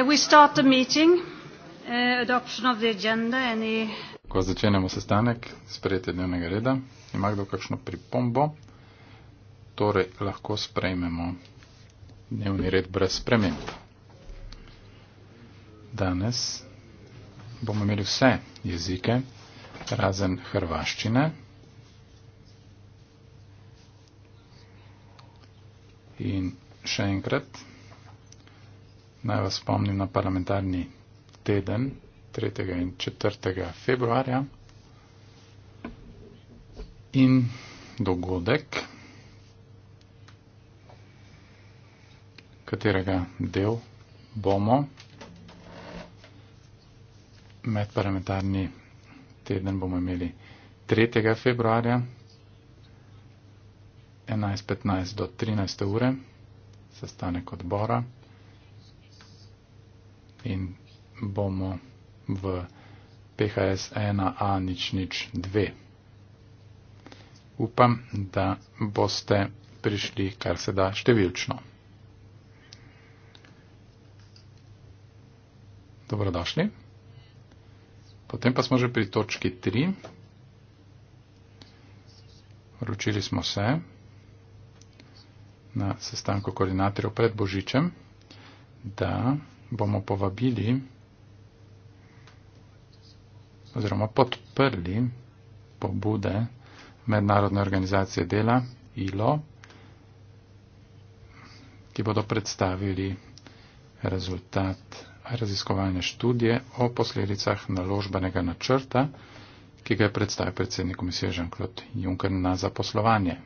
Eh, we start the meeting, uh, adoption of the agenda, any... Ko začenemo sestanek, sprejete dnevnega reda, ima kdo kakšno pripombo, torej lahko sprejmemo dnevni red brez sprememb. Danes bomo imeli vse jezike, razen hrvaščine. In še enkrat, Naj vas spomnim na parlamentarni teden 3. in 4. februarja in dogodek, katerega del bomo med parlamentarni teden bomo imeli 3. februarja 11.15 do 13. ure sestanek odbora in bomo v PHS 1A nič nič 2. Upam, da boste prišli kar se da številčno. Dobrodošli. Potem pa smo že pri točki 3. Vročili smo se na sestanku koordinatorjev pred Božičem, da bomo povabili oziroma podprli pobude Mednarodne organizacije dela ILO, ki bodo predstavili rezultat raziskovalne študije o posledicah naložbenega načrta, ki ga je predstavil predsednik komisije Jean-Claude Juncker na zaposlovanje.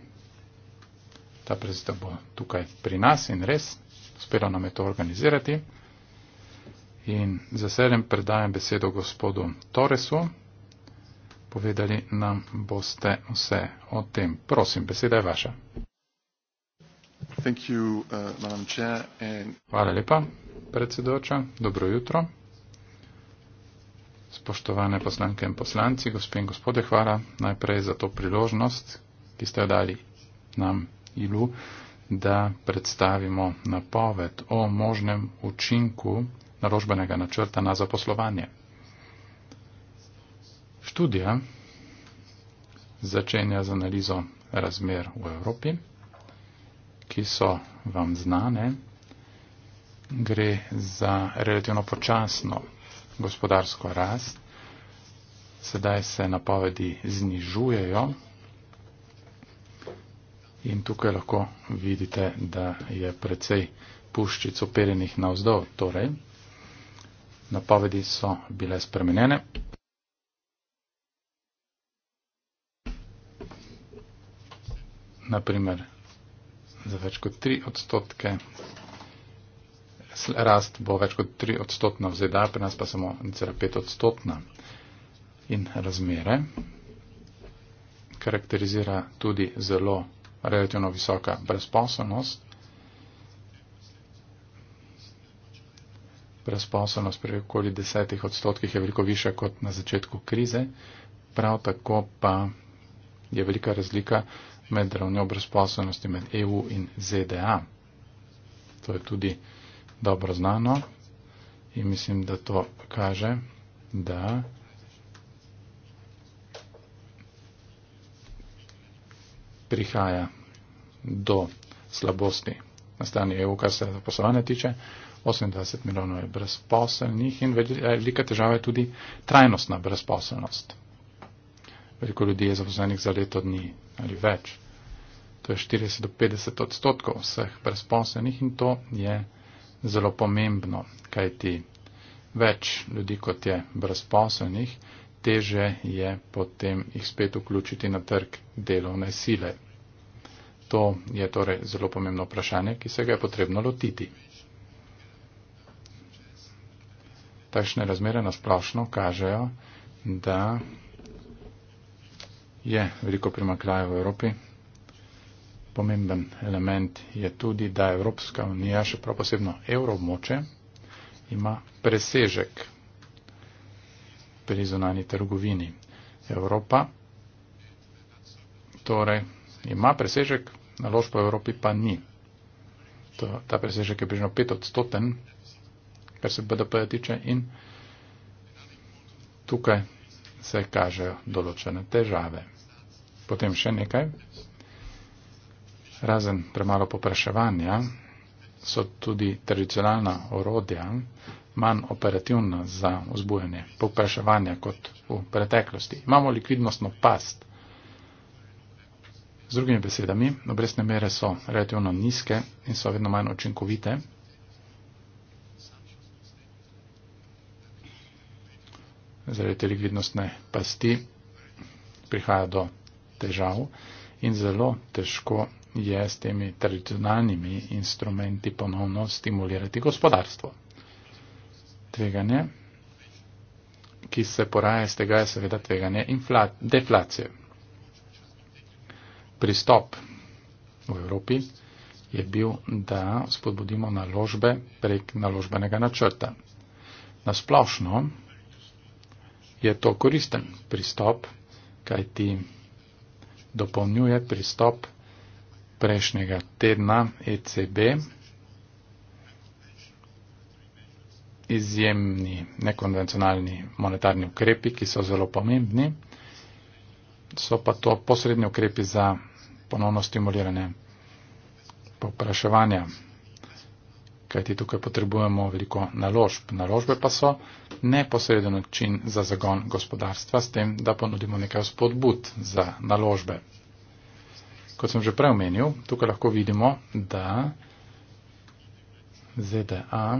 Ta predstav bo tukaj pri nas in res, uspelo nam je to organizirati in z veseljem predajam besedo gospodu Torresu. Povedali nam boste vse o tem. Prosim, beseda je vaša. Thank you, uh, chair and... Hvala lepa, predsedoča. Dobro jutro. Spoštovane poslanke in poslanci, gospe in gospode, hvala najprej za to priložnost, ki ste jo dali nam ilu, da predstavimo napoved o možnem učinku naložbenega načrta na zaposlovanje. Študija začenja z analizo razmer v Evropi, ki so vam znane. Gre za relativno počasno gospodarsko rast. Sedaj se napovedi znižujejo in tukaj lahko vidite, da je precej puščico perenih navzdol. Torej, napovedi so bile spremenjene. Naprimer, za več kot 3 odstotke rast bo več kot 3 odstotna v ZDA, pri nas pa samo 0,5 odstotna. In razmere karakterizira tudi zelo relativno visoka brezposobnost. brezposobnost pri okoli desetih odstotkih je veliko više kot na začetku krize, prav tako pa je velika razlika med ravnjo brezposobnosti med EU in ZDA. To je tudi dobro znano in mislim, da to kaže, da prihaja do slabosti na strani EU, kar se zaposlovanja tiče. 28 milijonov je brezposelnih in eh, velika težava je tudi trajnostna brezposelnost. Veliko ljudi je zavzenih za leto dni ali več. To je 40 do 50 odstotkov vseh brezposelnih in to je zelo pomembno, kajti več ljudi, kot je brezposelnih, teže je potem jih spet vključiti na trg delovne sile. To je torej zelo pomembno vprašanje, ki se ga je potrebno lotiti. takšne razmere nasplošno kažejo, da je veliko primakljajo v Evropi. Pomemben element je tudi, da Evropska unija, še prav posebno evromoče, ima presežek pri zunani trgovini. Evropa torej ima presežek, naložb po Evropi pa ni. To, ta presežek je približno pet odstoten kar se BDP-ja tiče in tukaj se kažejo določene težave. Potem še nekaj. Razen premalo popraševanja so tudi tradicionalna orodja manj operativna za vzbujanje popraševanja kot v preteklosti. Imamo likvidnostno past. Z drugimi besedami, obrestne mere so relativno nizke in so vedno manj učinkovite. zaradi te likvidnostne pasti prihaja do težav in zelo težko je s temi tradicionalnimi instrumenti ponovno stimulirati gospodarstvo. Tveganje, ki se poraja iz tega, je seveda tveganje deflacije. Pristop v Evropi je bil, da spodbudimo naložbe prek naložbenega načrta. Nasplošno je to koristen pristop, kaj ti dopolnjuje pristop prejšnjega tedna ECB. Izjemni nekonvencionalni monetarni ukrepi, ki so zelo pomembni, so pa to posredni ukrepi za ponovno stimuliranje popraševanja kajti tukaj potrebujemo veliko naložb. Naložbe pa so neposreden način za zagon gospodarstva s tem, da ponudimo nekaj spodbud za naložbe. Kot sem že prej omenil, tukaj lahko vidimo, da ZDA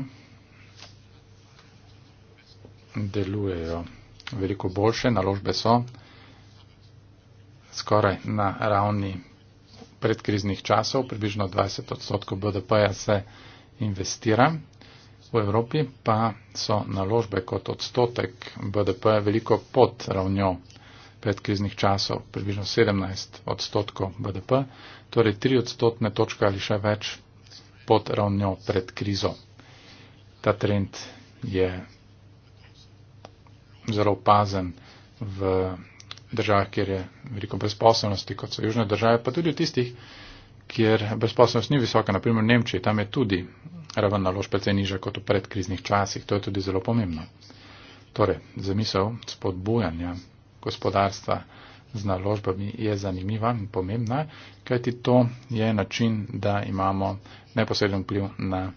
delujejo veliko boljše, naložbe so skoraj na ravni predkriznih časov, približno 20 odstotkov BDP-ja se investira. V Evropi pa so naložbe kot odstotek BDP veliko pod ravnjo predkriznih časov, približno 17 odstotkov BDP, torej 3 odstotne točke ali še več pod ravnjo pred krizo. Ta trend je zelo opazen v državah, kjer je veliko brezposobnosti, kot so južne države, pa tudi v tistih, kjer brezposobnost ni visoka, naprimer v Nemčiji, tam je tudi raven naložb precej niža kot v predkriznih časih. To je tudi zelo pomembno. Torej, zamisel spodbujanja gospodarstva z naložbami je zanimiva in pomembna, kajti to je način, da imamo neposreden vpliv na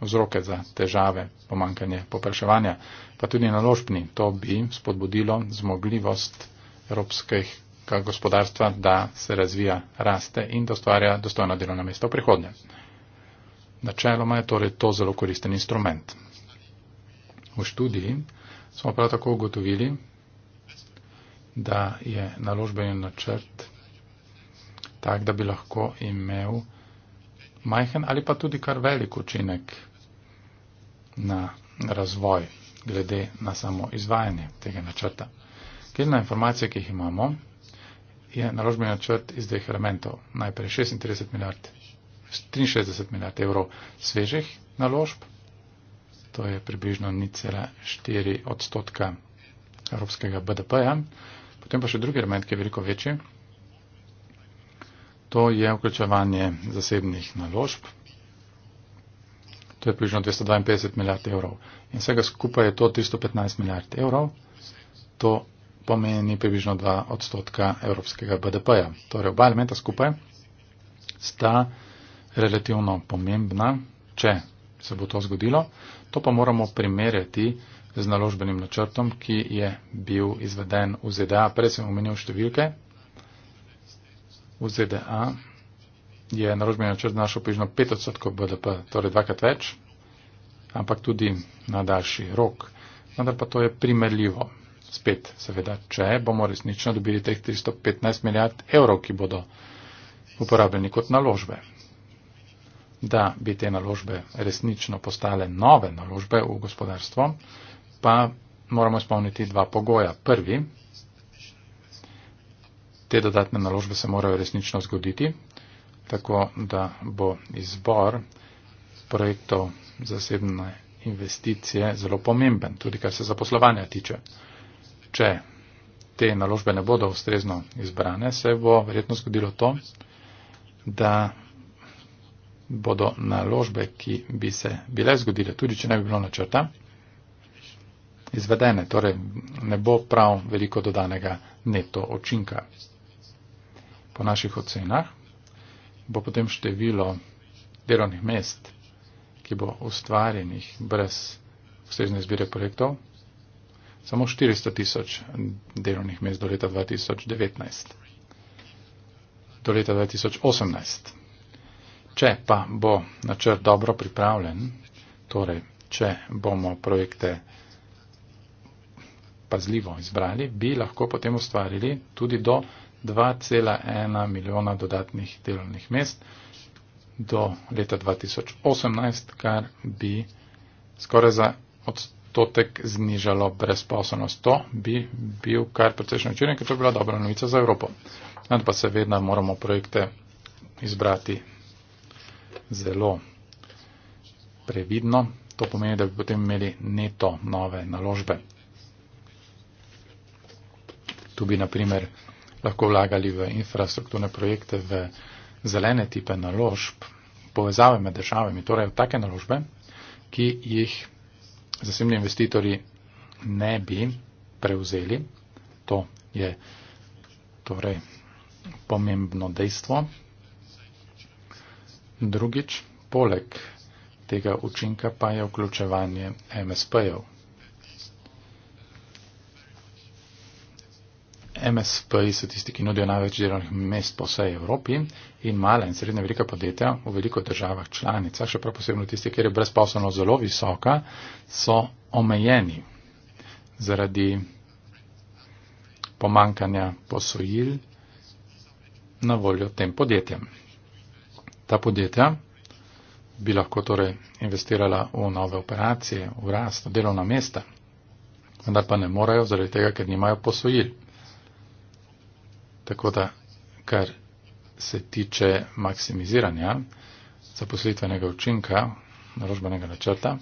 vzroke za težave, pomankanje popraševanja, pa tudi naložbni. To bi spodbudilo zmogljivost evropskih gospodarstva, da se razvija, raste in da stvarja dostojna delovna mesta v prihodnje. Načeloma je torej to zelo koristen instrument. V študiji smo prav tako ugotovili, da je naložbeni načrt tak, da bi lahko imel majhen ali pa tudi kar velik učinek na razvoj glede na samo izvajanje tega načrta. Kjer na informacije, ki jih imamo, je naložbeni načrt iz dveh elementov. Najprej 36 milijard, 63 milijard evrov svežih naložb, to je približno 0,4 odstotka evropskega BDP-ja. Potem pa še drugi element, ki je veliko večji, to je vključevanje zasebnih naložb. To je približno 252 milijard evrov. In vsega skupaj je to 315 milijard evrov. To pomeni približno 2 odstotka evropskega BDP-ja. Torej oba elementa skupaj sta relativno pomembna, če se bo to zgodilo. To pa moramo primerjati z naložbenim načrtom, ki je bil izveden v ZDA. Prej sem omenil številke. V ZDA je naložbeni načrt našel približno 5 odstotkov BDP, torej dvakrat več, ampak tudi na daljši rok. Vendar pa to je primerljivo spet, seveda, če bomo resnično dobili teh 315 milijard evrov, ki bodo uporabljeni kot naložbe. Da bi te naložbe resnično postale nove naložbe v gospodarstvo, pa moramo izpolniti dva pogoja. Prvi, te dodatne naložbe se morajo resnično zgoditi, tako da bo izbor projektov zasebne investicije zelo pomemben, tudi kar se zaposlovanja tiče če te naložbe ne bodo ustrezno izbrane, se bo verjetno zgodilo to, da bodo naložbe, ki bi se bile zgodile, tudi če ne bi bilo načrta, izvedene. Torej, ne bo prav veliko dodanega neto očinka. Po naših ocenah bo potem število delovnih mest, ki bo ustvarjenih brez ustrezne izbire projektov, samo 400 tisoč delovnih mest do leta 2019. Do leta 2018. Če pa bo načrt dobro pripravljen, torej če bomo projekte pazljivo izbrali, bi lahko potem ustvarili tudi do 2,1 milijona dodatnih delovnih mest do leta 2018, kar bi skoraj za odstotek odstotek znižalo brezposobnost. To bi bil kar precejšen učinek, ker to bi bila dobra novica za Evropo. Nad pa se vedno moramo projekte izbrati zelo previdno. To pomeni, da bi potem imeli neto nove naložbe. Tu bi naprimer lahko vlagali v infrastrukturne projekte, v zelene tipe naložb, povezave med državami, torej v take naložbe, ki jih zasebni investitorji ne bi prevzeli. To je torej pomembno dejstvo. Drugič, poleg tega učinka pa je vključevanje MSP-jev. MSP so tisti, ki nudijo največ delovnih mest po vsej Evropi in mala in srednja velika podjetja v veliko državah članica, še prav posebno tisti, kjer je brezposobnost zelo visoka, so omejeni zaradi pomankanja posojil na voljo tem podjetjem. Ta podjetja bi lahko torej investirala v nove operacije, v rast, v delovna mesta, vendar pa ne morajo zaradi tega, ker nimajo posojil. Tako da, kar se tiče maksimiziranja zaposlitvenega učinka naložbenega načrta,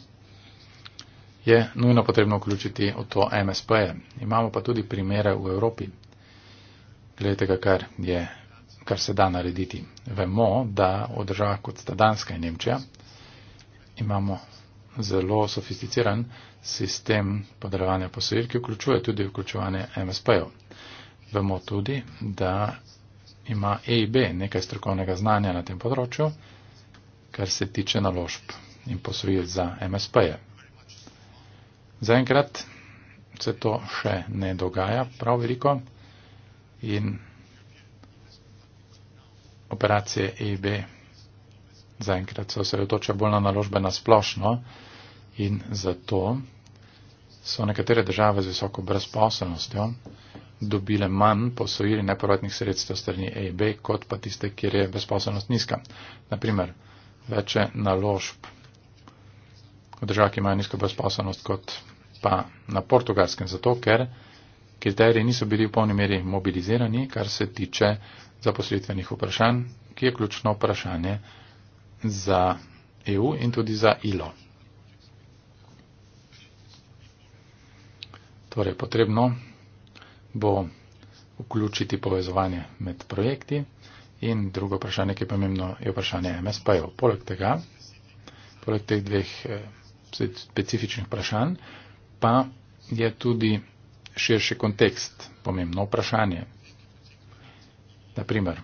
je nujno potrebno vključiti v to MSP-je. Imamo pa tudi primere v Evropi. Gledajte, kar, je, kar se da narediti. Vemo, da v državah kot sta Danska in Nemčija imamo zelo sofisticiran sistem podarovanja posojil, ki vključuje tudi vključovanje MSP-jev vemo tudi, da ima EIB nekaj strokovnega znanja na tem področju, kar se tiče naložb in posvojil za MSP-je. Zaenkrat se to še ne dogaja prav veliko in operacije EIB zaenkrat se osredotoča bolj na naložbe na splošno in zato so nekatere države z visoko brezposobnostjo, dobile manj posojili neprovetnih sredstev strani EIB, kot pa tiste, kjer je brezposobnost nizka. Naprimer, večje naložb v državah, ki imajo nizko brezposobnost, kot pa na portugalskem, zato ker kriteriji niso bili v polni meri mobilizirani, kar se tiče zaposlitvenih vprašanj, ki je ključno vprašanje za EU in tudi za ILO. Torej, potrebno bo vključiti povezovanje med projekti. In drugo vprašanje, ki je pomembno, je vprašanje MSP-jev. Poleg tega, poleg teh dveh eh, specifičnih vprašanj, pa je tudi širši kontekst pomembno vprašanje. Naprimer,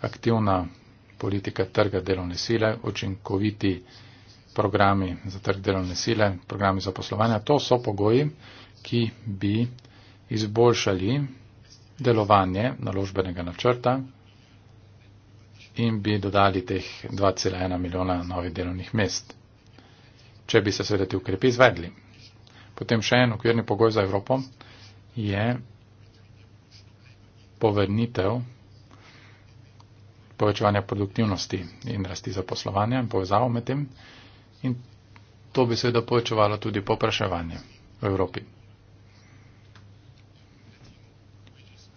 aktivna politika trga delovne sile, učinkoviti programi za trg delovne sile, programi za poslovanje, to so pogoji, ki bi izboljšali delovanje naložbenega načrta in bi dodali teh 2,1 milijona novih delovnih mest, če bi se seveda ti ukrepi izvedli. Potem še en okvirni pogoj za Evropo je povrnitev povečevanja produktivnosti in rasti zaposlovanja in povezavo med tem. In to bi seveda povečevalo tudi popraševanje v Evropi.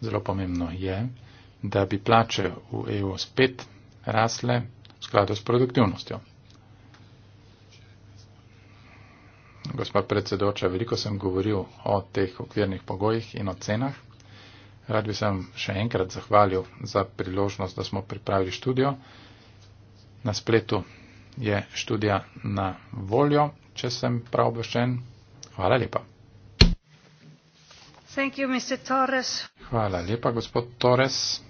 zelo pomembno je, da bi plače v EU spet rasle v skladu s produktivnostjo. Gospa predsedoča, veliko sem govoril o teh okvirnih pogojih in o cenah. Rad bi sem še enkrat zahvalil za priložnost, da smo pripravili študijo. Na spletu je študija na voljo, če sem prav obveščen. Hvala lepa. Hvala lepa, gospod Torres.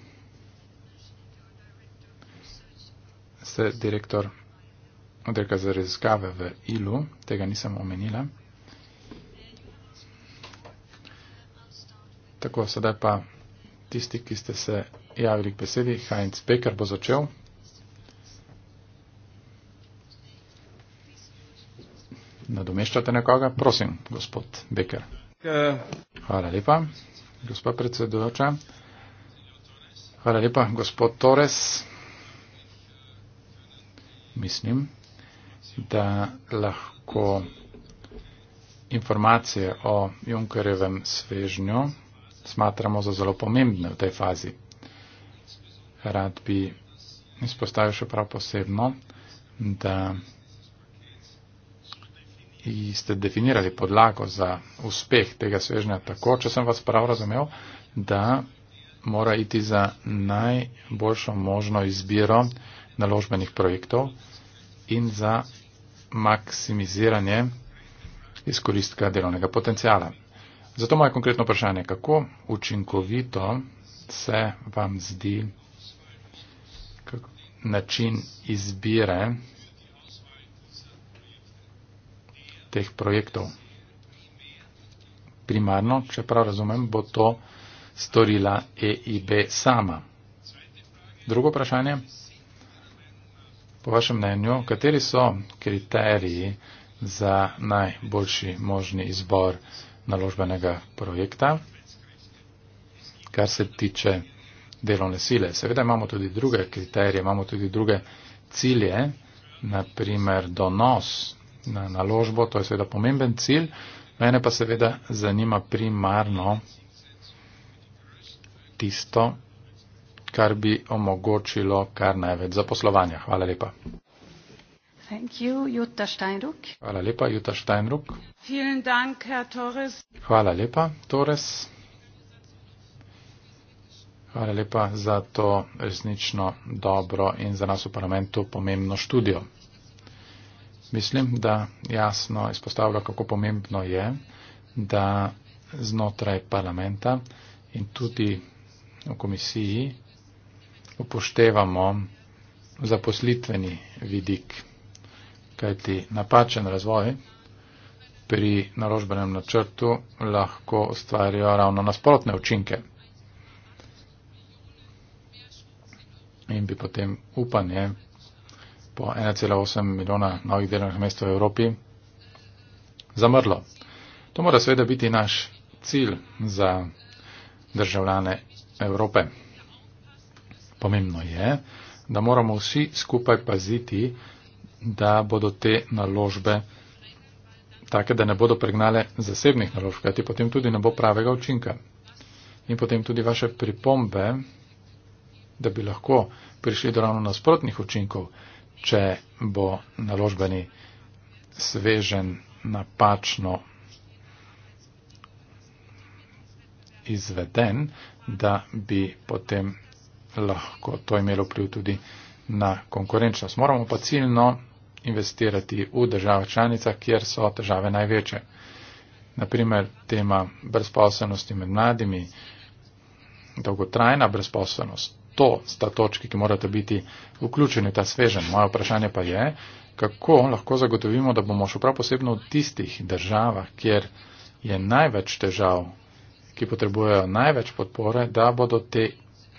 Ste direktor oddelka za raziskave v ILU, tega nisem omenila. Tako, sedaj pa tisti, ki ste se javili k besedi, Heinz Becker bo začel. Nadomeščate nekoga? Prosim, gospod Becker. Hvala lepa, gospa predsedujoča. Hvala lepa, gospod Torres. Mislim, da lahko informacije o Junkerjevem svežnju smatramo za zelo pomembne v tej fazi. Rad bi izpostavil še prav posebno, da in ste definirali podlago za uspeh tega svežnja tako, če sem vas prav razumel, da mora iti za najboljšo možno izbiro naložbenih projektov in za maksimiziranje izkoristka delovnega potencijala. Zato moje konkretno vprašanje, kako učinkovito se vam zdi način izbire teh projektov. Primarno, če prav razumem, bo to storila EIB sama. Drugo vprašanje. Po vašem mnenju, kateri so kriteriji za najboljši možni izbor naložbenega projekta, kar se tiče delovne sile? Seveda imamo tudi druge kriterije, imamo tudi druge cilje, naprimer donos na naložbo, to je seveda pomemben cilj, mene pa seveda zanima primarno tisto, kar bi omogočilo kar največ zaposlovanja. Hvala lepa. You, Hvala lepa, Jutta Steinruck. Dank, Hvala lepa, Torres. Hvala lepa za to resnično dobro in za nas v parlamentu pomembno študijo mislim, da jasno izpostavlja, kako pomembno je, da znotraj parlamenta in tudi v komisiji upoštevamo zaposlitveni vidik, kajti napačen razvoj pri naložbenem načrtu lahko ustvarijo ravno nasprotne učinke. In bi potem upanje po 1,8 milijona novih delovnih mest v Evropi, zamrlo. To mora seveda biti naš cilj za državljane Evrope. Pomembno je, da moramo vsi skupaj paziti, da bodo te naložbe take, da ne bodo pregnale zasebnih naložb, kajti potem tudi ne bo pravega učinka. In potem tudi vaše pripombe, da bi lahko prišli do ravno nasprotnih učinkov, če bo naložbeni svežen napačno izveden, da bi potem lahko to imelo vpliv tudi na konkurenčnost. Moramo pa ciljno investirati v državah članicah, kjer so težave največje. Naprimer, tema brezposobnosti med mladimi, dolgotrajna brezposobnost, to sta točki, ki morata biti vključeni, ta svežen. Moje vprašanje pa je, kako lahko zagotovimo, da bomo še prav posebno v tistih državah, kjer je največ težav, ki potrebujejo največ podpore, da bodo te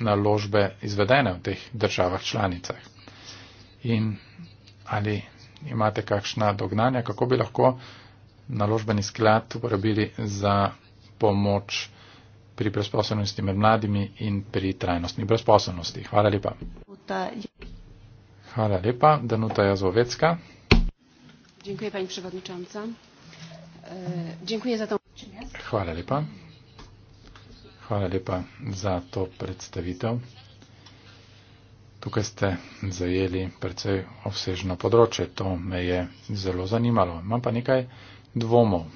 naložbe izvedene v teh državah članicah. In ali imate kakšna dognanja, kako bi lahko naložbeni sklad uporabili za pomoč pri brezposobnosti med mladimi in pri trajnostni brezposobnosti. Hvala lepa. Hvala lepa. Danuta Jazovecka. Dziękuję pani przewodnicząca. E, dziękuję za tą. Hvala lepa. Hvala lepa za to predstavitev. Tukaj ste zajeli precej obsežno področje. To me je zelo zanimalo. Imam pa nekaj dvomov,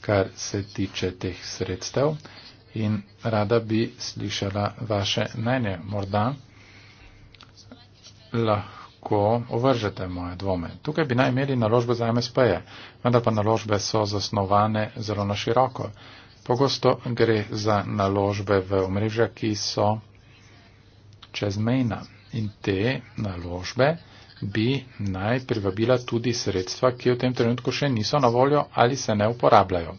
kar se tiče teh sredstev in rada bi slišala vaše mnenje. Morda lahko ovržete moje dvome. Tukaj bi naj imeli naložbe za MSP-je, vendar pa naložbe so zasnovane zelo na široko. Pogosto gre za naložbe v omrežja, ki so čezmejna. In te naložbe bi naj privabila tudi sredstva, ki v tem trenutku še niso na voljo ali se ne uporabljajo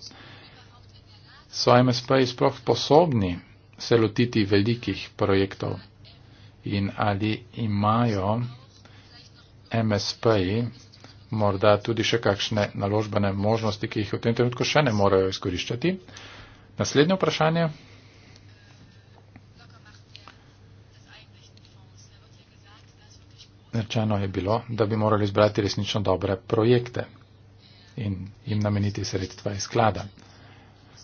svoje MSP-je sploh sposobni se lotiti velikih projektov in ali imajo MSP-ji morda tudi še kakšne naložbene možnosti, ki jih v tem trenutku še ne morejo izkoriščati. Naslednje vprašanje. Rečeno je bilo, da bi morali izbrati resnično dobre projekte in jim nameniti sredstva iz sklada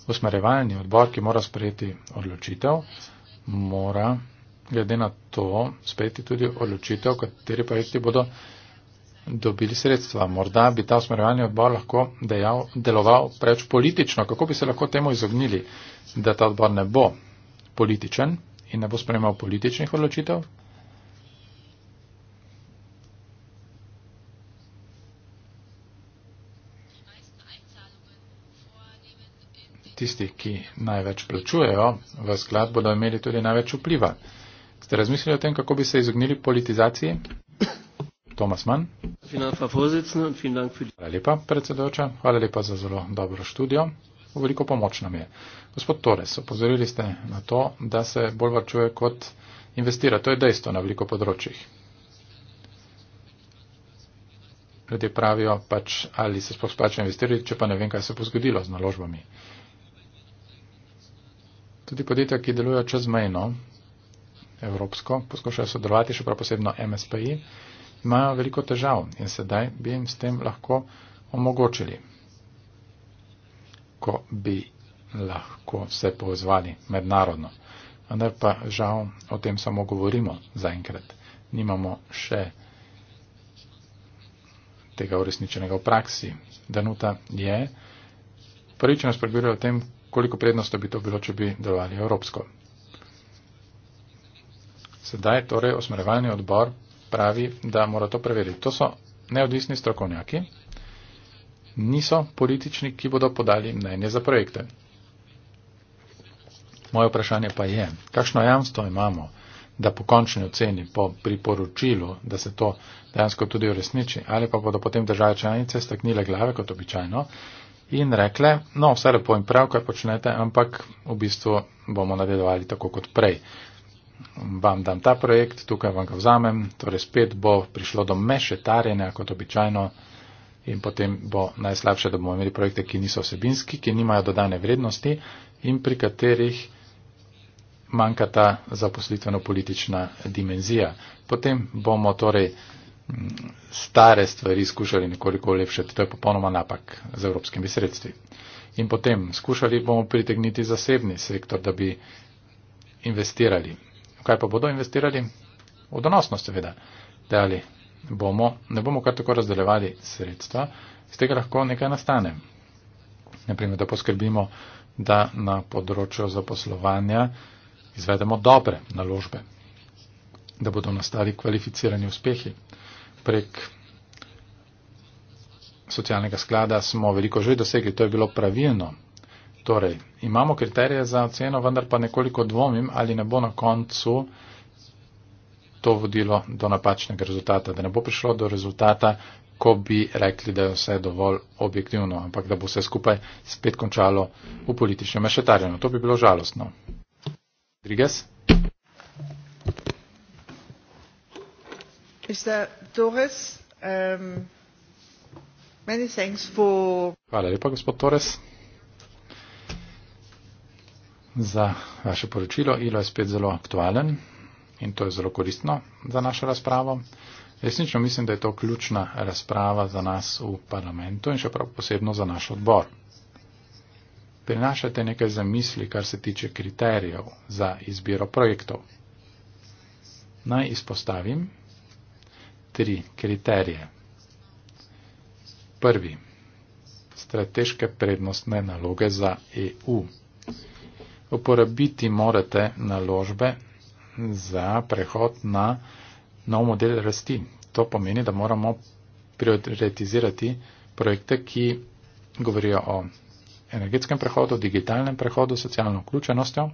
usmerjevalni odbor, ki mora sprejeti odločitev, mora glede na to sprejeti tudi odločitev, kateri projekti bodo dobili sredstva. Morda bi ta usmerjevalni odbor lahko dejal, deloval preveč politično. Kako bi se lahko temu izognili, da ta odbor ne bo političen in ne bo sprejemal političnih odločitev? tisti, ki največ plačujejo v sklad, bodo imeli tudi največ vpliva. Ste razmislili o tem, kako bi se izognili politizaciji? Tomas Mann. Hvala lepa, predsedujoča. Hvala lepa za zelo dobro študijo. Veliko pomoč nam je. Gospod Torres, opozorili ste na to, da se bolj varčuje kot investira. To je dejstvo na veliko področjih. Ljudje pravijo, pač, ali se sploh splača investirati, če pa ne vem, kaj se bo zgodilo z naložbami tudi podjetja, ki delujejo čezmejno, evropsko, poskušajo sodelovati, še prav posebno MSPI, imajo veliko težav in sedaj bi jim s tem lahko omogočili, ko bi lahko se povezvali mednarodno. Vendar pa žal o tem samo govorimo zaenkrat. Nimamo še tega uresničenega v praksi. Danuta je prvič nas pregovorila o tem, koliko prednosti bi to bilo, če bi delovali evropsko. Sedaj torej osmerevalni odbor pravi, da mora to preveriti. To so neodvisni strokovnjaki, niso politični, ki bodo podali mnenje za projekte. Moje vprašanje pa je, kakšno jamstvo imamo, da po končni oceni, po priporočilu, da se to dejansko tudi uresniči, ali pa bodo potem države članice staknile glave kot običajno in rekle, no, vse lepo in prav, kar počnete, ampak v bistvu bomo nadaljevali tako kot prej. Vam dam ta projekt, tukaj vam ga vzamem, torej spet bo prišlo do mešetarjenja kot običajno in potem bo najslabše, da bomo imeli projekte, ki niso osebinski, ki nimajo dodane vrednosti in pri katerih manjka ta zaposlitveno-politična dimenzija. Potem bomo torej stare stvari skušali nekoliko lepšati. To je popolnoma napak z evropskimi sredstvi. In potem skušali bomo pritegniti zasebni sektor, da bi investirali. Kaj pa bodo investirali? V donosnost, seveda. Dali bomo, ne bomo kar tako razdeljevali sredstva, iz tega lahko nekaj nastane. Naprimer, da poskrbimo, da na področju zaposlovanja izvedemo dobre naložbe, da bodo nastali kvalificirani uspehi prek socialnega sklada smo veliko že dosegli, to je bilo pravilno. Torej, imamo kriterije za ceno, vendar pa nekoliko dvomim, ali ne bo na koncu to vodilo do napačnega rezultata, da ne bo prišlo do rezultata, ko bi rekli, da je vse dovolj objektivno, ampak da bo vse skupaj spet končalo v političnem mešetarjenju. To bi bilo žalostno. Rodriguez? Um, Hvala lepa, gospod Torres, za vaše poročilo. ILO je spet zelo aktualen in to je zelo koristno za našo razpravo. Resnično mislim, da je to ključna razprava za nas v parlamentu in še prav posebno za naš odbor. Prinašate nekaj zamisli, kar se tiče kriterijev za izbiro projektov. Naj izpostavim, tri kriterije. Prvi. Strateške prednostne naloge za EU. Uporabiti morate naložbe za prehod na nov model rasti. To pomeni, da moramo prioritizirati projekte, ki govorijo o energetskem prehodu, digitalnem prehodu, socialno vključenostjo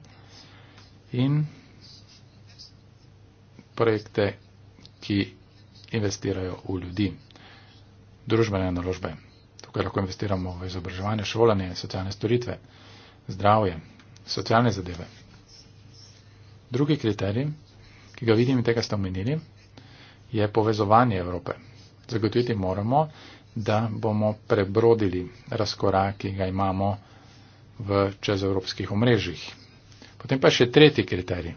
in projekte, ki investirajo v ljudi, družbene naložbe. Tukaj lahko investiramo v izobraževanje, šolanje, socialne storitve, zdravje, socialne zadeve. Drugi kriterij, ki ga vidim in tega ste omenili, je povezovanje Evrope. Zagotoviti moramo, da bomo prebrodili razkorak, ki ga imamo v čezevropskih omrežjih. Potem pa še tretji kriterij,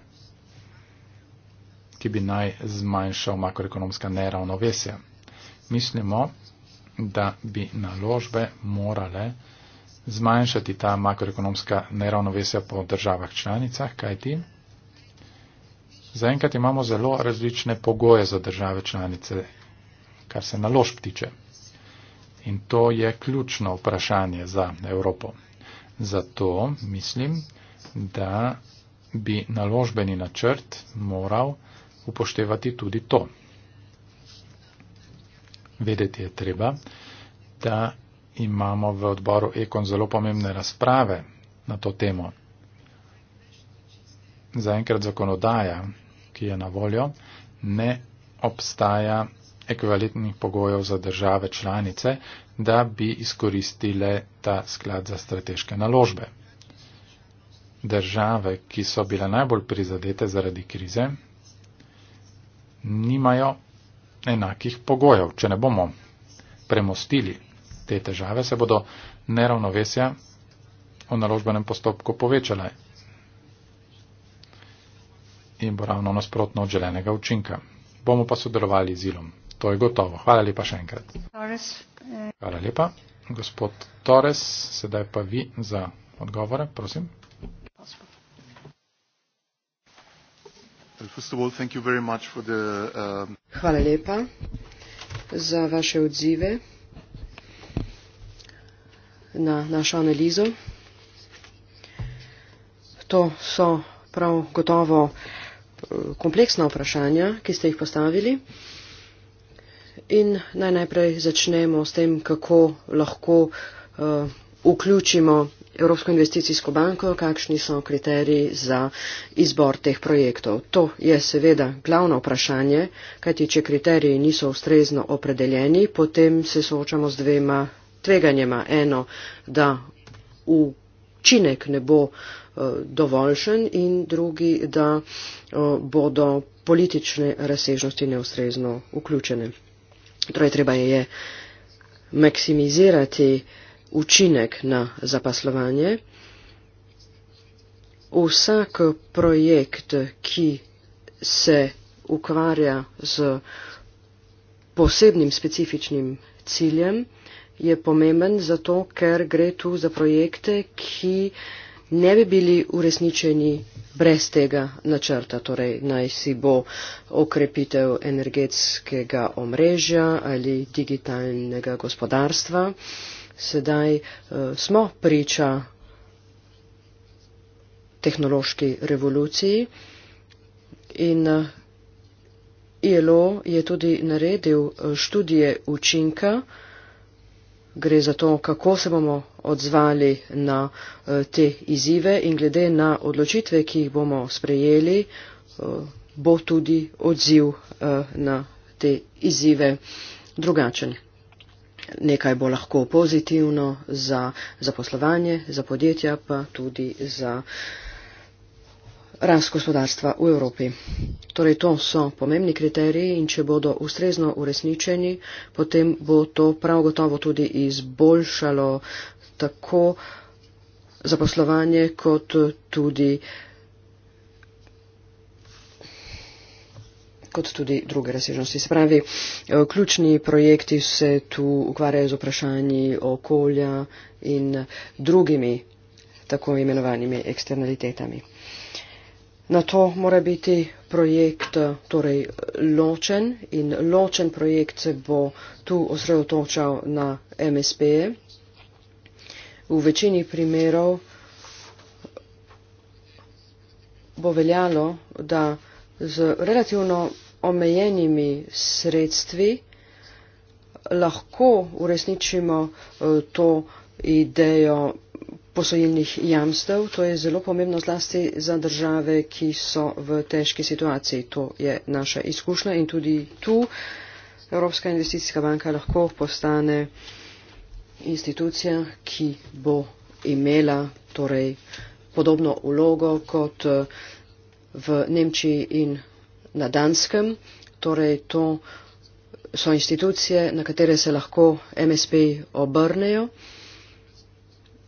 ki bi naj zmanjšal makroekonomska neravnovesja. Mislimo, da bi naložbe morale zmanjšati ta makroekonomska neravnovesja po državah članicah, kajti zaenkrat imamo zelo različne pogoje za države članice, kar se naložb tiče. In to je ključno vprašanje za Evropo. Zato mislim, da bi naložbeni načrt moral upoštevati tudi to. Vedeti je treba, da imamo v odboru Ekon zelo pomembne razprave na to temo. Zaenkrat zakonodaja, ki je na voljo, ne obstaja ekvivalentnih pogojev za države članice, da bi izkoristile ta sklad za strateške naložbe. Države, ki so bile najbolj prizadete zaradi krize, nimajo enakih pogojev. Če ne bomo premostili te težave, se bodo neravnovesja v naložbenem postopku povečala in bo ravno nasprotno od želenega učinka. Bomo pa sodelovali z ilom. To je gotovo. Hvala lepa še enkrat. Eh. Hvala lepa. Gospod Torres, sedaj pa vi za odgovore, prosim. Uh, Hvala lepa za vaše odzive na našo analizo. To so prav gotovo uh, kompleksna vprašanja, ki ste jih postavili. In naj najprej začnemo s tem, kako lahko uh, vključimo Evropsko investicijsko banko, kakšni so kriteriji za izbor teh projektov. To je seveda glavno vprašanje, kajti če kriteriji niso ustrezno opredeljeni, potem se soočamo z dvema tveganjema. Eno, da učinek ne bo eh, dovoljšen in drugi, da eh, bodo politične razsežnosti neustrezno vključene. Torej, treba je maksimizirati uh, učinek na zaposlovanje. Vsak projekt, ki se ukvarja z posebnim specifičnim ciljem, je pomemben zato, ker gre tu za projekte, ki ne bi bili uresničeni brez tega načrta, torej naj si bo okrepitev energetskega omrežja ali digitalnega gospodarstva. Uh, sedaj uh, smo priča tehnološki revoluciji in uh, eh, ILO je tudi naredil eh, študije učinka. Gre za to, kako se bomo odzvali na te izzive in glede na odločitve, ki jih bomo sprejeli, bo tudi odziv na te izzive drugačen nekaj bo lahko pozitivno za zaposlovanje, za podjetja, pa tudi za rast gospodarstva v Evropi. Torej, to so pomembni kriteriji in če bodo ustrezno uresničeni, potem bo to prav gotovo tudi izboljšalo tako zaposlovanje kot tudi. kot tudi druge razsežnosti. Se pravi, eh, ključni projekti se tu ukvarjajo z vprašanji okolja in drugimi tako imenovanimi eksternalitetami. Na to mora biti projekt eh, torej ločen in ločen projekt se bo tu osredotočal na MSP. -e. V večini primerov bo veljalo, da z relativno omejenimi sredstvi lahko uresničimo eh, to idejo posojilnih jamstev. To je zelo pomembno zlasti za države, ki so v težki situaciji. To je naša izkušnja in tudi tu Evropska investicijska banka lahko postane institucija, ki bo imela torej podobno ulogo kot eh, v Nemčiji in na Danskem, torej to so institucije, na katere se lahko MSP obrnejo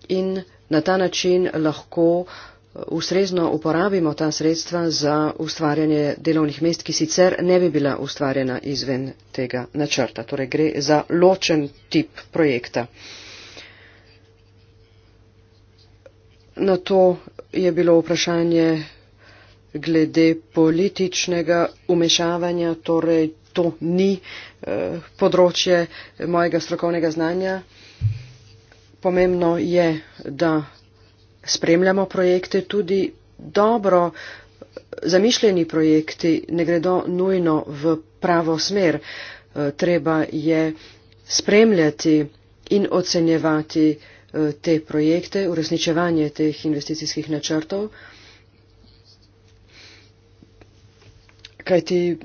in na ta način lahko uh, ustrezno uporabimo ta sredstva za ustvarjanje delovnih mest, ki sicer ne bi bila ustvarjena izven tega načrta. Torej gre za ločen tip projekta. Na to je bilo vprašanje glede političnega umešavanja, torej to ni eh, področje mojega strokovnega znanja. Pomembno je, da spremljamo projekte, tudi dobro eh, zamišljeni projekti ne gredo nujno v pravo smer. Eh, treba je spremljati in ocenjevati eh, te projekte, uresničevanje teh investicijskih načrtov. kajti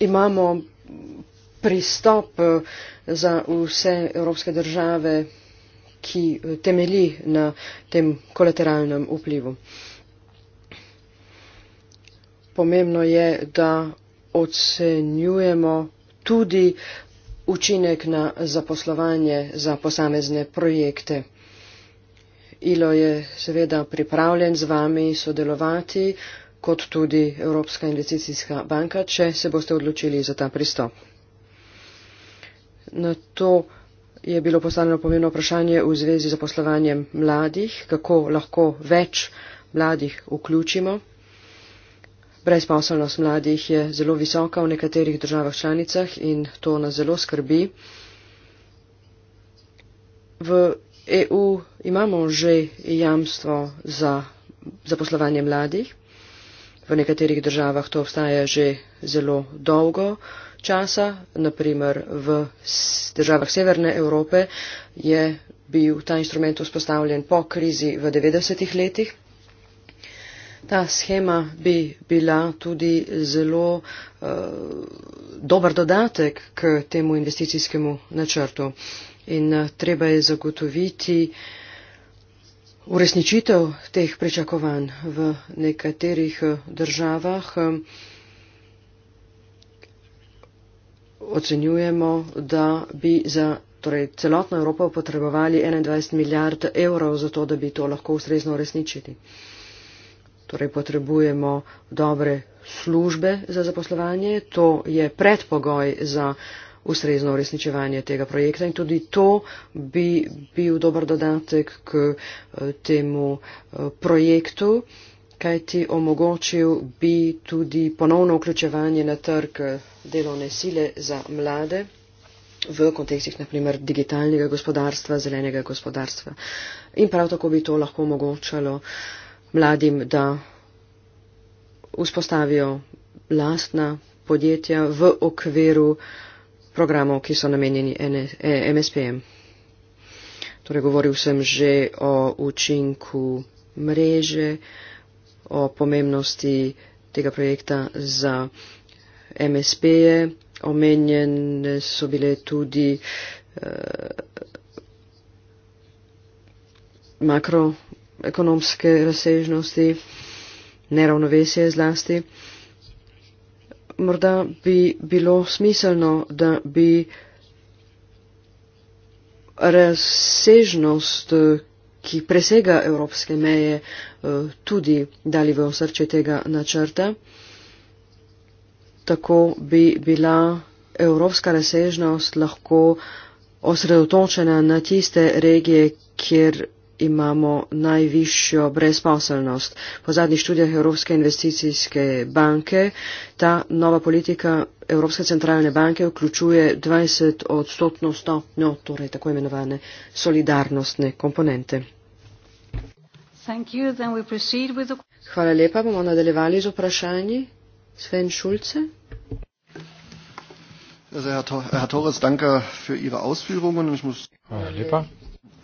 imamo pristop eh, za vse evropske države, ki eh, temeli na tem kolateralnem vplivu. Pomembno je, da ocenjujemo tudi učinek na zaposlovanje za posamezne projekte. Ilo je seveda pripravljen z vami sodelovati, kot tudi Evropska investicijska banka, če se boste odločili za ta pristop. Na to je bilo postavljeno pomembno vprašanje v zvezi z poslovanjem mladih, kako lahko več mladih vključimo. Brezposelnost mladih je zelo visoka v nekaterih državah članicah in to nas zelo skrbi. V EU imamo že jamstvo za zaposlovanje mladih. V nekaterih državah to obstaja že zelo dolgo časa, naprimer v državah Severne Evrope je bil ta instrument vzpostavljen po krizi v 90-ih letih. Ta schema bi bila tudi zelo uh, dober dodatek k temu investicijskemu načrtu in uh, treba je zagotoviti uh, uresničitev teh pričakovanj v nekaterih eh, državah eh, ocenjujemo, da bi za torej, celotno Evropo potrebovali 21 milijard evrov, zato da bi to lahko ustrezno uresničili. Torej potrebujemo dobre službe za zaposlovanje, to je predpogoj za ustrezno uresničevanje tega projekta in tudi to bi bil dober dodatek k eh, temu eh, projektu, kajti omogočil bi tudi ponovno vključevanje na trg eh, delovne sile za mlade v kontekstih naprimer digitalnega gospodarstva, zelenega gospodarstva. In prav tako bi to lahko omogočalo mladim, da vzpostavijo lastna podjetja v okviru uh, programov, ki so namenjeni MSPM. E, torej, govoril sem že o učinku mreže, o pomembnosti tega projekta za MSP-je. Omenjene so bile tudi eh, makroekonomske razsežnosti, neravnovesje zlasti. Eh, morda bi bilo smiselno, da bi razsežnost, ki presega evropske meje, tudi dali v osrče tega načrta. Tako bi bila evropska razsežnost lahko osredotočena na tiste regije, kjer imamo najvišjo brezposelnost. Po zadnjih študijah Evropske investicijske banke ta nova politika Evropske centralne banke vključuje 20 odstotno stopnjo, torej tako imenovane solidarnostne komponente. The... Hvala lepa, bomo nadaljevali z vprašanji. Sven Šulce. Ja, Hvala lepa.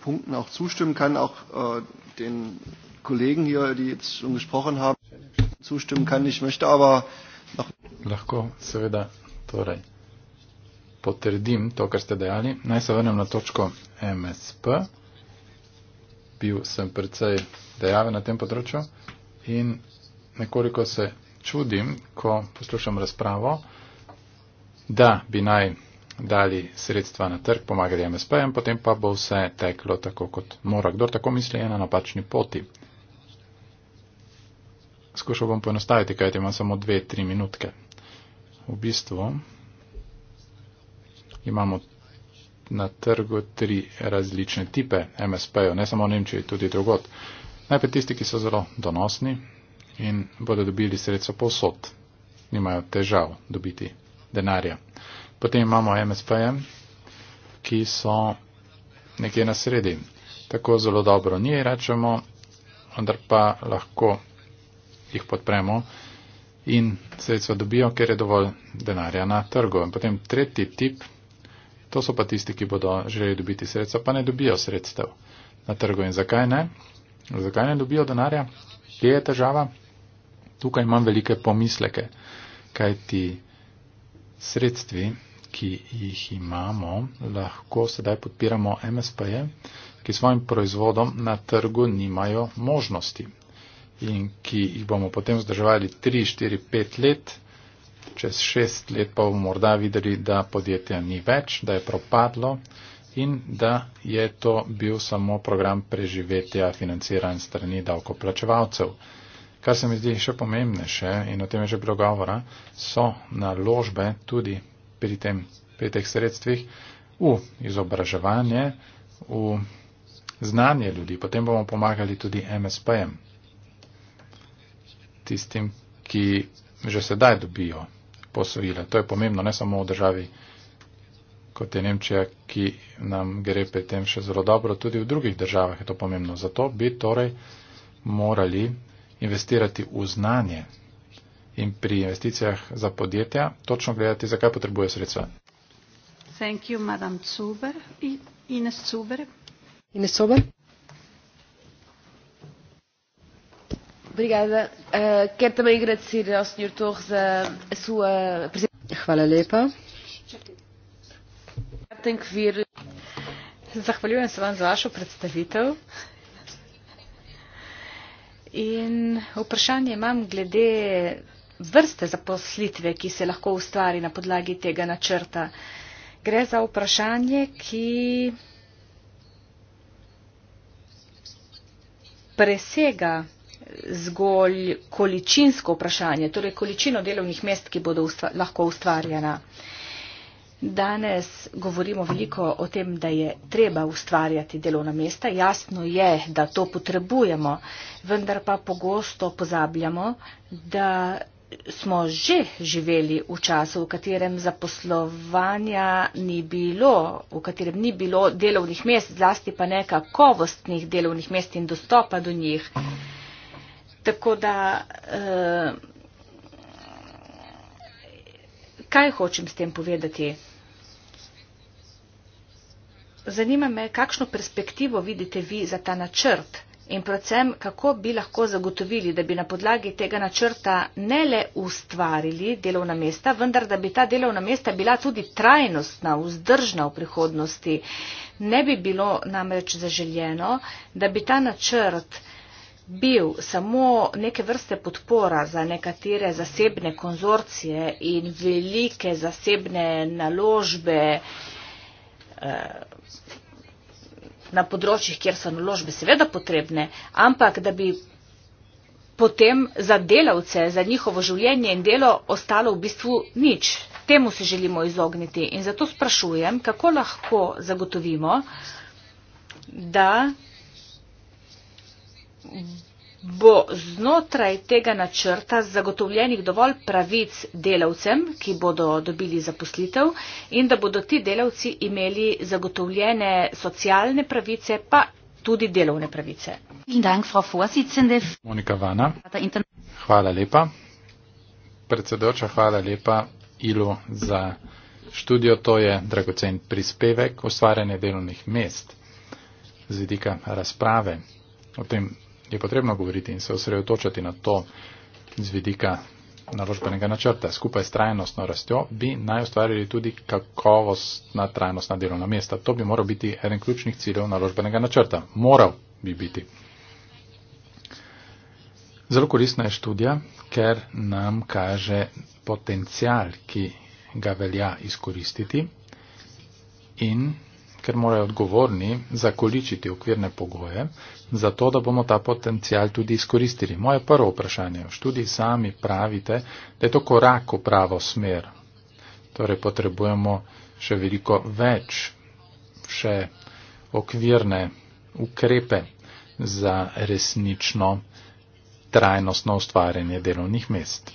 Punkten auch zustimmen kann, auch äh, den Kollegen hier, die jetzt schon gesprochen haben, zustimmen kann. Ich möchte aber noch. Lahko, seveda, torej, potrdim to, kar ste dejali. Naj se vrnem na točko MSP. Bil sem precej dejaven na tem področju in nekoliko se čudim, ko poslušam razpravo, da bi naj dali sredstva na trg, pomagali MSP-jem, potem pa bo vse teklo tako, kot mora. Kdor tako misli, je na napačni poti. Skušal bom poenostaviti, kajti imam samo dve, tri minutke. V bistvu imamo na trgu tri različne tipe MSP-jev, ne samo v Nemčiji, tudi drugot. Najprej tisti, ki so zelo donosni in bodo dobili sredstva posod, nimajo težav dobiti denarja. Potem imamo MSPM, ki so nekje na sredi. Tako zelo dobro ni, rečemo, vendar pa lahko jih podpremo in sredstva dobijo, ker je dovolj denarja na trgu. Potem tretji tip, to so pa tisti, ki bodo želeli dobiti sredstva, pa ne dobijo sredstev na trgu. In zakaj ne? Zakaj ne dobijo denarja? Kje je težava? Tukaj imam velike pomisleke, kajti sredstvi ki jih imamo, lahko sedaj podpiramo MSP-je, ki svojim proizvodom na trgu nimajo možnosti in ki jih bomo potem vzdrževali 3, 4, 5 let, čez 6 let pa bomo morda videli, da podjetja ni več, da je propadlo in da je to bil samo program preživetja financiran strani davkoplačevalcev. Kar se mi zdi še pomembnejše in o tem je že bilo govora, so naložbe tudi pri, tem, pri teh sredstvih v izobraževanje, v znanje ljudi. Potem bomo pomagali tudi MSP-jem, tistim, ki že sedaj dobijo posojila. To je pomembno ne samo v državi, kot je Nemčija, ki nam gre pri tem še zelo dobro, tudi v drugih državah je to pomembno. Zato bi torej morali investirati v znanje in pri investicijah za podjetja točno gledati, zakaj potrebuje sredstva. Thank you, madam Cuber. Ines Cuber. Ines Cuber. Obrigada. Uh, quero também agradecer ao Sr. Torres a, a sua presença. Hvala lepa. Tem que vir. Zahvaljujem se vam za vašo predstavitev. In vprašanje imam glede vrste zaposlitve, ki se lahko ustvari na podlagi tega načrta. Gre za vprašanje, ki presega zgolj količinsko vprašanje, torej količino delovnih mest, ki bodo ustva, lahko ustvarjena. Danes govorimo veliko o tem, da je treba ustvarjati delovna mesta. Jasno je, da to potrebujemo, vendar pa pogosto pozabljamo, da smo že živeli v času, v katerem zaposlovanja ni bilo, v katerem ni bilo delovnih mest, zlasti pa ne kakovostnih delovnih mest in dostopa do njih. Tako da, eh, kaj hočem s tem povedati? Zanima me, kakšno perspektivo vidite vi za ta načrt? in predvsem, kako bi lahko zagotovili, da bi na podlagi tega načrta ne le ustvarili delovna mesta, vendar da bi ta delovna mesta bila tudi trajnostna, vzdržna v prihodnosti. Ne bi bilo namreč zaželjeno, da bi ta načrt bil samo neke vrste podpora za nekatere zasebne konzorcije in velike zasebne naložbe. Eh, na področjih, kjer so naložbe seveda potrebne, ampak da bi potem za delavce, za njihovo življenje in delo ostalo v bistvu nič. Temu se želimo izogniti in zato sprašujem, kako lahko zagotovimo, da bo znotraj tega načrta zagotovljenih dovolj pravic delavcem, ki bodo dobili zaposlitev in da bodo ti delavci imeli zagotovljene socialne pravice, pa tudi delovne pravice. Hvala lepa. Predsedoča, hvala lepa Ilu za študijo. To je dragocen prispevek ustvarjanje delovnih mest z vidika razprave o tem je potrebno govoriti in se osredotočati na to z vidika naložbenega načrta. Skupaj s trajnostno rastjo bi naj ustvarili tudi kakovostna trajnostna delovna mesta. To bi moral biti eden ključnih ciljev naložbenega načrta. Moral bi biti. Zelo koristna je študija, ker nam kaže potencial, ki ga velja izkoristiti in ker morajo odgovorni zakoličiti okvirne pogoje, zato da bomo ta potencial tudi izkoristili. Moje prvo vprašanje, v študiji sami pravite, da je to korak v pravo smer. Torej potrebujemo še veliko več, še okvirne ukrepe za resnično trajnostno ustvarjanje delovnih mest.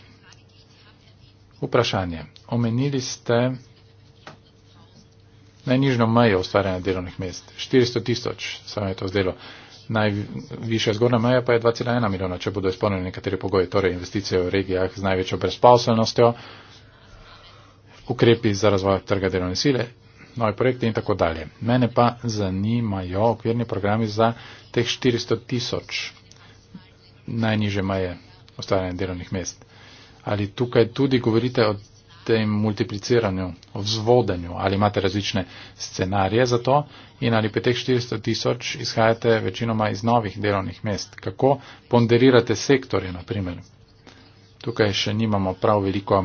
Vprašanje. Omenili ste najnižjo mejo ustvarjanja delovnih mest. 400 tisoč se vam je to zdelo. Najvišja zgornja meja pa je 2,1 milijona, če bodo izpolnjeni nekateri pogoji, torej investicije v regijah z največjo brezposelnostjo, ukrepi za razvoj trga delovne sile, nove projekte in tako dalje. Mene pa zanimajo okvirni programi za teh 400 tisoč najniže meje ustvarjanja delovnih mest. Ali tukaj tudi govorite o tem multipliciranju, vzvodenju, ali imate različne scenarije za to in ali pri teh 400 tisoč izhajate večinoma iz novih delovnih mest. Kako ponderirate sektorje, na primer? Tukaj še nimamo prav veliko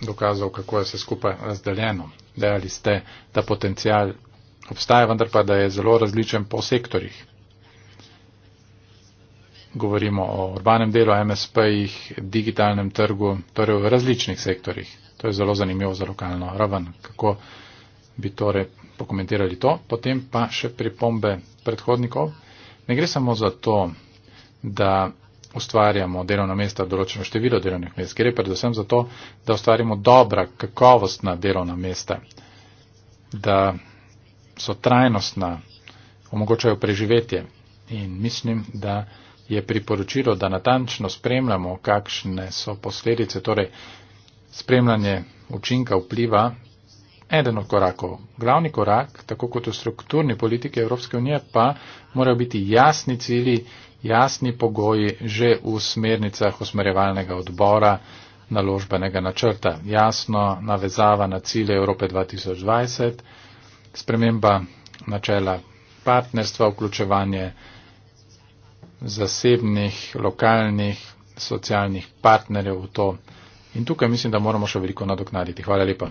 dokazov, kako je vse skupaj razdeljeno. Dejali ste, da potencial obstaja, vendar pa, da je zelo različen po sektorjih govorimo o urbanem delu, MSP-jih, digitalnem trgu, torej v različnih sektorjih. To je zelo zanimivo za lokalno raven, kako bi torej pokomentirali to. Potem pa še pripombe predhodnikov. Ne gre samo za to, da ustvarjamo delovna mesta, določeno število delovnih mest, gre predvsem za to, da ustvarimo dobra, kakovostna delovna mesta, da so trajnostna, omogočajo preživetje. In mislim, da je priporočilo, da natančno spremljamo, kakšne so posledice, torej spremljanje učinka vpliva, eden od korakov. Glavni korak, tako kot v strukturni politiki Evropske unije, pa morajo biti jasni cili, jasni pogoji že v smernicah usmerjevalnega odbora naložbenega načrta. Jasno navezava na cilje Evrope 2020, sprememba načela partnerstva, vključevanje zasebnih, lokalnih, socialnih partnerjev v to. In tukaj mislim, da moramo še veliko nadoknaditi. Hvala lepa.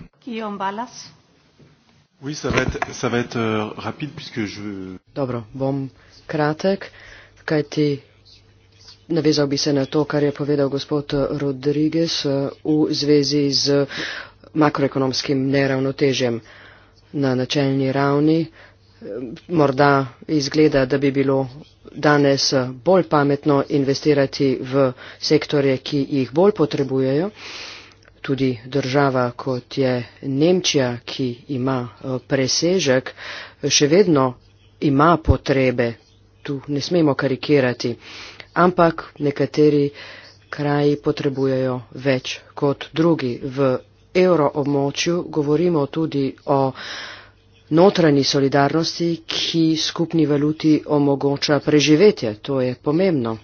Oui, ça va être, ça va être euh, rapide puisque je veux. Dobro, bom kratek, kajti navezal bi se na to, kar je povedal gospod Rodriguez uh, v zvezi z makroekonomskim neravnotežjem na načelni ravni morda izgleda, da bi bilo danes bolj pametno investirati v sektorje, ki jih bolj potrebujejo. Tudi država, kot je Nemčija, ki ima eh, presežek, še vedno ima potrebe. Tu ne smemo karikirati. Ampak nekateri kraji potrebujejo več kot drugi. V evroobmočju govorimo tudi o notranji solidarnosti, ki skupni valuti omogoča preživetje. To je pomembno.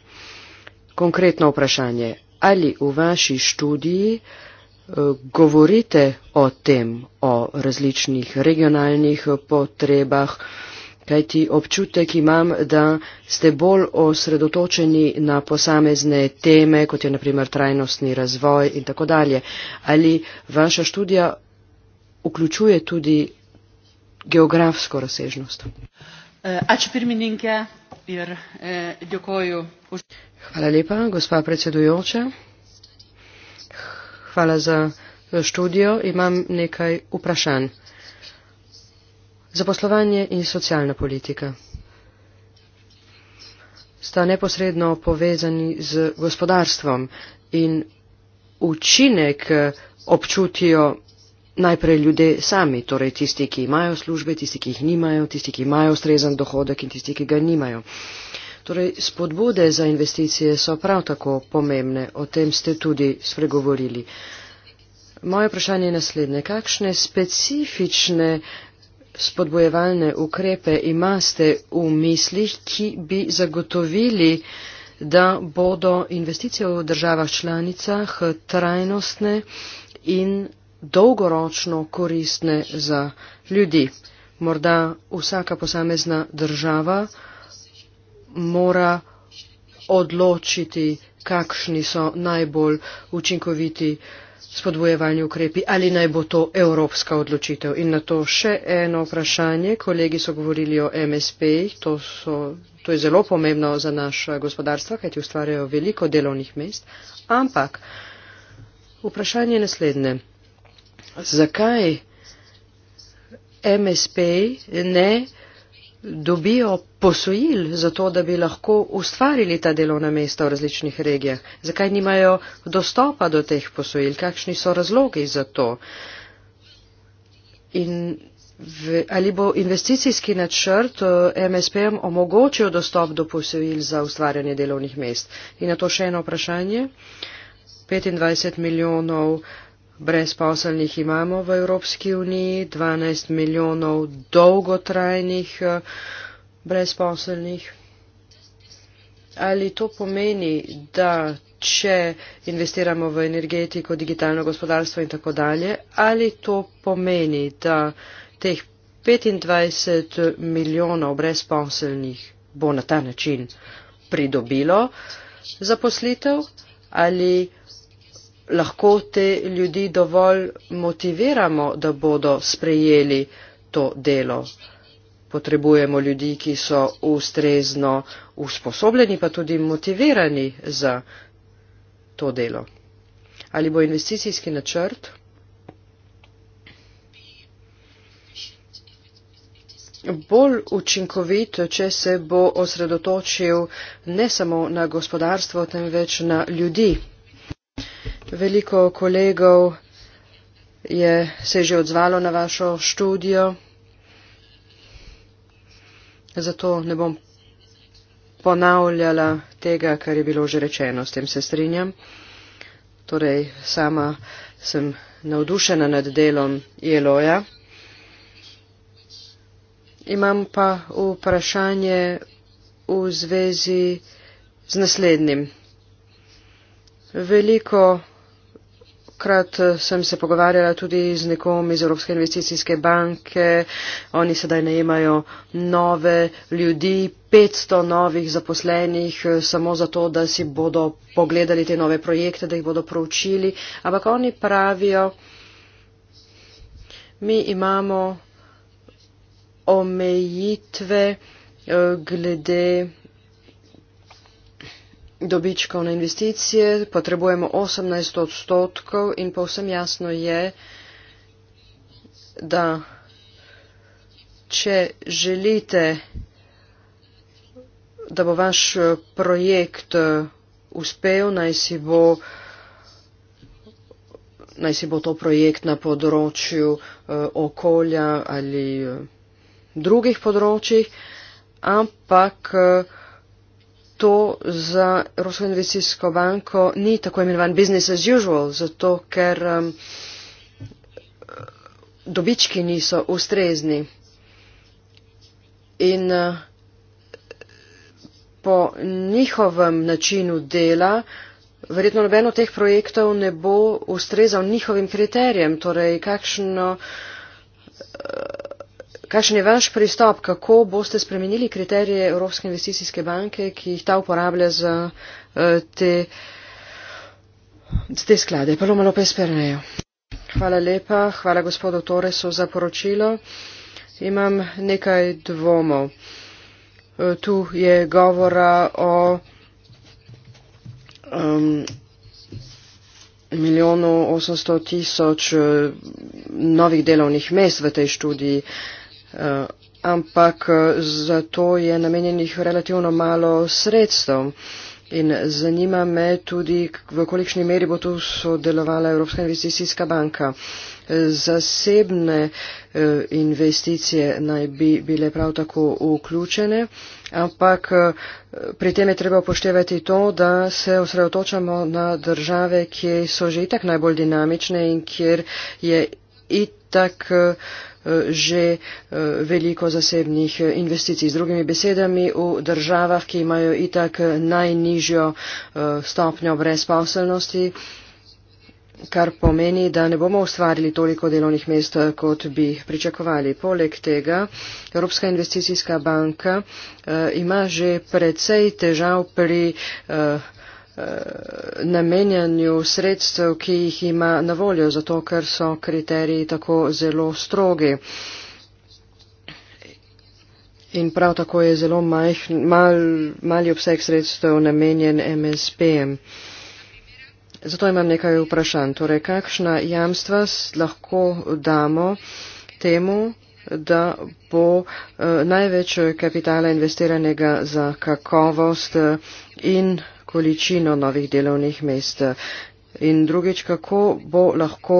Konkretno vprašanje. Ali v vaši študiji eh, govorite o tem, o različnih regionalnih potrebah, kajti občutek imam, da ste bolj osredotočeni na posamezne teme, kot je naprimer trajnostni razvoj in tako dalje. Ali vaša študija vključuje tudi geografsko razsežnost. Eh, eh, Hvala lepa, gospa predsedujoča. Hvala za eh, študijo. Imam nekaj vprašanj. Zaposlovanje in socialna politika sta neposredno povezani z gospodarstvom in učinek občutijo najprej ljudje sami, torej tisti, ki imajo službe, tisti, ki jih nimajo, tisti, ki imajo ustrezan dohodek in tisti, ki ga nimajo. Torej, spodbude za investicije so prav tako pomembne, o tem ste tudi spregovorili. Moje vprašanje je naslednje. Kakšne specifične spodbojevalne ukrepe imate v mislih, ki bi zagotovili, da bodo investicije v državah članicah trajnostne in dolgoročno koristne za ljudi. Morda vsaka posamezna država mora odločiti, kakšni so najbolj učinkoviti spodbojevalni ukrepi ali naj bo to evropska odločitev. In na to še eno vprašanje. Kolegi so govorili o MSP, to, so, to je zelo pomembno za naša gospodarstva, kajti ustvarjajo veliko delovnih mest. Ampak vprašanje je naslednje zakaj MSP ne dobijo posojil za to, da bi lahko ustvarili ta delovna mesta v različnih regijah? Zakaj nimajo dostopa do teh posojil? Kakšni so razlogi za to? In v, ali bo investicijski načrt MSP-om eh, omogočil dostop do posojil za ustvarjanje delovnih mest? In na to še eno vprašanje. 25 milijonov uh, brezposelnih imamo v Evropski uniji, 12 milijonov dolgotrajnih eh, brezposelnih. Ali to pomeni, da če investiramo v energetiko, digitalno gospodarstvo in tako dalje, ali to pomeni, da teh 25 milijonov brezposelnih bo na ta način pridobilo zaposlitev ali lahko te ljudi dovolj motiviramo, da bodo sprejeli to delo. Potrebujemo ljudi, ki so ustrezno usposobljeni, pa tudi motivirani za to delo. Ali bo investicijski načrt, bolj učinkovit, če se bo osredotočil ne samo na gospodarstvo, temveč na ljudi. Veliko kolegov je se že odzvalo na vašo študijo, zato ne bom ponavljala tega, kar je bilo že rečeno, s tem se strinjam. Torej, sama sem navdušena nad delom Jeloja. Imam pa vprašanje v zvezi z naslednjim. Veliko tokrat eh, sem se pogovarjala tudi z nekom iz Evropske investicijske banke. Oni sedaj najemajo nove ljudi, 500 novih zaposlenih, eh, samo zato, da si bodo pogledali te nove projekte, da jih bodo proučili. Ampak oni pravijo, mi imamo omejitve eh, glede dobičkov na investicije, potrebujemo 18 odstotkov in povsem jasno je, da če želite, da bo vaš eh, projekt eh, uspel, naj si bo naj si bo to projekt na področju uh, okolja ali uh, drugih področjih, ampak uh, to za Evropsko investicijsko banko ni tako imenovan business as usual, zato ker um, dobički niso ustrezni. In uh, po njihovem načinu dela verjetno nobeno teh projektov ne bo ustrezal njihovim kriterijem, torej kakšno uh, kakšen je vaš pristop, kako boste spremenili kriterije Evropske investicijske banke, ki jih ta uporablja za eh, te, te sklade. Prvo malo pa izpernejo. Hvala lepa, hvala gospodu Toresu za poročilo. Imam nekaj dvomov. Eh, tu je govora o um, milijonu 800 tisoč eh, novih delovnih mest v tej študiji. Uh, Eh, ampak eh, zato je namenjenih relativno malo sredstev. In zanima me tudi, v kolikšni meri bo tu sodelovala Evropska investicijska banka. Zasebne eh, investicije naj bi bile prav tako vključene, ampak pri tem je treba upoštevati to, da se osredotočamo na države, ki so že itak najbolj dinamične in kjer je itak že eh, veliko zasebnih eh, investicij. Z drugimi besedami, v državah, ki imajo itak eh, najnižjo stopnjo brezposelnosti, kar pomeni, da ne bomo ustvarili toliko delovnih mest, kot bi pričakovali. Poleg tega, Evropska investicijska banka ima že precej težav pri namenjanju sredstev, ki jih ima na voljo, zato ker so kriteriji tako zelo strogi. In prav tako je zelo majh, mal, mali obseg sredstev namenjen MSP-jem. Zato imam nekaj vprašanj. Torej, kakšna jamstva lahko damo temu, da bo uh, največ kapitala investiranega za kakovost uh, in količino novih delovnih mest. In drugič, kako bo lahko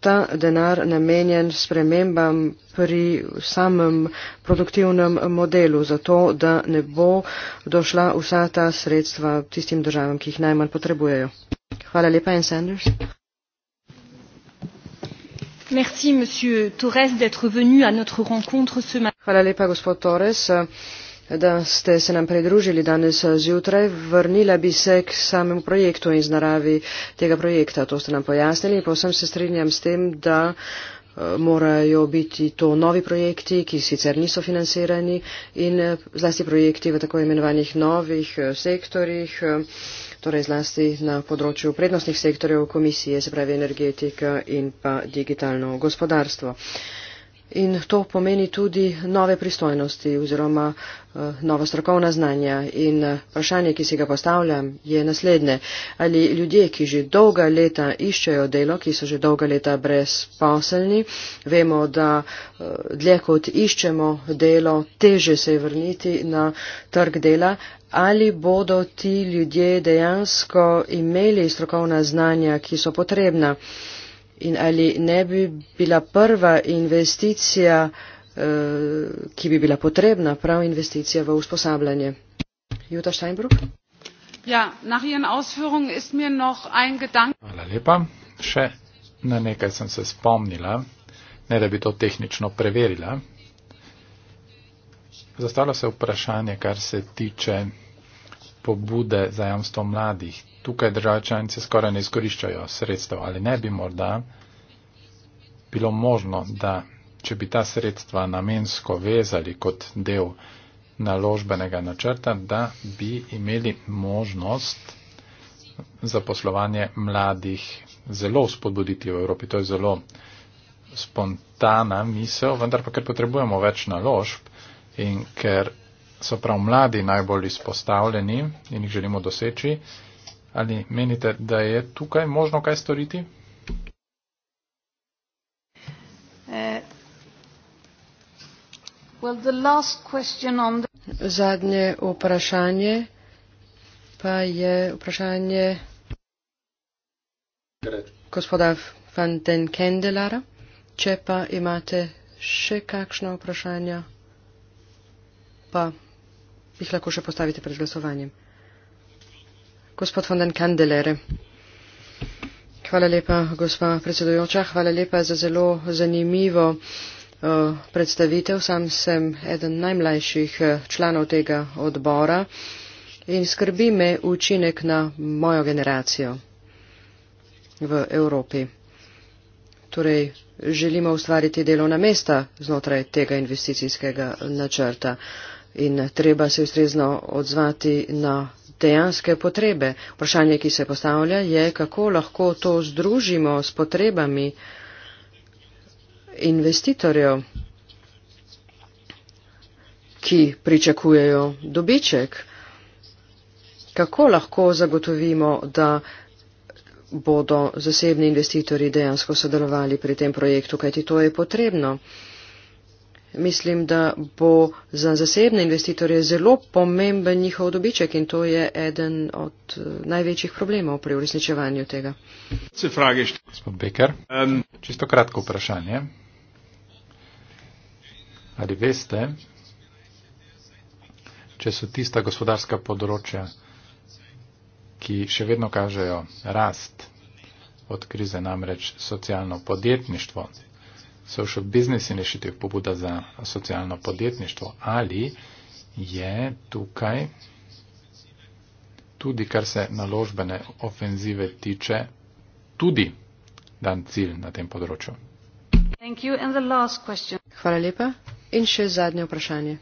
ta denar namenjen spremembam pri samem produktivnem modelu, zato da ne bo došla vsa ta sredstva tistim državam, ki jih najmanj potrebujejo. Hvala lepa, Jan Sanders. Merci, monsieur Torres, d'être venu à notre rencontre ce matin. Hvala lepa, gospod Torres. Uh, da ste se nam pridružili danes eh, zjutraj. Vrnila bi se k samemu projektu in z naravi tega projekta. To ste nam pojasnili in povsem se strinjam s tem, da eh, morajo biti to novi projekti, ki sicer niso financirani in eh, zlasti projekti v tako imenovanih novih sektorjih, torej zlasti na področju prednostnih sektorjev komisije, se pravi energetika in pa digitalno gospodarstvo. In to pomeni tudi nove pristojnosti oziroma eh, nova strokovna znanja. In eh, vprašanje, ki si ga postavljam, je naslednje. Ali ljudje, ki že dolga leta iščejo delo, ki so že dolga leta brezposelni, vemo, da eh, dlje kot iščemo delo, teže se je vrniti na trg dela, ali bodo ti ljudje dejansko imeli strokovna znanja, ki so potrebna in ali ne bi bila prva investicija, eh, ki bi bila potrebna, prav investicija v usposabljanje. Juta Steinbrück. Ja, nach Ihren Ausführungen ist mir noch ein Gedanke. Hvala lepa. Še na nekaj sem se spomnila, ne da bi to tehnično preverila. Zastalo se vprašanje, kar se tiče pobude za jamstvo mladih. Tukaj države članice skoraj ne izkoriščajo sredstev ali ne bi morda bilo možno, da če bi ta sredstva namensko vezali kot del naložbenega načrta, da bi imeli možnost zaposlovanje mladih zelo spodbuditi v Evropi. To je zelo spontana misel, vendar pa ker potrebujemo več naložb in ker so prav mladi najbolj izpostavljeni in jih želimo doseči. Ali menite, da je tukaj možno kaj storiti? Uh, well, the last question on the... Zadnje vprašanje pa je vprašanje gospoda van den Kendelara. Če pa imate še kakšno vprašanje, pa jih lahko še postavite pred glasovanjem. Gospod von den Kandelere. Hvala lepa, gospa predsedojoča. Hvala lepa za zelo zanimivo eh, predstavitev. Sam sem eden najmlajših eh, članov tega odbora in skrbi me učinek na mojo generacijo v Evropi. Torej, želimo ustvariti delovna mesta znotraj tega investicijskega načrta. Uh, in treba se ustrezno odzvati na dejanske potrebe. Vprašanje, ki se postavlja, je, kako lahko to združimo s potrebami investitorjev, ki pričakujejo dobiček. Kako lahko zagotovimo, da bodo zasebni investitorji dejansko sodelovali pri tem projektu, kajti to je potrebno mislim, da bo za zasebne investitorje zelo pomemben njihov dobiček in to je eden od eh, največjih problemov pri uresničevanju tega. Se fragiš, gospod Beker. Um, čisto kratko vprašanje. Ali veste, če so tista gospodarska področja, ki še vedno kažejo rast od krize, namreč socialno podjetništvo, social business initiative, pobuda za socialno podjetništvo, ali je tukaj tudi, kar se naložbene ofenzive tiče, tudi dan cilj na tem področju. Thank you. And the last question. Hvala lepa. In še zadnje vprašanje.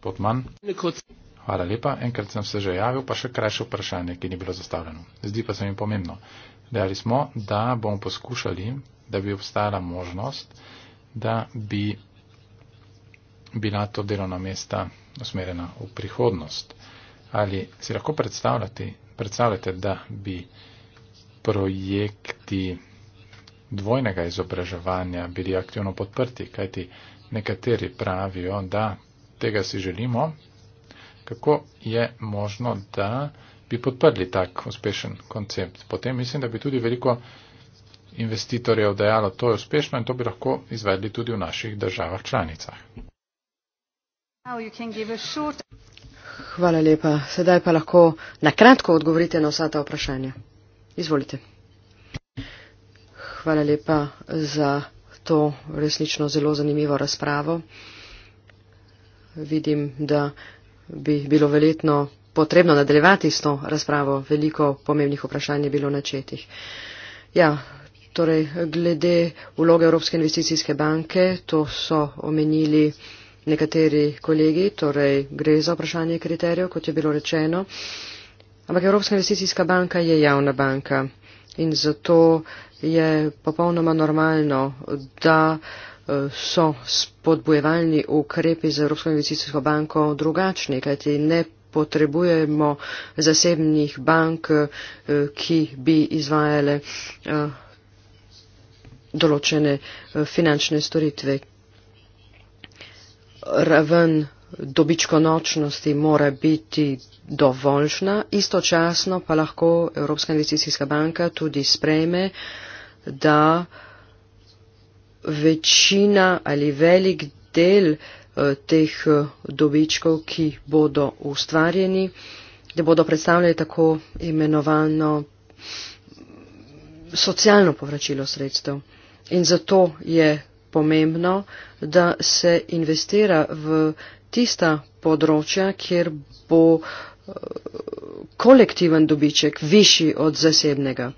Potman. Hvala lepa. Enkrat sem se že javil, pa še krajše vprašanje, ki ni bilo zastavljeno. Zdi pa se mi pomembno. Dejali smo, da bomo poskušali da bi obstala možnost, da bi bila to delovna mesta usmerjena v prihodnost. Ali si lahko predstavljate, da bi projekti dvojnega izobraževanja bili aktivno podprti, kajti nekateri pravijo, da tega si želimo, kako je možno, da bi podprli tak uspešen koncept. Potem mislim, da bi tudi veliko investitorjev dejalo, to je uspešno in to bi lahko izvedli tudi v naših državah članicah. Hvala lepa. Sedaj pa lahko nakratko odgovorite na vsa ta vprašanja. Izvolite. Hvala lepa za to resnično zelo zanimivo razpravo. Vidim, da bi bilo veljetno potrebno nadaljevati s to razpravo. Veliko pomembnih vprašanj je bilo načetih. Ja, torej glede vloge Evropske investicijske banke, to so omenili nekateri kolegi, torej gre za vprašanje kriterijev, kot je bilo rečeno. Ampak Evropska investicijska banka je javna banka in zato je popolnoma normalno, da eh, so spodbujevalni ukrepi za Evropsko investicijsko banko drugačni, kajti ne potrebujemo zasebnih bank, eh, ki bi izvajale eh, določene eh, finančne storitve. Raven dobičkonočnosti mora biti dovoljšna, istočasno pa lahko Evropska investicijska banka tudi sprejme, da večina ali velik del eh, teh eh, dobičkov, ki bodo ustvarjeni, da bodo predstavljali tako imenovano socialno povračilo sredstev. In zato je pomembno, da se investira v tista področja, kjer bo eh, kolektiven dobiček višji od zasebnega.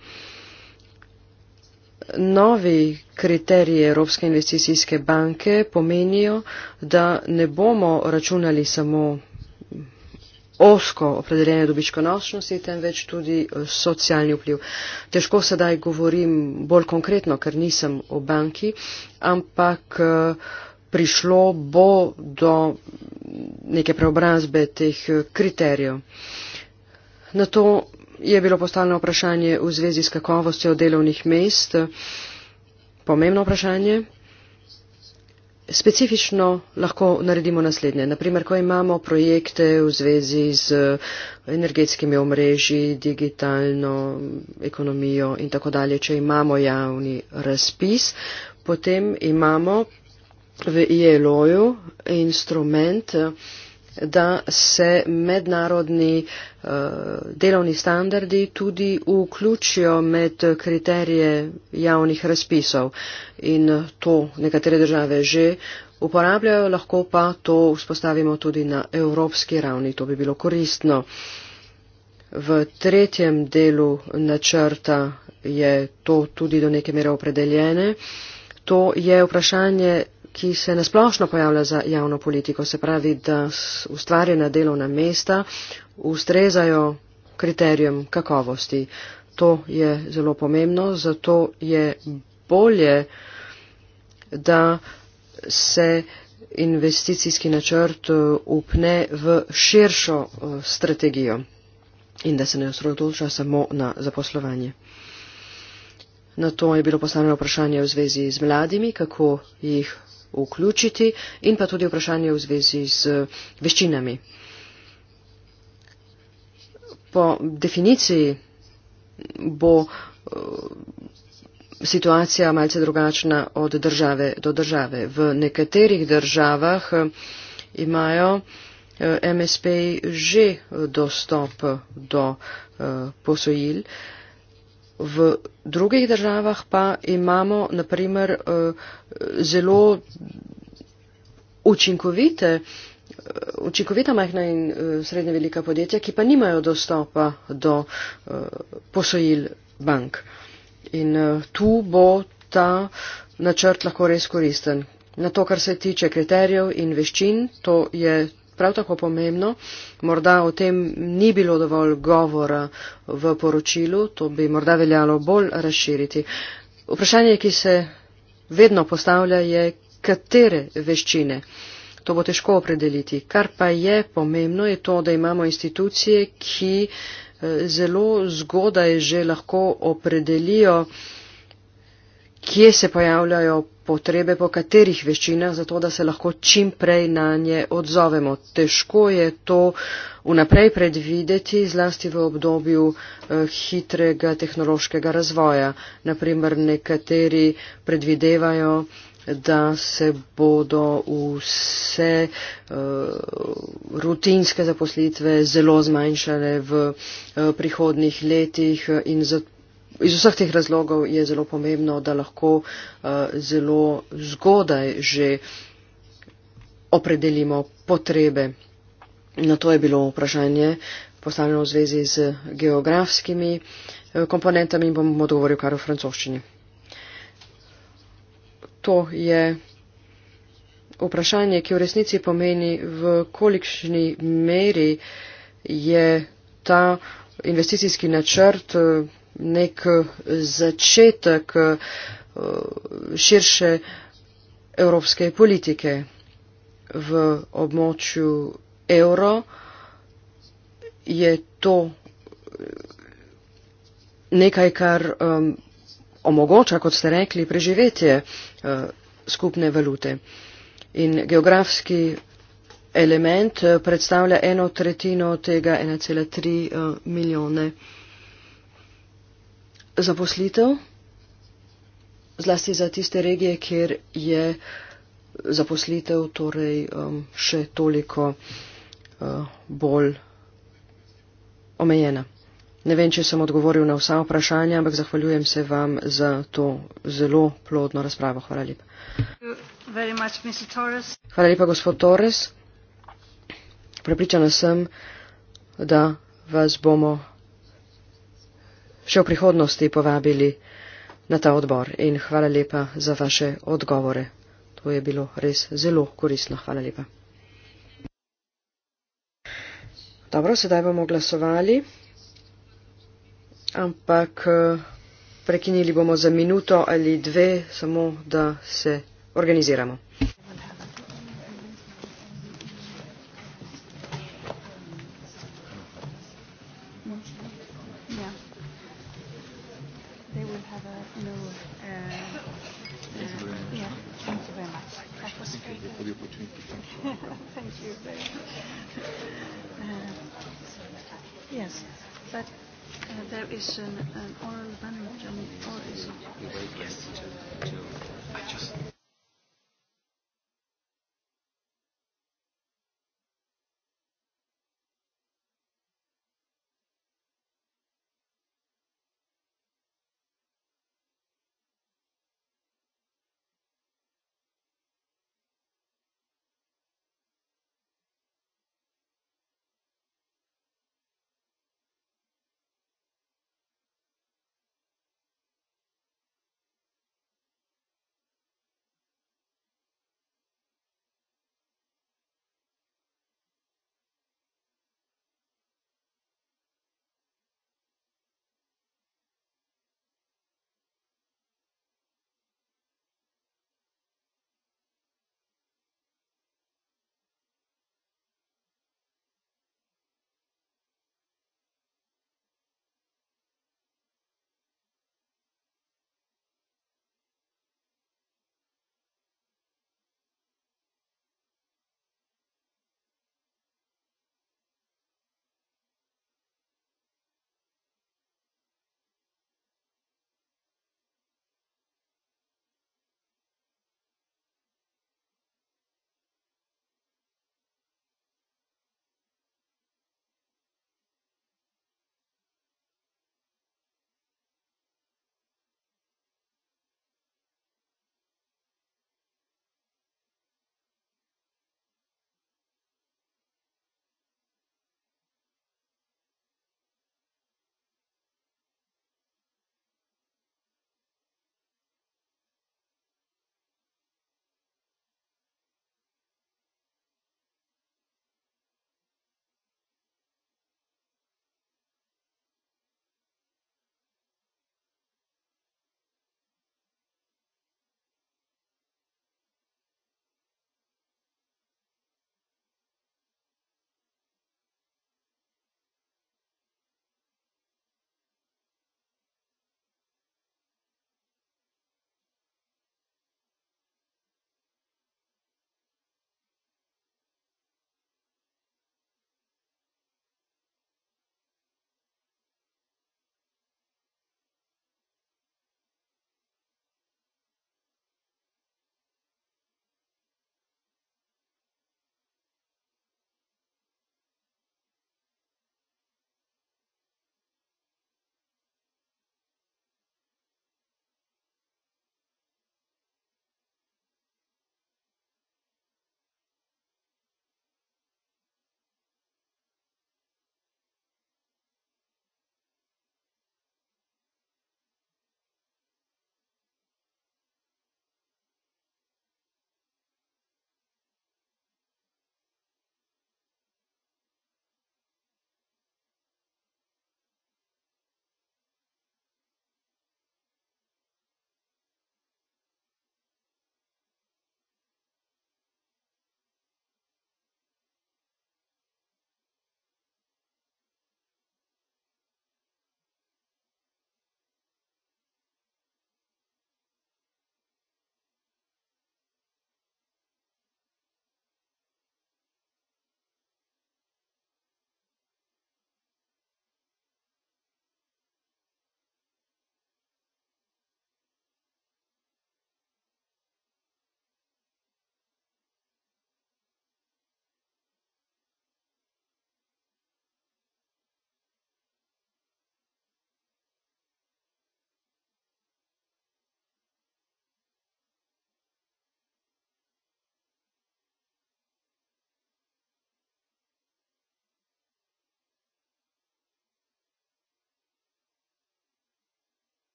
Novi kriteriji Evropske investicijske banke pomenijo, da ne bomo računali samo osko opredeljene dobičkonosnosti, temveč tudi eh, socialni vpliv. Težko sedaj govorim bolj konkretno, ker nisem v banki, ampak eh, prišlo bo do neke preobrazbe teh eh, kriterijev. Na to je bilo postavljeno vprašanje v zvezi s kakovostjo delovnih mest. Pomembno vprašanje specifično lahko naredimo naslednje. Naprimer, ko imamo projekte v zvezi z eh, energetskimi omrežji, digitalno ekonomijo in tako dalje, če imamo javni razpis, potem imamo v ILO-ju instrument, eh, da se mednarodni eh, delovni standardi tudi vključijo med kriterije javnih razpisov. In to nekatere države že uporabljajo, lahko pa to vzpostavimo tudi na evropski ravni. To bi bilo koristno. V tretjem delu načrta je to tudi do neke mere opredeljene. To je vprašanje ki se nasplošno pojavlja za javno politiko, se pravi, da ustvarjena delovna mesta ustrezajo kriterijem kakovosti. To je zelo pomembno, zato je bolje, da se investicijski načrt uh, upne v širšo uh, strategijo in da se ne osredotoča samo na zaposlovanje. Na to je bilo postavljeno vprašanje v zvezi z mladimi, kako jih vključiti in pa tudi vprašanje v zvezi z eh, veščinami. Po definiciji bo eh, situacija malce drugačna od države do države. V nekaterih državah eh, imajo MSP že dostop do posojil. V drugih državah pa imamo naprimer eh, zelo učinkovite, eh, učinkovita majhna in eh, srednje velika podjetja, ki pa nimajo dostopa do posojil bank. In tu bo ta načrt lahko res koristen. Na to, kar se tiče kriterijev in veščin, to je prav tako pomembno. Morda o tem ni bilo dovolj govora v poročilu, to bi morda veljalo bolj razširiti. Vprašanje, ki se vedno postavlja, je, katere veščine. To bo težko opredeliti. Kar pa je pomembno, je to, da imamo institucije, ki eh, zelo zgodaj že lahko opredelijo, kje se pojavljajo potrebe po katerih veščinah, zato da se lahko čim prej na nje odzovemo. Težko je to vnaprej predvideti, zlasti v obdobju eh, hitrega tehnološkega razvoja. Naprimer, nekateri predvidevajo, da se bodo vse uh, rutinske zaposlitve zelo zmanjšale v uh, eh, prihodnih letih in zato iz vseh teh razlogov je zelo pomembno, da lahko eh, zelo zgodaj že opredelimo potrebe. Na to je bilo vprašanje postavljeno v zvezi z geografskimi eh, komponentami in bom odgovoril kar v francoščini. To je vprašanje, ki v resnici pomeni, v kolikšni meri je ta investicijski načrt eh, nek eh, začetek eh, širše evropske politike v območju evro. Je to eh, nekaj, kar um, omogoča, kot ste rekli, preživetje uh, skupne valute. In geografski element predstavlja eno tretjino tega 1,3 uh, milijone zaposlitev, zlasti za tiste regije, kjer je zaposlitev torej um, še toliko uh, bolj omejena. Ne vem, če sem odgovoril na vsa vprašanja, ampak zahvaljujem se vam za to zelo plodno razpravo. Hvala lepa. Hvala lepa, gospod Torres. Prepričana sem, da vas bomo še v prihodnosti povabili na ta odbor in hvala lepa za vaše odgovore. To je bilo res zelo koristno. Hvala lepa. Dobro, sedaj bomo glasovali, ampak eh, prekinili bomo za minuto ali dve, samo da se organiziramo.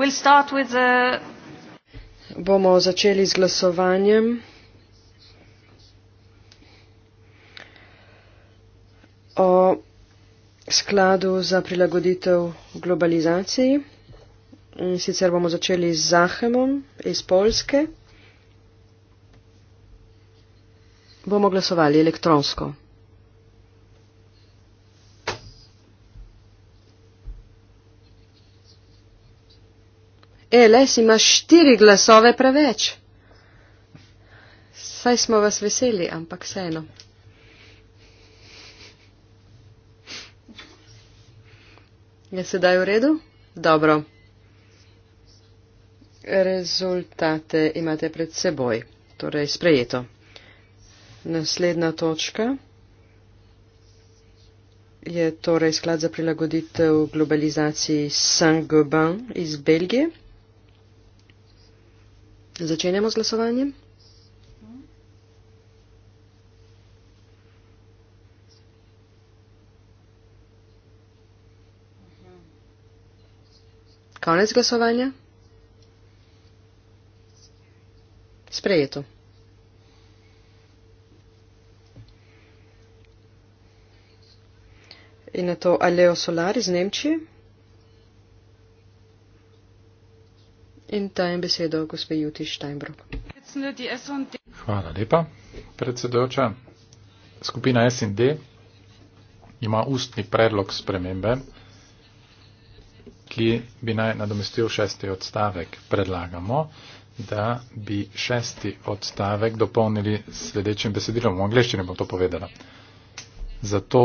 We'll start with the... Uh, bomo začeli z glasovanjem. O skladu za prilagoditev globalizaciji. In sicer bomo začeli z Zahemom iz Polske. Bomo glasovali elektronsko. E LS ima štiri glasove preveč. Saj smo vas veseli, ampak vseeno. Je sedaj v redu? Dobro. Rezultate imate pred seboj, torej sprejeto. Naslednja točka je torej sklad za prilagoditev globalizaciji Saint-Gobain iz Belgije. Začenjamo z glasovanjem. Konec glasovanja. Sprejeto. In na to Aleo Solar iz Nemčije. In dajem besedo gospe Juti Steinbrock. Hvala lepa, predsedoča. Skupina SND ima ustni predlog spremembe, ki bi naj nadomestil šesti odstavek. Predlagamo, da bi šesti odstavek dopolnili s sledečim besedilom. V angleščini bom to povedala. Zato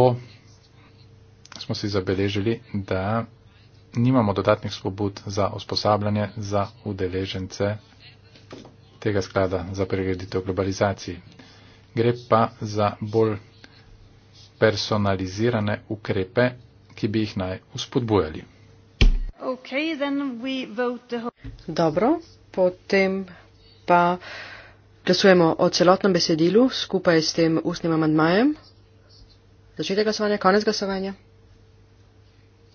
smo si zabeležili, da nimamo dodatnih spobud za usposabljanje za udeležence tega sklada za pregreditev globalizaciji. Gre pa za bolj personalizirane ukrepe, ki bi jih naj uspodbujali. Okay, then we vote the whole... Dobro, potem pa glasujemo o celotnem besedilu skupaj s tem ustnim amandmajem. Začetek glasovanja, konec glasovanja.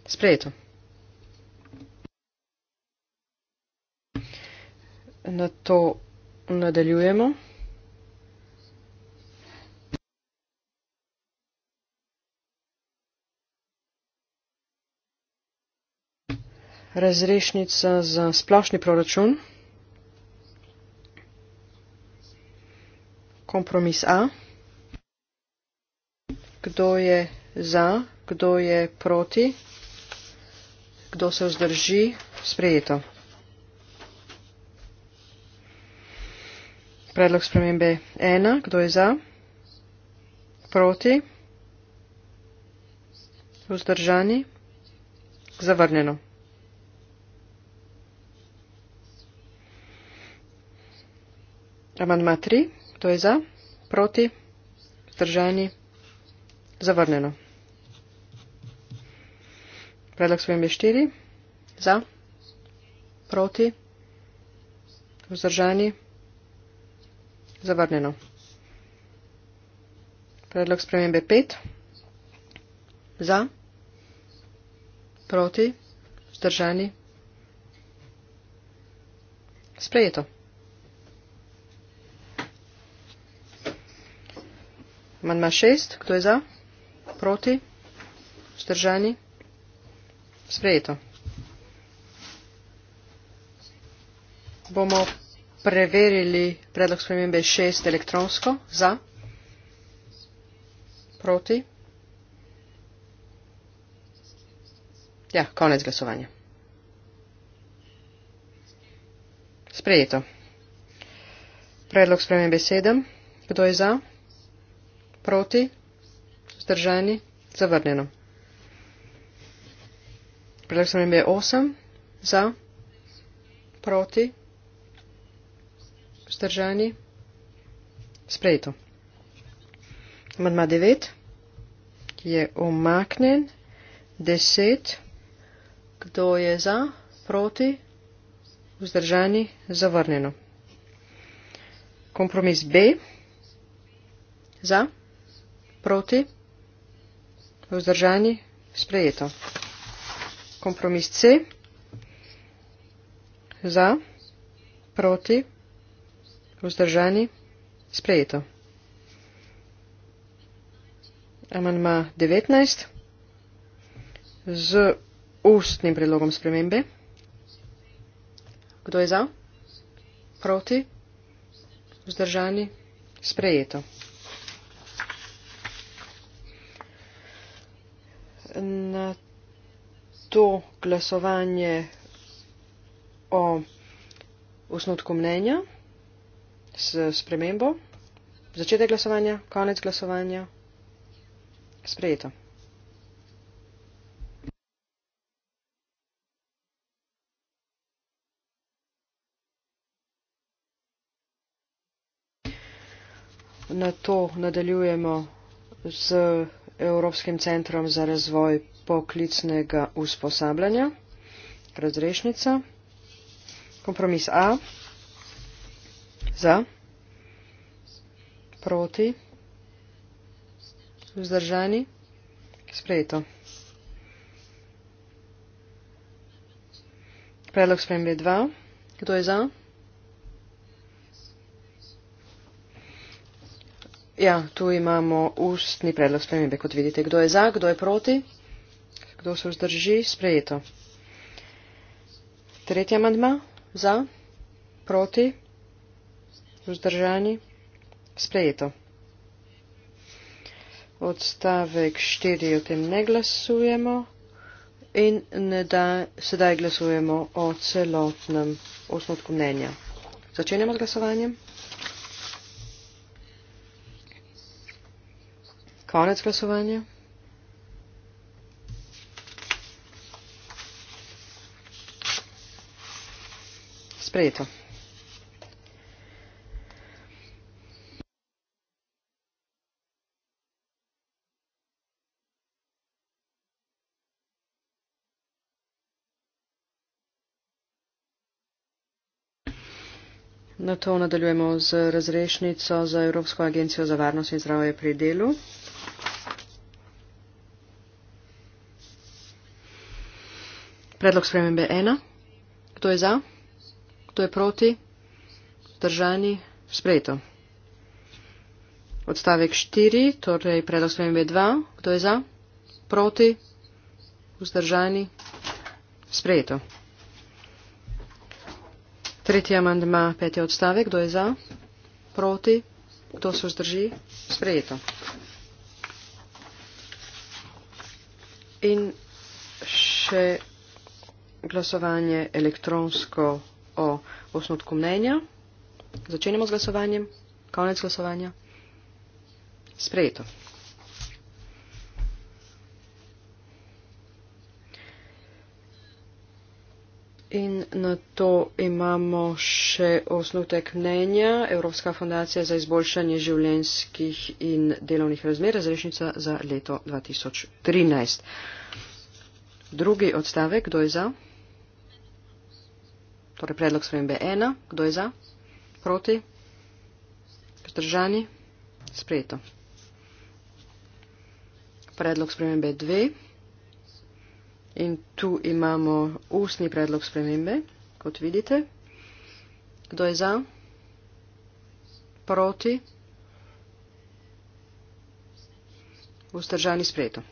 Sprejeto. na to nadaljujemo. Razrešnica za splošni proračun. Kompromis A. Kdo je za, kdo je proti, kdo se vzdrži, sprejeto. Predlog spremembe ena. Kdo je za? Proti? Vzdržani? Zavrnjeno. Amandma tri. Kdo je za? Proti? Vzdržani? Zavrnjeno. Predlog spremembe štiri. Za? Proti? Vzdržani? Zavrnjeno. Zavrnjeno. Predlog spremembe 5. Za. Proti. Zdržani. Sprejeto. Manjma 6. Kdo je za? Proti. Zdržani. Sprejeto. Bomo preverili predlog spremembe šest elektronsko za proti ja konec glasovanja sprejeto predlog spremembe sedem kdo je za proti zdržani zavrnjeno predlog spremembe osem za proti vzdržani. Sprejeto. Amandma 9 je omaknen. 10. Kdo je za, proti, vzdržani, zavrnjeno. Kompromis B. Za, proti, vzdržani, sprejeto. Kompromis C. Za, proti, vzdržani. Vzdržani? Sprejeto. Amanma 19 z ustnim predlogom spremembe. Kdo je za? Proti? Vzdržani? Sprejeto. Na to glasovanje o osnotku mnenja s spremembo. Začetek glasovanja, konec glasovanja. Sprejeto. Na to nadaljujemo z Evropskim centrom za razvoj poklicnega usposabljanja. Razrešnica. Kompromis A. Za. Proti. Vzdržani. Sprejeto. Predlog spremembe 2. Kdo je za? Ja, tu imamo ustni predlog spremembe, kot vidite. Kdo je za, kdo je proti, kdo se vzdrži, sprejeto. Tretji amandma, za, proti, vzdržani, sprejeto. Odstavek 4 o tem ne glasujemo in ne da, sedaj glasujemo o celotnem osnotku mnenja. Začenjamo z glasovanjem. Konec glasovanja. Sprejeto. Na to nadaljujemo z razrešnico za Evropsko agencijo za varnost in zdravje pri delu. Predlog spremembe 1. Kdo je za? Kdo je proti? Držani? Sprejeto. Odstavek 4, torej predlog spremembe 2. Kdo je za? Proti? Vzdržani? Sprejeto. Tretji amandma, peti odstavek. Kdo je za? Proti? Kdo se vzdrži? Sprejeto. In še glasovanje elektronsko o osnotku mnenja. Začenjamo z glasovanjem. Konec glasovanja. Sprejeto. In na to imamo še osnutek mnenja Evropska fundacija za izboljšanje življenskih in delovnih razmer, razrešnica za leto 2013. Drugi odstavek, kdo je za? Torej predlog spremembe 1, kdo je za? Proti? Zdržani? Sprejeto. Predlog spremembe 2. In tu imamo ustni predlog spremembe, kot vidite. Kdo je za? Proti? Vzdržani sprejeto.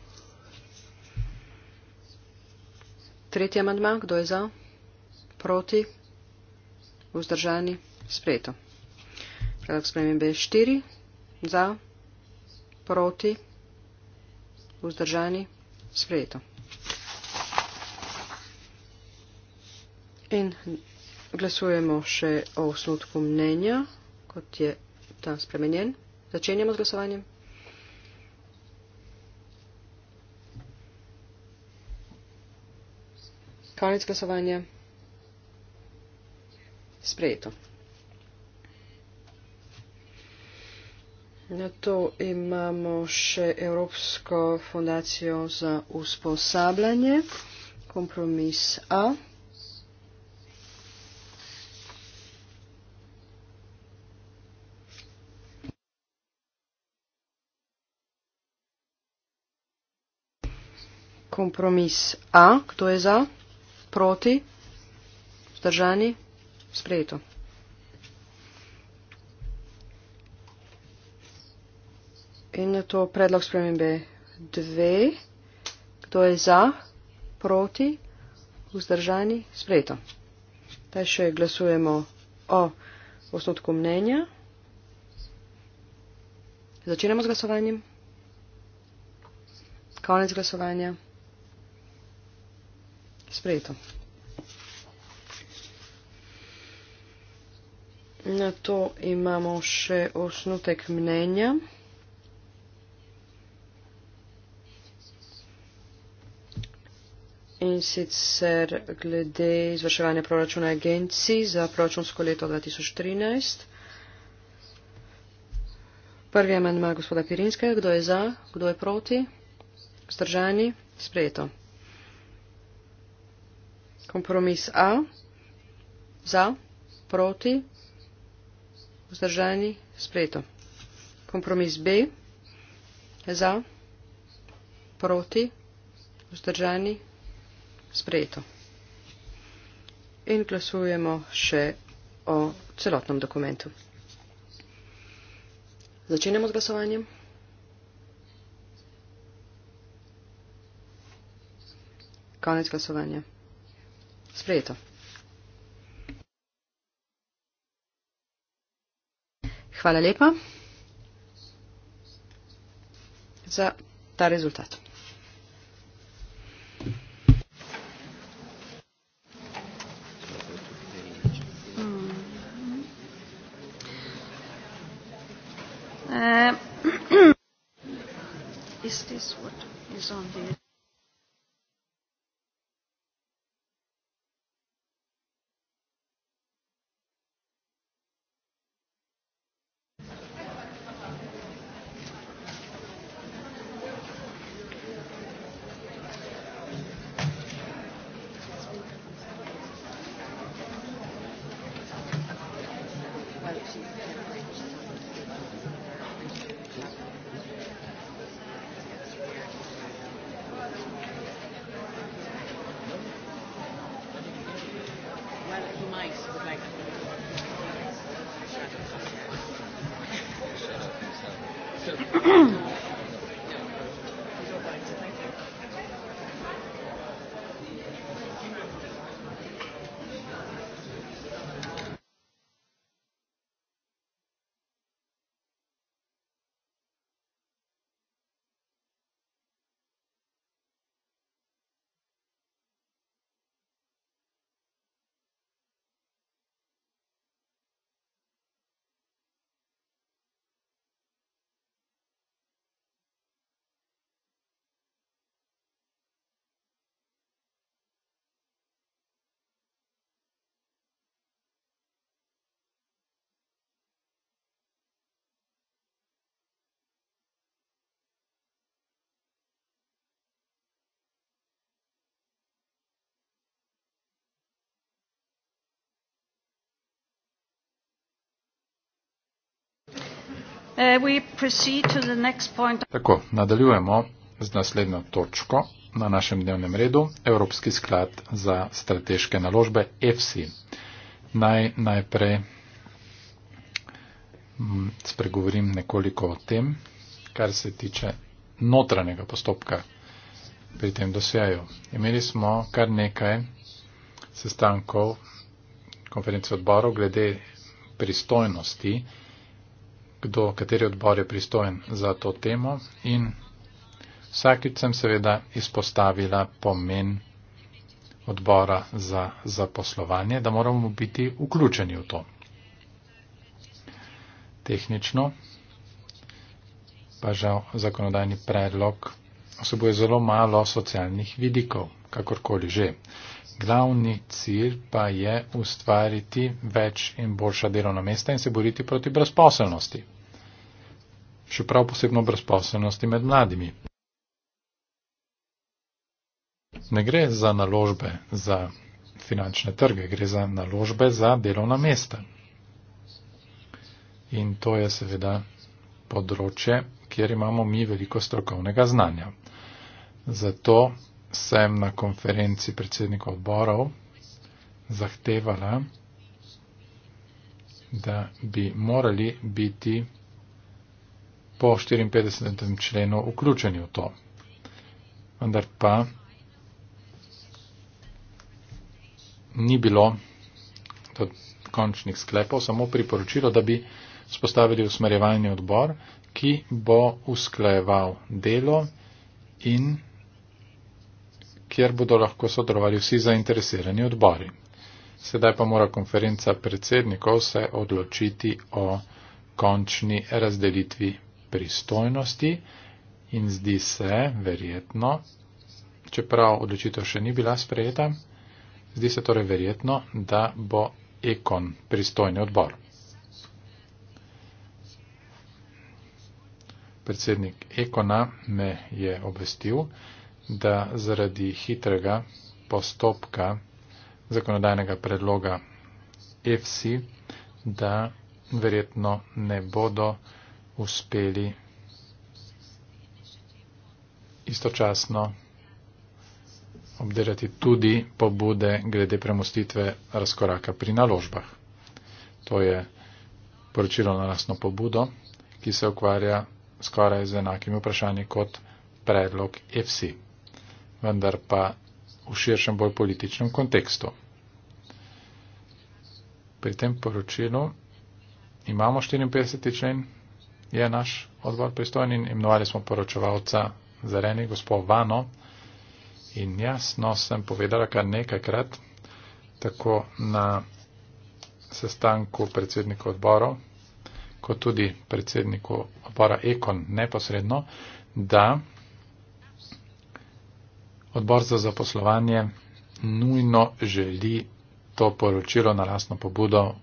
Tretji amandma, kdo je za? Proti? Vzdržani sprejeto. Predlog spremembe je štiri. Za? Proti? Vzdržani sprejeto. In glasujemo še o osnutku mnenja, kot je ta spremenjen. Začenjamo z glasovanjem. Konec glasovanja. Sprejeto. Na to imamo še Evropsko fondacijo za usposabljanje, kompromis A. kompromis A, kdo je za, proti, vzdržani, sprejeto. In na to predlog spremembe 2, kdo je za, proti, vzdržani, sprejeto. Zdaj še glasujemo o osnotku mnenja. Začenjamo z glasovanjem. Konec glasovanja sprejeto. Na to imamo še osnutek mnenja. In sicer glede izvrševanja proračuna agencij za proračunsko leto 2013. Prvi amandma gospoda Pirinskega. Kdo je za? Kdo je proti? Zdržani? Sprejeto. Kompromis A. Za, proti, vzdržani, sprejeto. Kompromis B. Za, proti, vzdržani, sprejeto. In glasujemo še o celotnem dokumentu. Začenjamo z glasovanjem. Konec glasovanja. Sprejeto. Hvala lepa za ta rezultat. Hmm. Uh, is this what is on the Uh, Tako, nadaljujemo z naslednjo točko na našem dnevnem redu, Evropski sklad za strateške naložbe EFSI. Naj najprej mm, spregovorim nekoliko o tem, kar se tiče notranjega postopka pri tem dosjaju. Imeli smo kar nekaj sestankov konference odborov glede pristojnosti, kdo, kateri odbor je pristojen za to temo in vsakič sem seveda izpostavila pomen odbora za zaposlovanje, da moramo biti vključeni v to. Tehnično pa žal zakonodajni predlog osebuje zelo malo socialnih vidikov kakorkoli že. Glavni cilj pa je ustvariti več in boljša delovna mesta in se boriti proti brezposelnosti. Še prav posebno brezposelnosti med mladimi. Ne gre za naložbe za finančne trge, gre za naložbe za delovna mesta. In to je seveda področje, kjer imamo mi veliko strokovnega znanja. Zato sem na konferenci predsednikov odborov zahtevala, da bi morali biti po 54. členu vključeni v to. Vendar pa ni bilo do končnih sklepov, samo priporočilo, da bi spostavili usmerjevalni odbor, ki bo usklajeval delo in kjer bodo lahko sodelovali vsi zainteresirani odbori. Sedaj pa mora konferenca predsednikov se odločiti o končni razdelitvi pristojnosti in zdi se verjetno, čeprav odločitev še ni bila sprejeta, zdi se torej verjetno, da bo ekon pristojni odbor. Predsednik ekona me je obvestil, da zaradi hitrega postopka zakonodajnega predloga FC, da verjetno ne bodo uspeli istočasno obdelati tudi pobude glede premustitve razkoraka pri naložbah. To je poročilo na lasno pobudo, ki se ukvarja skoraj z enakimi vprašanji kot predlog FC vendar pa v širšem bolj političnem kontekstu. Pri tem poročilu imamo 54. člen, je naš odbor pristojen in imenovali smo poročevalca zareni gospod Vano in jasno sem povedala kar nekajkrat, tako na sestanku predsednika odbora, kot tudi predsedniku odbora Ekon neposredno, da Odbor za zaposlovanje nujno želi to poročilo na lasno pobudo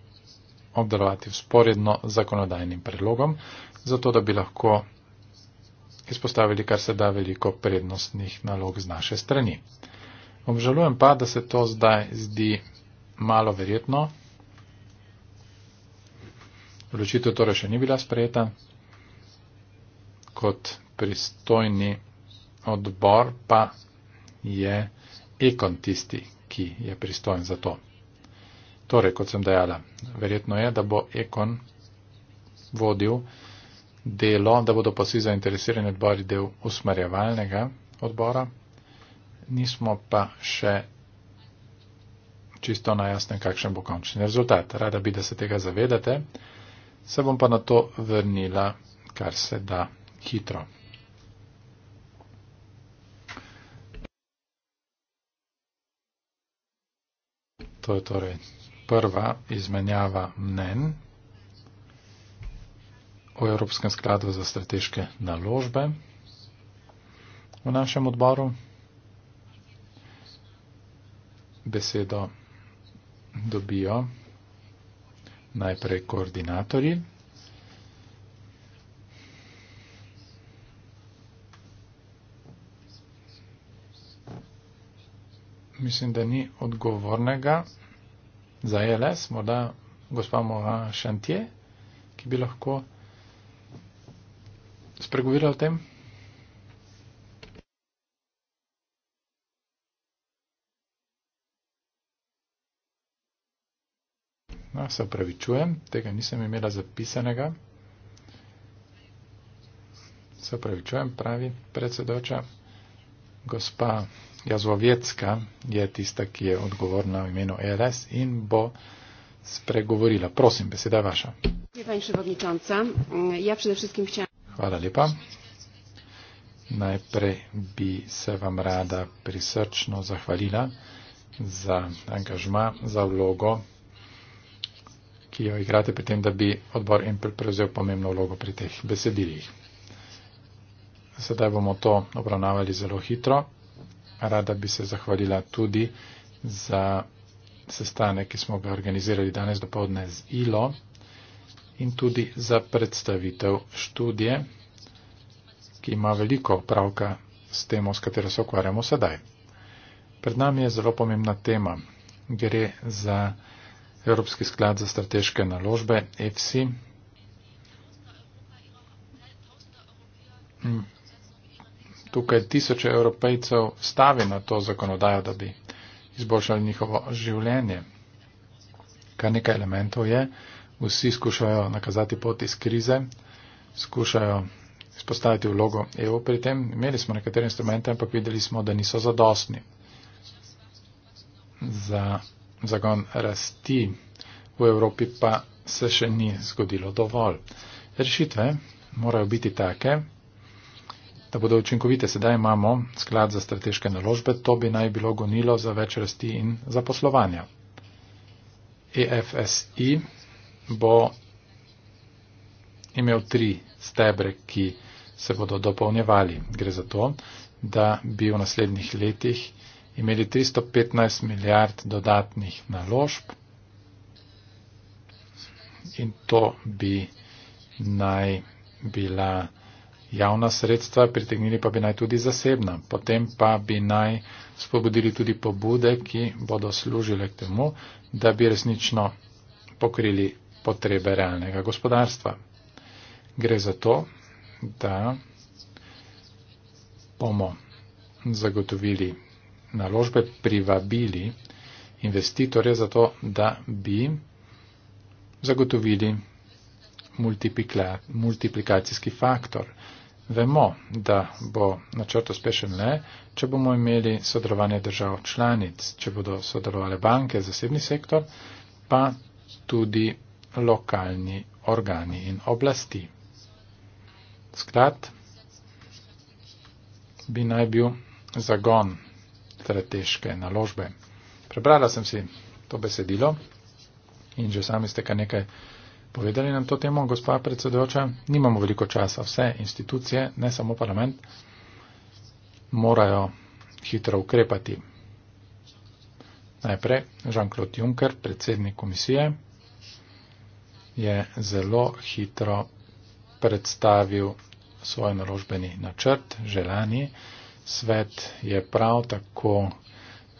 obdarovati vzporedno zakonodajnim predlogom, zato da bi lahko izpostavili kar se da veliko prednostnih nalog z naše strani. Obžalujem pa, da se to zdaj zdi malo verjetno. Vločitev torej še ni bila sprejeta. Kot pristojni odbor pa je ekon tisti, ki je pristojen za to. Torej, kot sem dejala, verjetno je, da bo ekon vodil delo, da bodo pa vsi zainteresirani odbori del usmerjevalnega odbora. Nismo pa še čisto na jasnem, kakšen bo končni rezultat. Rada bi, da se tega zavedate. Se bom pa na to vrnila, kar se da hitro. To je torej prva izmenjava mnen o Evropskem skladu za strateške naložbe v našem odboru. Besedo dobijo najprej koordinatorji. mislim, da ni odgovornega za e LS, morda gospa Mora Šantje, ki bi lahko spregovorila o tem. No, se opravičujem, tega nisem imela zapisanega. Se opravičujem, pravi predsedoča gospa Jazovetska je tista, ki je odgovorna v imenu e RS in bo spregovorila. Prosim, beseda je vaša. Ja Hvala lepa. Najprej bi se vam rada prisrčno zahvalila za angažma, za vlogo, ki jo igrate pri tem, da bi odbor Empel prevzel pomembno vlogo pri teh besedilih. Sedaj bomo to obravnavali zelo hitro rada bi se zahvalila tudi za sestanek, ki smo ga organizirali danes dopoledne z ILO in tudi za predstavitev študije, ki ima veliko opravka s temo, s katero se okvarjamo sedaj. Pred nami je zelo pomembna tema. Gre za Evropski sklad za strateške naložbe EFSI tukaj tisoče evropejcev stavi na to zakonodajo, da bi izboljšali njihovo življenje. Kar nekaj elementov je, vsi skušajo nakazati pot iz krize, skušajo izpostaviti vlogo EU pri tem. Imeli smo nekatere instrumente, ampak videli smo, da niso zadostni za zagon rasti. V Evropi pa se še ni zgodilo dovolj. Rešitve morajo biti take, da bodo učinkovite. Sedaj imamo sklad za strateške naložbe, to bi naj bilo gonilo za več rasti in zaposlovanja. EFSI bo imel tri stebre, ki se bodo dopolnjevali. Gre za to, da bi v naslednjih letih imeli 315 milijard dodatnih naložb in to bi naj bila javna sredstva, pritegnili pa bi naj tudi zasebna. Potem pa bi naj spobodili tudi pobude, ki bodo služile k temu, da bi resnično pokrili potrebe realnega gospodarstva. Gre za to, da bomo zagotovili naložbe, privabili investitorje za to, da bi zagotovili multiplikacijski faktor. Vemo, da bo načrt uspešen le, če bomo imeli sodelovanje držav članic, če bodo sodelovali banke, zasebni sektor, pa tudi lokalni organi in oblasti. Sklad bi naj bil zagon strateške naložbe. Prebrala sem si to besedilo in že sami ste kar nekaj povedali nam to temo, gospa predsedujoča? Nimamo veliko časa. Vse institucije, ne samo parlament, morajo hitro ukrepati. Najprej Jean-Claude Juncker, predsednik komisije, je zelo hitro predstavil svoj naložbeni načrt, želani. Svet je prav tako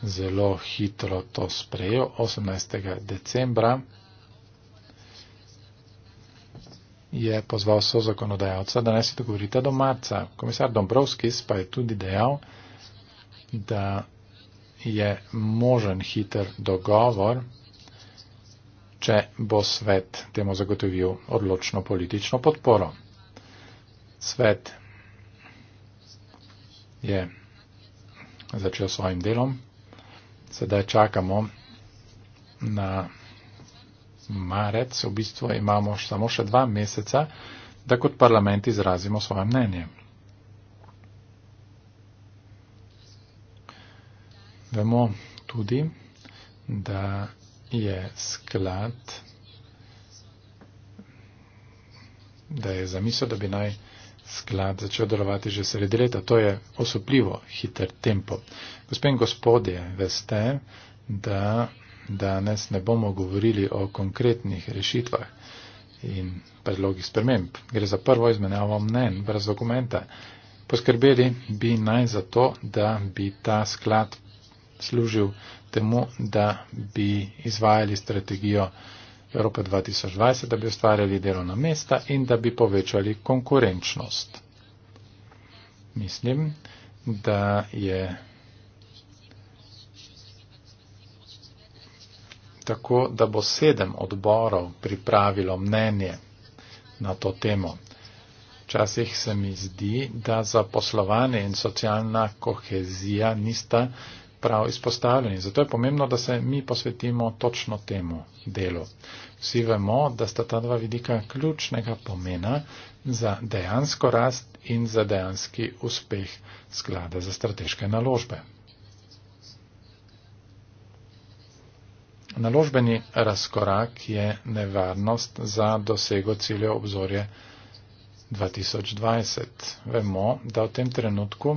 zelo hitro to sprejel 18. decembra je pozval so zakonodajalca, da naj se dogovorita do marca. Komisar Dombrovskis pa je tudi dejal, da je možen hiter dogovor, če bo svet temu zagotovil odločno politično podporo. Svet je začel svojim delom, sedaj čakamo na marec, v bistvu imamo samo še dva meseca, da kot parlament izrazimo svoje mnenje. Vemo tudi, da je sklad, da je zamisel, da bi naj sklad začel delovati že sredi leta. To je osupljivo hiter tempo. Gospod in gospodje, veste, da danes ne bomo govorili o konkretnih rešitvah in predlogih sprememb. Gre za prvo izmenjavo mnen brez dokumenta. Poskrbeli bi naj za to, da bi ta sklad služil temu, da bi izvajali strategijo Evropa 2020, da bi ustvarjali delovna mesta in da bi povečali konkurenčnost. Mislim, da je tako, da bo sedem odborov pripravilo mnenje na to temo. Včasih se mi zdi, da zaposlovanje in socialna kohezija nista prav izpostavljeni. Zato je pomembno, da se mi posvetimo točno temu delu. Vsi vemo, da sta ta dva vidika ključnega pomena za dejansko rast in za dejanski uspeh sklada za strateške naložbe. Naložbeni razkorak je nevarnost za dosego ciljev obzorje 2020. Vemo, da v tem trenutku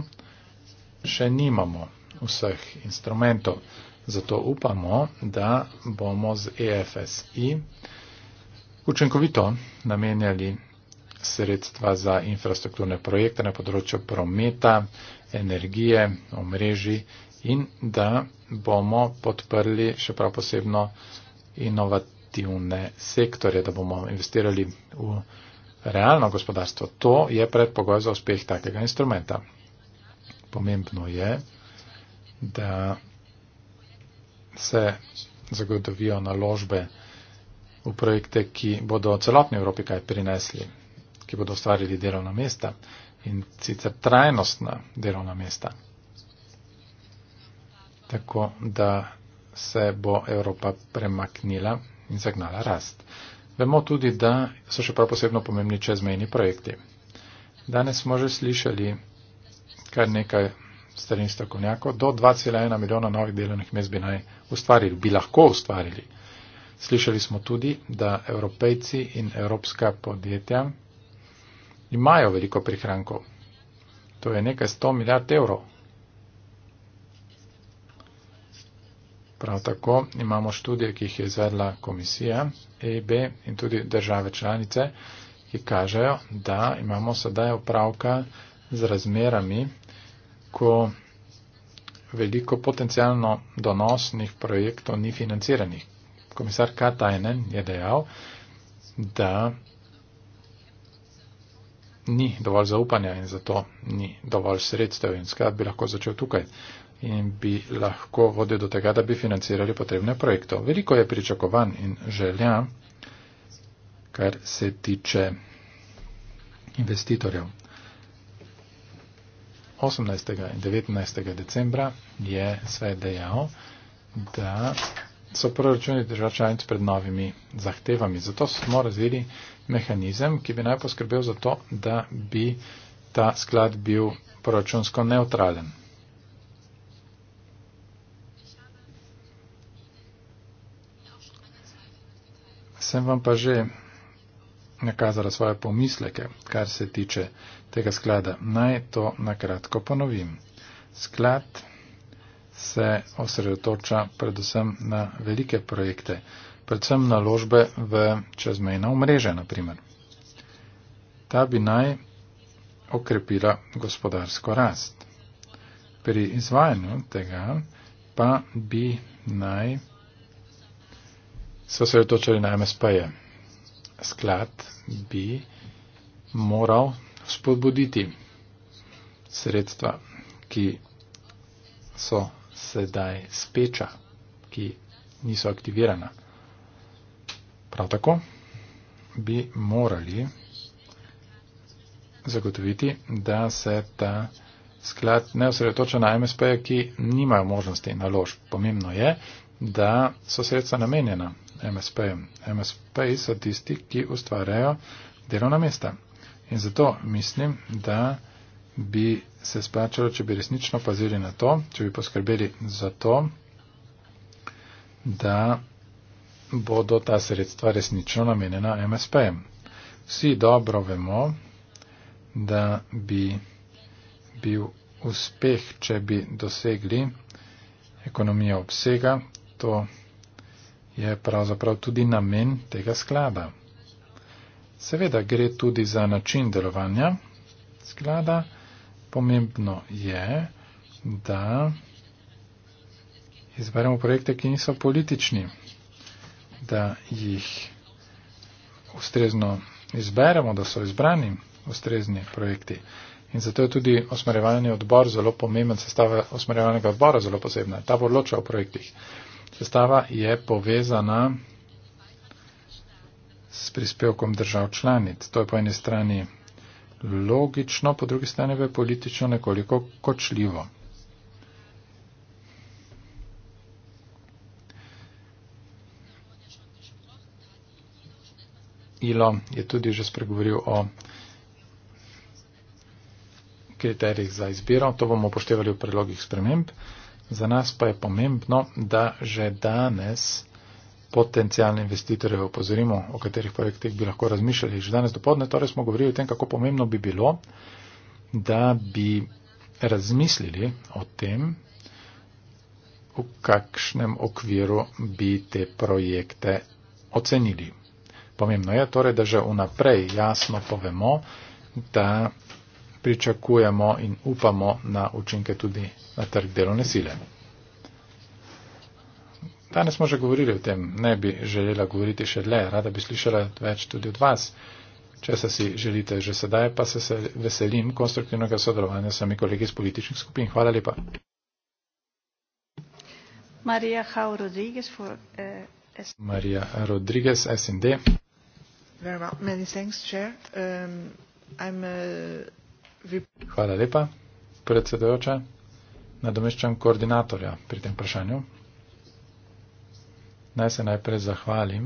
še nimamo vseh instrumentov, zato upamo, da bomo z EFSI učinkovito namenjali sredstva za infrastrukturne projekte na področju prometa, energije, omrežji in da bomo podprli še prav posebno inovativne sektorje, da bomo investirali v realno gospodarstvo. To je predpogoj za uspeh takega instrumenta. Pomembno je, da se zagotovijo naložbe v projekte, ki bodo celotni Evropi kaj prinesli, ki bodo ustvarili delovna mesta in sicer trajnostna delovna mesta tako da se bo Evropa premaknila in zagnala rast. Vemo tudi, da so še prav posebno pomembni čezmejni projekti. Danes smo že slišali kar nekaj starin strokovnjakov, do 2,1 milijona novih delovnih mest bi naj ustvarili, bi lahko ustvarili. Slišali smo tudi, da evropejci in evropska podjetja imajo veliko prihrankov. To je nekaj 100 milijard evrov Prav tako imamo študije, ki jih je izvedla komisija EIB in tudi države članice, ki kažejo, da imamo sedaj opravka z razmerami, ko veliko potencijalno donosnih projektov ni financiranih. Komisar Katajnen je dejal, da ni dovolj zaupanja in zato ni dovolj sredstev in skrat bi lahko začel tukaj. Uh, in bi lahko vodil do tega, da bi financirali potrebne projekte. Veliko je pričakovan in želja, kar se tiče investitorjev. 18. in 19. decembra je svet dejal, da so proračuni držav članic pred novimi zahtevami. Zato smo razvili mehanizem, ki bi naj poskrbel za to, da bi ta sklad bil proračunsko neutralen. sem vam pa že nakazala svoje pomisleke, kar se tiče tega sklada. Naj to nakratko ponovim. Sklad se osredotoča predvsem na velike projekte, predvsem na ložbe v čezmejna omrežja, na primer. Ta bi naj okrepila gospodarsko rast. Pri izvajanju tega pa bi naj so se otočali na MSP-je. Sklad bi moral spodbuditi sredstva, ki so sedaj speča, ki niso aktivirana. Prav tako bi morali zagotoviti, da se ta sklad ne osredotoča na MSP, ki nimajo možnosti naložb. Pomembno je, da so sredstva namenjena MSP. MSP so tisti, ki ustvarjajo delovna mesta. In zato mislim, da bi se splačalo, če bi resnično pazili na to, če bi poskrbeli za to, da bodo ta sredstva resnično namenjena MSP. Vsi dobro vemo, da bi bil uspeh, če bi dosegli ekonomijo obsega, to je pravzaprav tudi namen tega sklada. Seveda gre tudi za način delovanja sklada. Pomembno je, da izberemo projekte, ki niso politični, da jih ustrezno izberemo, da so izbrani ustrezni projekti. In zato je tudi osmerevalni odbor zelo pomemben, sestava osmerevalnega odbora zelo posebna. Ta bo odločal o projektih. Sestava je povezana s prispevkom držav članic. To je po eni strani logično, po drugi strani pa je politično nekoliko kočljivo. Ilo je tudi že spregovoril o kriterijih za izbiro. To bomo upoštevali v predlogih sprememb. Za nas pa je pomembno, da že danes potencijalne investitore opozorimo, o katerih projektih bi lahko razmišljali. Že danes dopodne torej smo govorili o tem, kako pomembno bi bilo, da bi razmislili o tem, v kakšnem okviru bi te projekte ocenili. Pomembno je torej, da že unaprej jasno povemo, da pričakujemo in upamo na učinke tudi na trg delovne sile. Danes smo že govorili o tem, ne bi želela govoriti še dlje, rada bi slišala več tudi od vas, če se si želite že sedaj, pa se, se veselim konstruktivnega sodelovanja s vami kolegi iz političnih skupin. Hvala lepa. Marija Hau Rodriguez, for, eh, Maria Rodriguez, SND. Very well. Many thanks, Chair. Um, I'm, uh... Hvala lepa, predsedojoča. Nadomeščam koordinatorja pri tem vprašanju. Naj se najprej zahvalim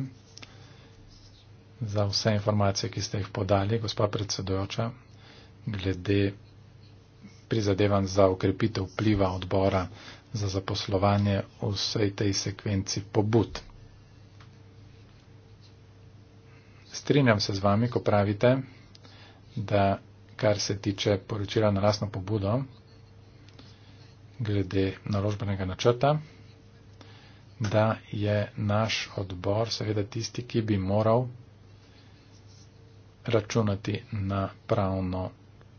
za vse informacije, ki ste jih podali, gospa predsedojoča, glede prizadevanj za ukrepitev vpliva odbora za zaposlovanje v vsej tej sekvenci pobud. Strinjam se z vami, ko pravite, da kar se tiče poročila na lasno pobudo glede naložbenega načrta, da je naš odbor seveda tisti, ki bi moral računati na pravno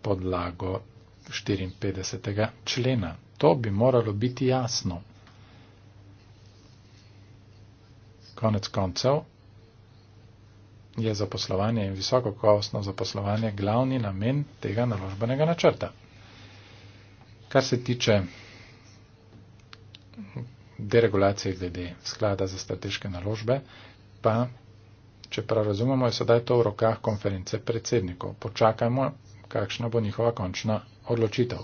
podlago 54. člena. To bi moralo biti jasno. Konec koncev, je zaposlovanje in visoko kakovostno zaposlovanje glavni namen tega naložbenega načrta. Kar se tiče deregulacije glede sklada za strateške naložbe, pa, če prav razumemo, je sedaj to v rokah konference predsednikov. Počakajmo, kakšna bo njihova končna odločitev.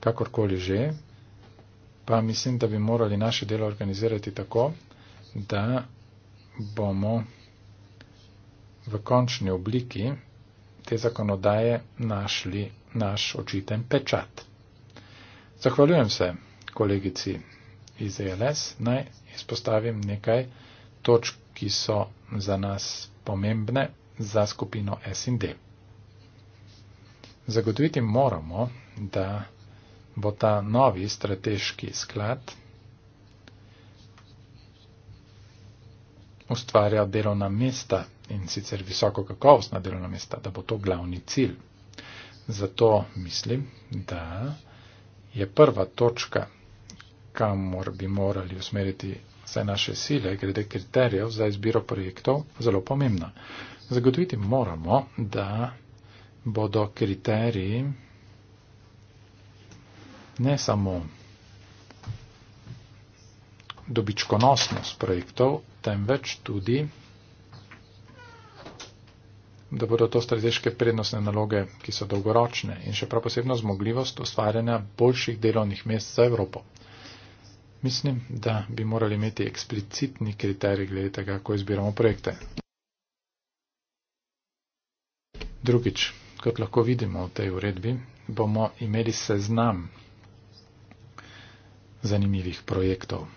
Kakorkoli že, pa mislim, da bi morali naše delo organizirati tako, da bomo v končni obliki te zakonodaje našli naš očiten pečat. Zahvaljujem se kolegici iz ELS, naj izpostavim nekaj točk, ki so za nas pomembne za skupino S&D. Zagotoviti moramo, da bo ta novi strateški sklad ustvarja delovna mesta in sicer visoko kakovostna delovna mesta, da bo to glavni cilj. Zato mislim, da je prva točka, kamor bi morali usmeriti vse naše sile, glede kriterijev za izbiro projektov, zelo pomembna. Zagotoviti moramo, da bodo kriteriji ne samo dobičkonosnost projektov, temveč tudi, da bodo to strateške prednostne naloge, ki so dolgoročne in še prav posebno zmogljivost ustvarjanja boljših delovnih mest za Evropo. Mislim, da bi morali imeti eksplicitni kriterij glede tega, kako izbiramo projekte. Drugič, kot lahko vidimo v tej uredbi, bomo imeli seznam zanimivih projektov.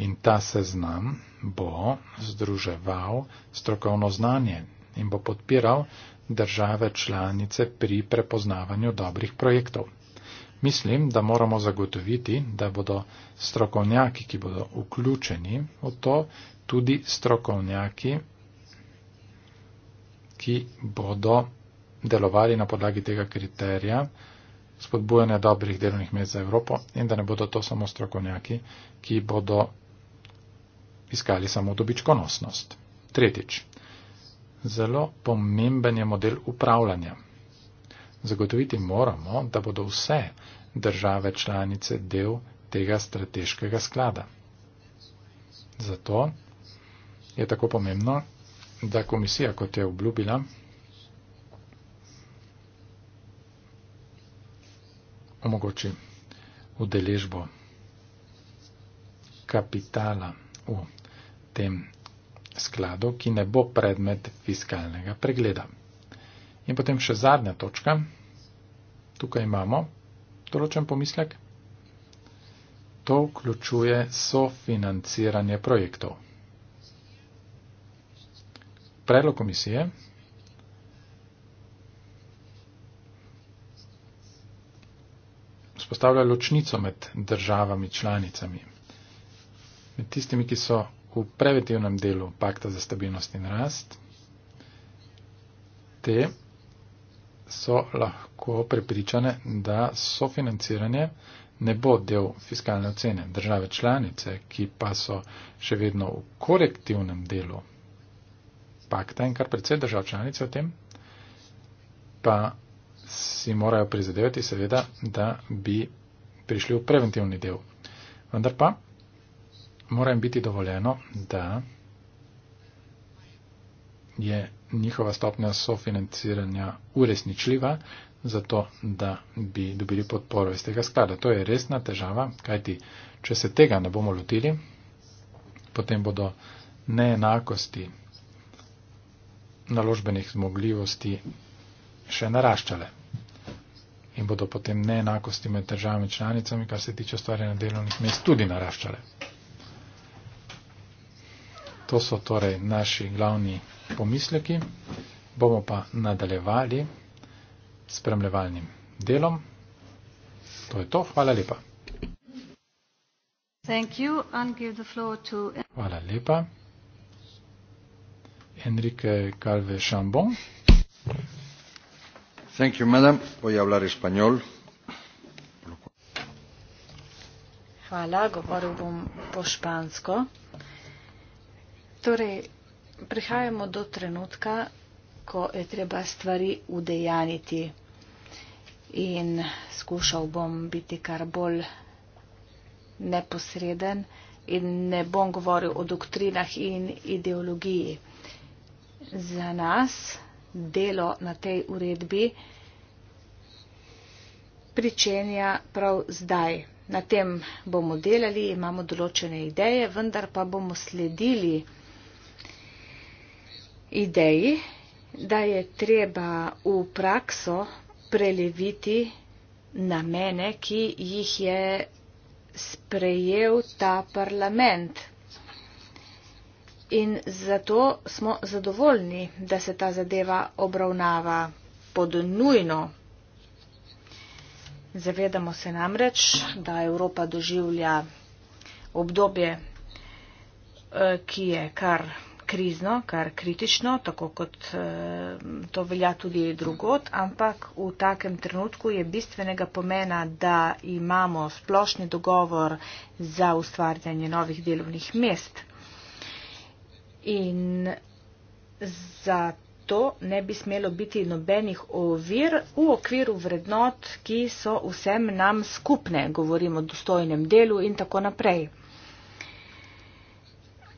In ta seznam bo združeval strokovno znanje in bo podpiral države članice pri prepoznavanju dobrih projektov. Mislim, da moramo zagotoviti, da bodo strokovnjaki, ki bodo vključeni v to, tudi strokovnjaki, ki bodo delovali na podlagi tega kriterija spodbujanja dobrih delovnih mest za Evropo in da ne bodo to samo strokovnjaki, ki bodo iskali samo dobičkonosnost. Tretjič. Zelo pomemben je model upravljanja. Zagotoviti moramo, da bodo vse države članice del tega strateškega sklada. Zato je tako pomembno, da komisija, kot je obljubila, omogoči udeležbo kapitala v tem skladu, ki ne bo predmet fiskalnega pregleda. In potem še zadnja točka. Tukaj imamo določen pomislek. To vključuje sofinanciranje projektov. Predlog komisije spostavlja ločnico med državami članicami, med tistimi, ki so v preventivnem delu pakta za stabilnost in rast, te so lahko prepričane, da sofinanciranje ne bo del fiskalne ocene. Države članice, ki pa so še vedno v korektivnem delu pakta in kar predvsej držav članice o tem, pa si morajo prizadevati seveda, da bi prišli v preventivni del. Vendar pa mora jim biti dovoljeno, da je njihova stopnja sofinanciranja uresničljiva, zato da bi dobili podporo iz tega sklada. To je resna težava, kajti če se tega ne bomo lotili, potem bodo neenakosti naložbenih zmogljivosti še naraščale in bodo potem neenakosti med državami članicami, kar se tiče stvarjanja delovnih mest, tudi naraščale. To so torej naši glavni pomisleki. Bomo pa nadaljevali s spremljevalnim delom. To je to. Hvala lepa. Hvala lepa. Enrique Calve Chambon. Thank you, madam. Voy a hablar español. Hvala, govoril bom po špansko. Torej, prihajamo do trenutka, ko je treba stvari udejaniti. In skušal bom biti kar bolj neposreden in ne bom govoril o doktrinah in ideologiji. Za nas delo na tej uredbi pričenja prav zdaj. Na tem bomo delali, imamo določene ideje, vendar pa bomo sledili ideji, da je treba v prakso preleviti namene, ki jih je sprejel ta parlament. In zato smo zadovoljni, da se ta zadeva obravnava pod nujno. Zavedamo se namreč, da Evropa doživlja obdobje, eh, ki je kar krizno, kar kritično, tako kot eh, to velja tudi drugot, ampak v takem trenutku je bistvenega pomena, da imamo splošni dogovor za ustvarjanje novih delovnih mest. In zato ne bi smelo biti nobenih ovir v okviru vrednot, ki so vsem nam skupne, govorimo o dostojnem delu in tako naprej.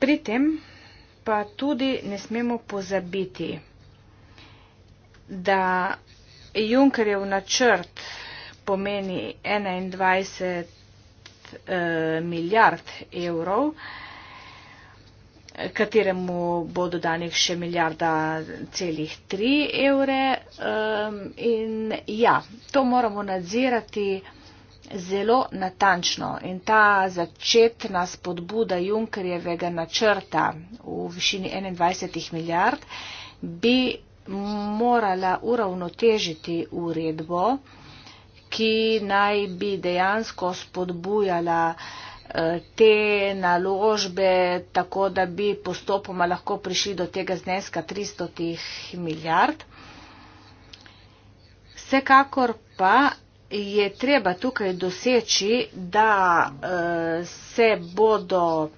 Pri tem pa tudi ne smemo pozabiti, da Junkerjev načrt pomeni 21 eh, milijard evrov, kateremu bo dodanih še milijarda celih tri evre. Eh, in ja, to moramo nadzirati zelo natančno in ta začetna spodbuda Junkerjevega načrta v višini 21 milijard bi morala uravnotežiti uredbo, ki naj bi dejansko spodbujala eh, te naložbe, tako da bi postopoma lahko prišli do tega zneska 300 milijard. Vsekakor pa je treba tukaj doseči, da eh, se bodo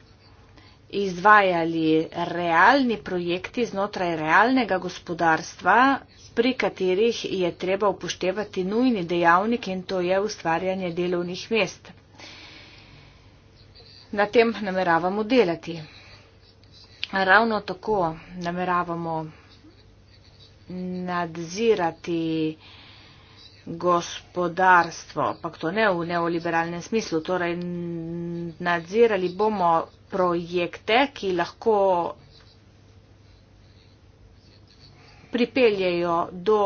izvajali realni projekti znotraj realnega gospodarstva, pri katerih je treba upoštevati nujni dejavnik in to je ustvarjanje delovnih mest. Na tem nameravamo delati. Ravno tako nameravamo nadzirati uh, gospodarstvo, pa to ne v neoliberalnem smislu. Torej, nadzirali bomo projekte, ki lahko pripeljejo do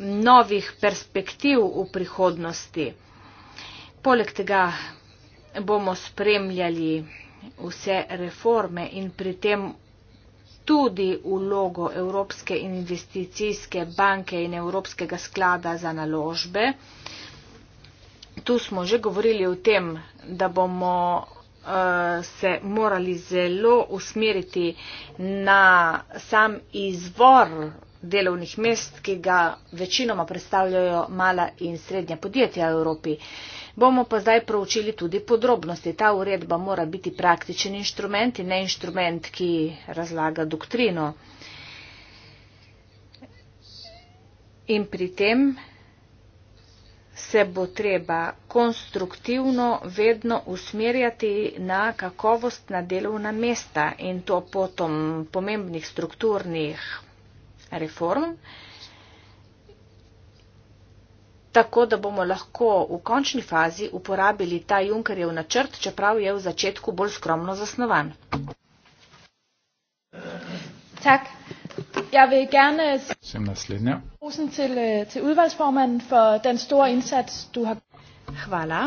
novih perspektiv v prihodnosti. Poleg tega bomo spremljali vse reforme in pri tem tudi vlogo Evropske investicijske banke in Evropskega sklada za naložbe. Tu smo že govorili o tem, da bomo eh, se morali zelo usmeriti na sam izvor delovnih mest, ki ga večinoma predstavljajo mala in srednja podjetja v Evropi. Bomo pa zdaj proučili tudi podrobnosti. Ta uredba mora biti praktičen inštrument in ne inštrument, ki razlaga doktrino. In pri tem se bo treba konstruktivno vedno usmerjati na kakovostna delovna mesta in to potom pomembnih strukturnih reform tako da bomo lahko v končni fazi uporabili ta Junkerjev načrt, čeprav je v začetku bolj skromno zasnovan. Tak. Jeg vil gerne sem naslednja. Til, øh, til udvalgsformanden for den store indsats, du har... Hvala.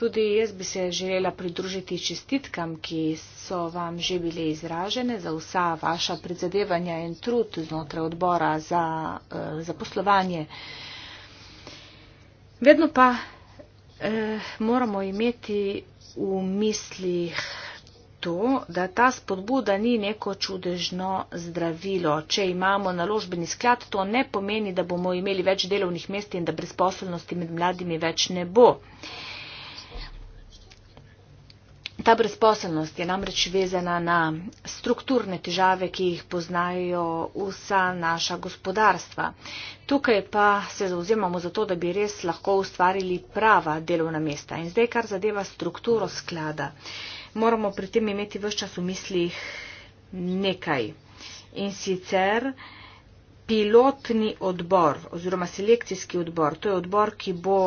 Tudi jaz bi se želela pridružiti čestitkam, ki so vam že bile izražene za vsa vaša prizadevanja in trud znotraj odbora za, eh, za poslovanje uh, Vedno pa eh, moramo imeti v mislih to, da ta spodbuda ni neko čudežno zdravilo. Če imamo naložbeni sklad, to ne pomeni, da bomo imeli več delovnih mest in da brezposobnosti med mladimi več ne bo. Eh, Ta brezposobnost je namreč vezana na strukturne težave, ki jih poznajo vsa naša gospodarstva. Tukaj pa se zauzemamo za to, da bi res lahko ustvarili prava delovna mesta. In zdaj, kar zadeva strukturo sklada, moramo pri tem imeti vse čas v mislih nekaj. In sicer pilotni odbor oziroma selekcijski odbor, to je odbor, ki bo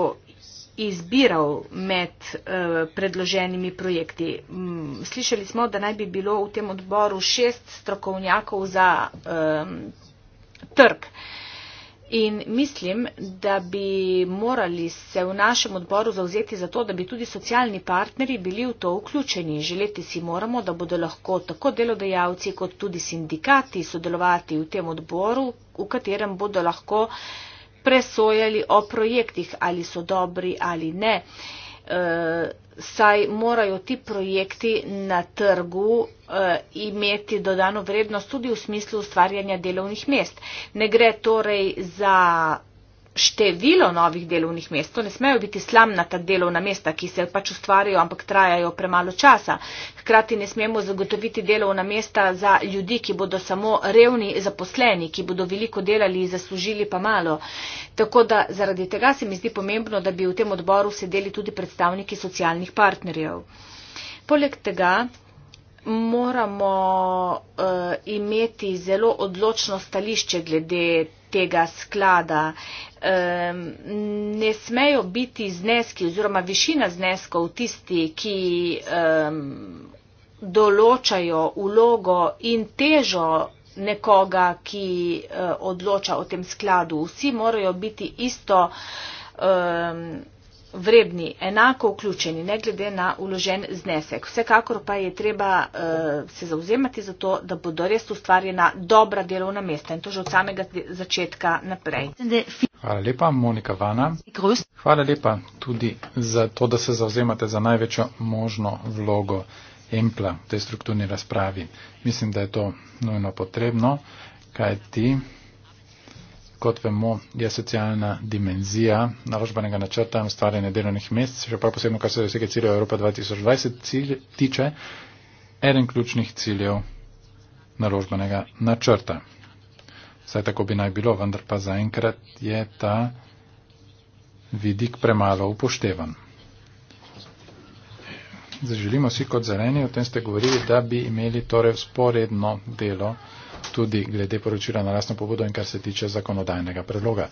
izbiral med eh, predloženimi projekti. Mm, slišali smo, da naj bi bilo v tem odboru šest strokovnjakov za eh, trg. In mislim, da bi morali se v našem odboru zauzeti za to, da bi tudi socialni partneri bili v to vključeni. Želeti si moramo, da bodo lahko tako delodajalci kot tudi sindikati sodelovati v tem odboru, v katerem bodo lahko eh, presojali o projektih, ali so dobri ali ne. E, saj morajo ti projekti na trgu e, imeti dodano vrednost tudi v smislu ustvarjanja delovnih mest. Ne gre torej za število novih delovnih mest, to ne smejo biti slamnata delovna mesta, ki se pač ustvarjajo, ampak trajajo premalo časa. Hkrati ne smemo zagotoviti delovna mesta za ljudi, ki bodo samo revni zaposleni, ki bodo veliko delali in zaslužili pa malo. Tako da zaradi tega se mi zdi pomembno, da bi v tem odboru sedeli tudi predstavniki socialnih partnerjev. Poleg tega moramo uh, imeti zelo odločno stališče glede tega sklada. Ne smejo biti zneski oziroma višina zneskov tisti, ki določajo ulogo in težo nekoga, ki eh, odloča o tem skladu. Vsi morajo biti isto vredni, enako vključeni, ne glede na uložen znesek. Vsekakor pa je treba uh, se zauzemati za to, da bodo res ustvarjena dobra delovna mesta in to že od samega začetka naprej. Hvala lepa, Monika Vana. Hvala lepa tudi za to, da se zauzemate za največjo možno vlogo empla v tej strukturni razpravi. Mislim, da je to nujno potrebno, kaj ti kot vemo, je socialna dimenzija naložbenega načrta ustvarjanja delovnih mest, še prav posebno, kar se vsega cilja Evropa 2020 cilj, tiče, eden ključnih ciljev naložbenega načrta. Saj tako bi naj bilo, vendar pa zaenkrat je ta vidik premalo upoštevan. Zaželimo si kot zeleni, o tem ste govorili, da bi imeli torej vzporedno delo tudi glede poročila na lastno pobudo in kar se tiče zakonodajnega predloga.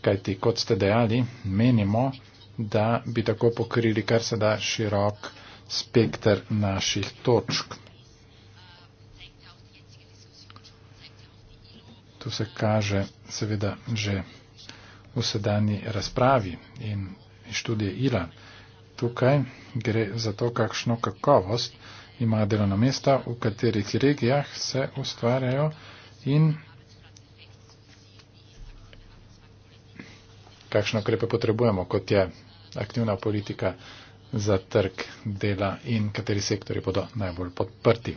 Kajti, kot ste dejali, menimo, da bi tako pokrili kar se da širok spektr naših točk. To se kaže seveda že v sedanji razpravi in študije ILA. Tukaj gre za to, kakšno kakovost imajo delovna mesta, v katerih regijah se ustvarjajo in kakšne ukrepe potrebujemo, kot je aktivna politika za trg dela in kateri sektori bodo najbolj podprti.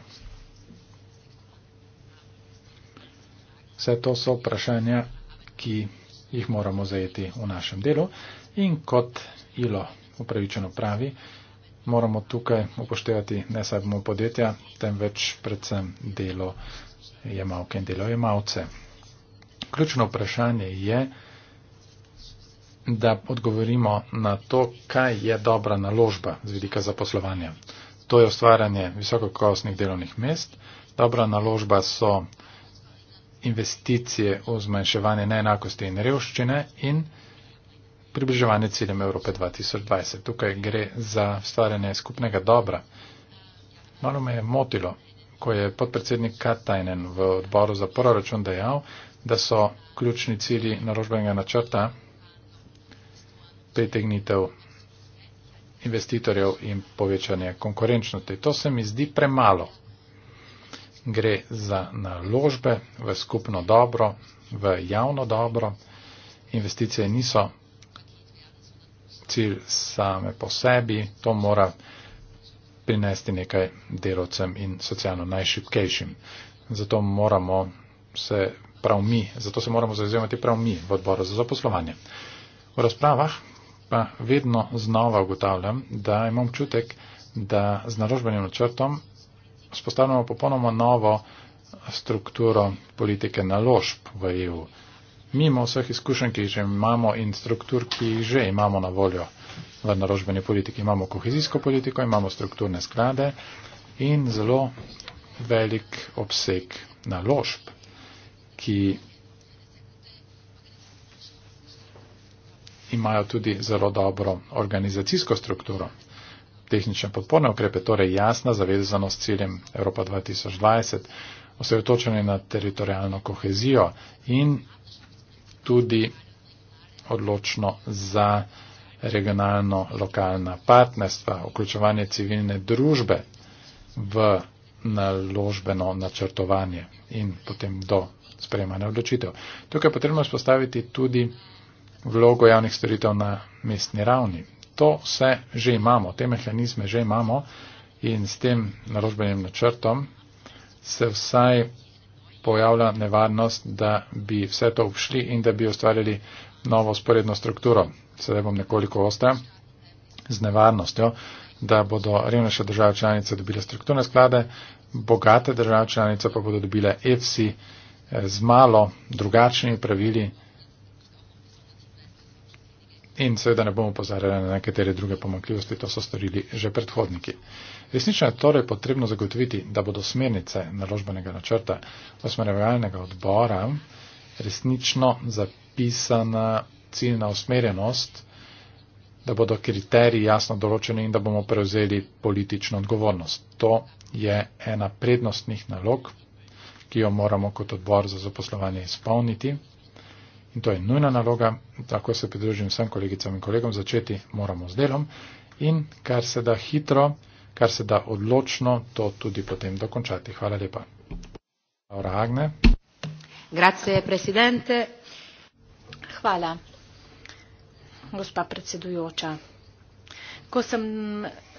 Vse to so vprašanja, ki jih moramo zajeti v našem delu in kot Ilo upravičeno pravi, moramo tukaj upoštevati ne samo podjetja, temveč predvsem delo jemalke in delojemalce. Ključno vprašanje je, da odgovorimo na to, kaj je dobra naložba z vidika zaposlovanja. To je ustvarjanje visokokosnih delovnih mest. Dobra naložba so investicije v zmanjševanje neenakosti in revščine in približevanje ciljem Evrope 2020. Tukaj gre za stvarjanje skupnega dobra. Malo me je motilo, ko je podpredsednik Katajnen v odboru za proračun dejal, da so ključni cilji naložbenega načrta pritegnitev investitorjev in povečanje konkurenčnosti. To se mi zdi premalo. Gre za naložbe v skupno dobro, v javno dobro. Investicije niso cilj same po sebi, to mora prinesti nekaj delovcem in socialno najšipkejšim. Zato moramo se prav mi, zato se moramo zauzemati prav mi v odboru za zaposlovanje. V razpravah pa vedno znova ugotavljam, da imam čutek, da z naložbenim načrtom spostavljamo popolnoma novo strukturo politike naložb v EU mimo vseh izkušenj, ki jih že imamo in struktur, ki jih že imamo na voljo v naročbeni politiki. Imamo kohezijsko politiko, imamo strukturne sklade in zelo velik obseg naložb, ki imajo tudi zelo dobro organizacijsko strukturo, tehnične podporne ukrepe, torej jasna zavezanost s ciljem Evropa 2020, osredotočenje na teritorijalno kohezijo in tudi odločno za regionalno-lokalna partnerstva, vključevanje civilne družbe v naložbeno načrtovanje in potem do sprejemanja odločitev. Tukaj je potrebno spostaviti tudi vlogo javnih storitev na mestni ravni. To vse že imamo, te mehanizme že imamo in s tem naložbenim načrtom se vsaj pojavlja nevarnost, da bi vse to obšli in da bi ustvarjali novo sporedno strukturo. Sedaj bom nekoliko ostra z nevarnostjo, da bodo revnejše države članice dobile strukturne sklade, bogate države članice pa bodo dobile EFSI eh, z malo drugačnimi pravili in seveda ne bomo pozarjali na nekatere druge pomakljivosti, to so storili že predhodniki. Resnično je torej potrebno zagotoviti, da bodo smernice naložbenega načrta osmerevalnega odbora resnično zapisana ciljna usmerjenost, da bodo kriteriji jasno določeni in da bomo prevzeli politično odgovornost. To je ena prednostnih nalog, ki jo moramo kot odbor za zaposlovanje izpolniti. In to je nujna naloga, tako se pridružim vsem kolegicam in kolegom, začeti moramo z delom in kar se da hitro, kar se da odločno, to tudi potem dokončati. Hvala lepa. Laura Agne. Grazie, presidente. Hvala, gospa predsedujoča. Ko sem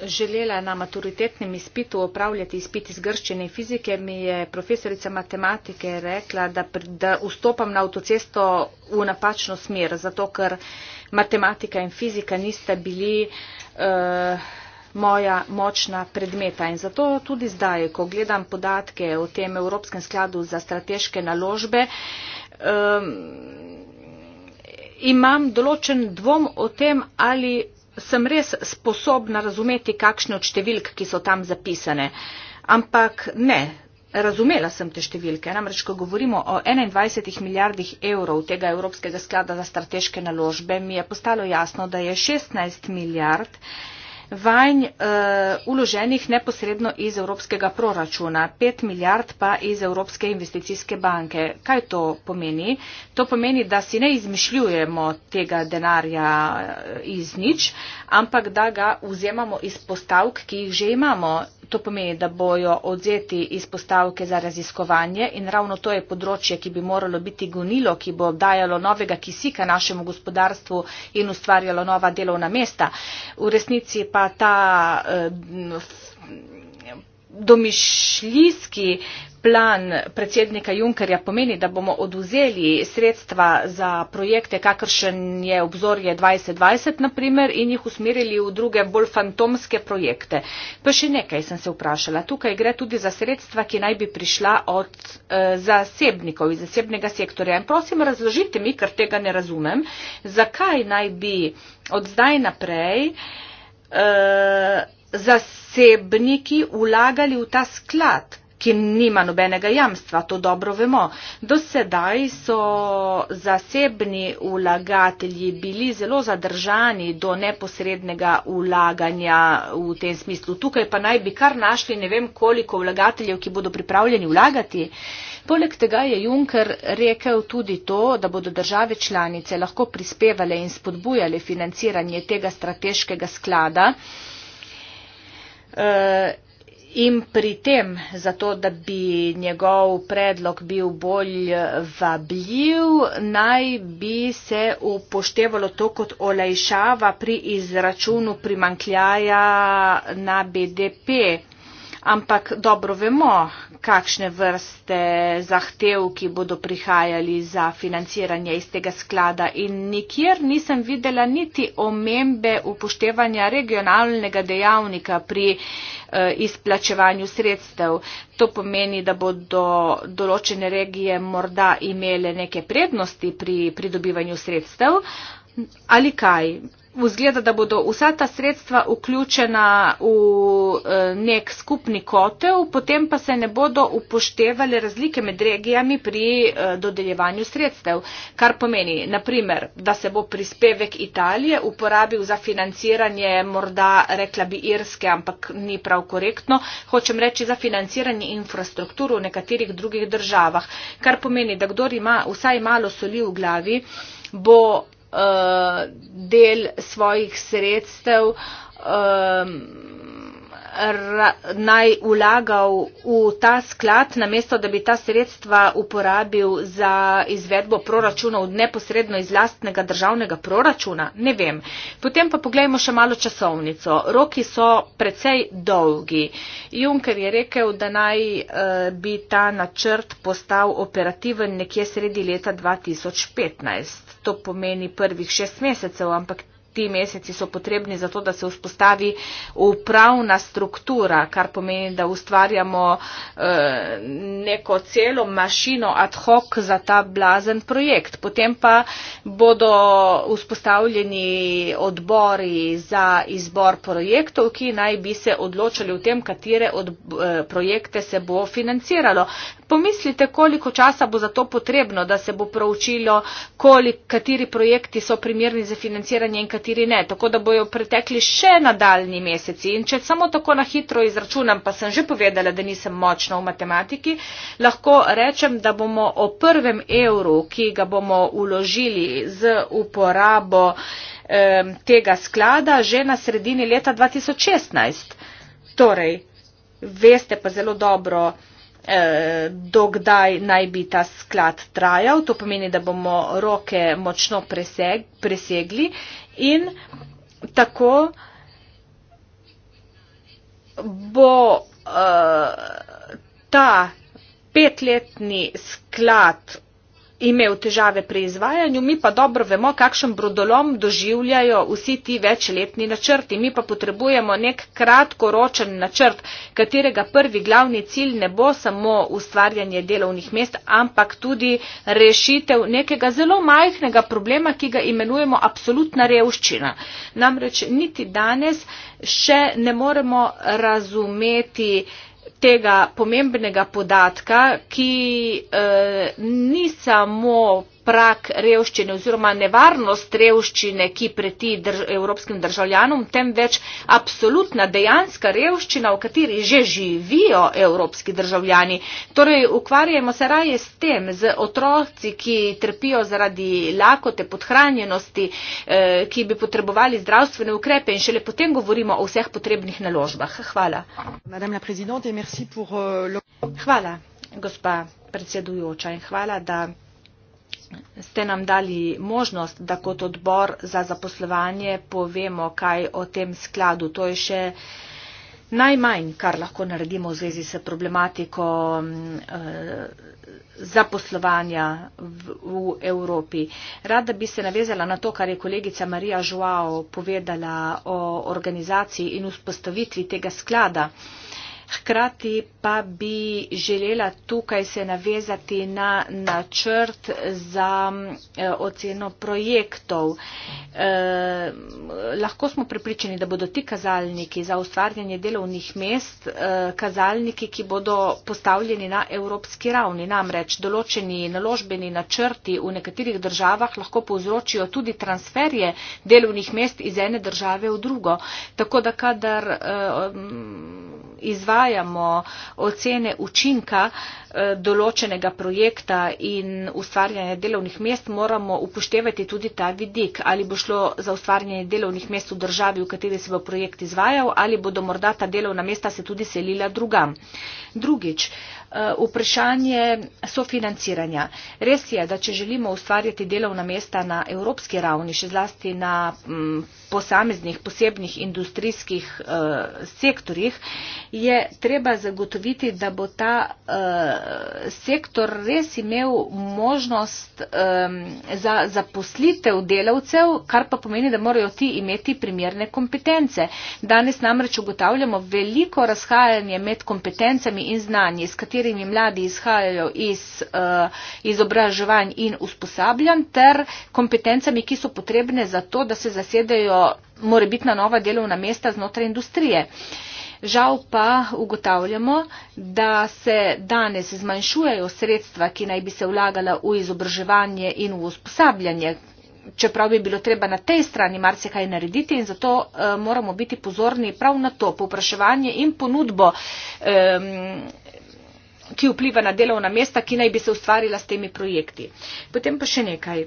želela na maturitetnem izpitu opravljati izpit iz grščine fizike, mi je profesorica matematike rekla, da, da vstopam na avtocesto v napačno smer, zato ker matematika in fizika nista bili uh, moja močna predmeta. In zato tudi zdaj, ko gledam podatke o tem Evropskem skladu za strateške naložbe, um, imam določen dvom o tem, ali sem res sposobna razumeti kakšne od številk, ki so tam zapisane. Ampak ne, razumela sem te številke. Namreč, ko govorimo o 21 milijardih evrov tega Evropskega sklada za strateške naložbe, mi je postalo jasno, da je 16 milijard vanj uh, uloženih neposredno iz evropskega proračuna, 5 milijard pa iz Evropske investicijske banke. Kaj to pomeni? To pomeni, da si ne izmišljujemo tega denarja eh, iz nič, ampak da ga vzemamo iz postavk, ki jih že imamo to pomeni, da bojo odzeti iz postavke za raziskovanje in ravno to je področje, ki bi moralo biti gonilo, ki bo dajalo novega kisika našemu gospodarstvu in ustvarjalo nova delovna mesta. V resnici pa ta. Eh, domišljijski plan predsednika Junkerja pomeni, da bomo oduzeli sredstva za projekte, kakršen je obzorje 2020 naprimer in jih usmerili v druge bolj fantomske projekte. Pa še nekaj sem se vprašala. Tukaj gre tudi za sredstva, ki naj bi prišla od eh, zasebnikov iz zasebnega sektorja. In prosim, razložite mi, ker tega ne razumem, zakaj naj bi od zdaj naprej eh, zasebniki vlagali v ta sklad, ki nima nobenega jamstva, to dobro vemo. Do sedaj so zasebni vlagatelji bili zelo zadržani do neposrednega vlaganja v tem smislu. Tukaj pa naj bi kar našli ne vem koliko vlagateljev, ki bodo pripravljeni vlagati. Poleg tega je Juncker rekel tudi to, da bodo države članice lahko prispevale in spodbujale financiranje tega strateškega sklada. Eh, in pri tem, zato da bi njegov predlog bil bolj eh, vabljiv, naj bi se upoštevalo to kot olajšava pri izračunu primankljaja na BDP. Ampak dobro vemo, kakšne vrste zahtev, ki bodo prihajali za financiranje iz tega sklada. In nikjer nisem videla niti omembe upoštevanja regionalnega dejavnika pri eh, izplačevanju sredstev. To pomeni, da bodo določene regije morda imele neke prednosti pri pridobivanju sredstev. Ali kaj? Vzgleda, da bodo vsa ta sredstva vključena v eh, nek skupni kotev, potem pa se ne bodo upoštevali razlike med regijami pri eh, dodeljevanju sredstev. Kar pomeni, naprimer, da se bo prispevek Italije uporabil za financiranje, morda rekla bi Irske, ampak ni prav korektno, hočem reči za financiranje infrastrukturu v nekaterih drugih državah. Kar pomeni, da kdor ima vsaj malo soli v glavi, bo uh, del svojih sredstev um, ra, naj ulagal v ta sklad, namesto da bi ta sredstva uporabil za izvedbo proračunov neposredno iz lastnega državnega proračuna. Ne vem. Potem pa pogledajmo še malo časovnico. Roki so precej dolgi. Juncker je rekel, da naj uh, bi ta načrt postal operativen nekje sredi leta 2015 to pomeni prvih šest mesecev, ampak ti meseci so potrebni za to, da se vzpostavi upravna struktura, kar pomeni, da ustvarjamo eh, neko celo mašino ad hoc za ta blazen projekt. Potem pa bodo vzpostavljeni odbori za izbor projektov, ki naj bi se odločali v tem, katere eh, projekte se bo financiralo. Pomislite, koliko časa bo za to potrebno, da se bo proučilo, koli, kateri projekti so primerni za financiranje in kateri ne, tako da bojo pretekli še nadaljni meseci. In če samo tako na hitro izračunam, pa sem že povedala, da nisem močna v matematiki, lahko rečem, da bomo o prvem evru, ki ga bomo uložili z uporabo um, tega sklada, že na sredini leta 2016. Torej, veste pa zelo dobro, Eh, dokdaj naj bi ta sklad trajal. To pomeni, da bomo roke močno presegli in tako bo eh, ta petletni sklad imel težave pri izvajanju, mi pa dobro vemo, kakšen brodolom doživljajo vsi ti večletni načrti. Mi pa potrebujemo nek kratkoročen načrt, katerega prvi glavni cilj ne bo samo ustvarjanje delovnih mest, ampak tudi rešitev nekega zelo majhnega problema, ki ga imenujemo absolutna revščina. Namreč niti danes še ne moremo razumeti, tega pomembnega podatka, ki eh, ni samo prak revščine oziroma nevarnost revščine, ki preti drž evropskim državljanom, temveč absolutna dejanska revščina, v kateri že živijo evropski državljani. Torej, ukvarjamo se raje s tem, z otroci, ki trpijo zaradi lakote, podhranjenosti, eh, ki bi potrebovali zdravstvene ukrepe in šele potem govorimo o vseh potrebnih naložbah. Hvala. Euh, hvala, gospa predsedujoča in hvala, da ste nam dali možnost, da kot odbor za zaposlovanje povemo, kaj o tem skladu. To je še najmanj, kar lahko naredimo v zvezi s problematiko eh, zaposlovanja v, v Evropi. Rada bi se navezala na to, kar je kolegica Marija Žuao povedala o organizaciji in vzpostavitvi tega sklada. Hkrati pa bi želela tukaj se navezati na načrt za eh, oceno projektov. Eh, lahko smo pripričani, da bodo ti kazalniki za ustvarjanje delovnih mest eh, kazalniki, ki bodo postavljeni na evropski ravni. Namreč določeni naložbeni načrti v nekaterih državah lahko povzročijo tudi transferje delovnih mest iz ene države v drugo. Tako da kadar izvajajo izvajamo ocene učinka eh, določenega projekta in ustvarjanja delovnih mest, moramo upoštevati tudi ta vidik, ali bo šlo za ustvarjanje delovnih mest v državi, v kateri se bo projekt izvajal, ali bodo morda ta delovna mesta se tudi selila drugam. Drugič, uh, Eh, vprašanje sofinanciranja. Res je, da če želimo ustvarjati delovna mesta na evropski ravni, še zlasti na mm, posameznih posebnih industrijskih eh, sektorjih, je treba zagotoviti, da bo ta eh, sektor res imel možnost za zaposlitev delavcev, kar pa pomeni, da morajo ti imeti primerne kompetence. Danes namreč ugotavljamo veliko razhajanje med kompetencami in znanji, katerimi mladi izhajajo iz uh, izobraževanj in usposabljanj, ter kompetencami, ki so potrebne za to, da se zasedejo morebitna nova delovna mesta znotraj industrije. Žal pa ugotavljamo, da se danes zmanjšujejo sredstva, ki naj bi se vlagala v izobraževanje in v usposabljanje, čeprav bi bilo treba na tej strani marsikaj narediti in zato uh, moramo biti pozorni prav na to, povpraševanje in ponudbo. Um, ki vpliva na delovna mesta, ki naj bi se ustvarila s temi projekti. Potem pa še nekaj.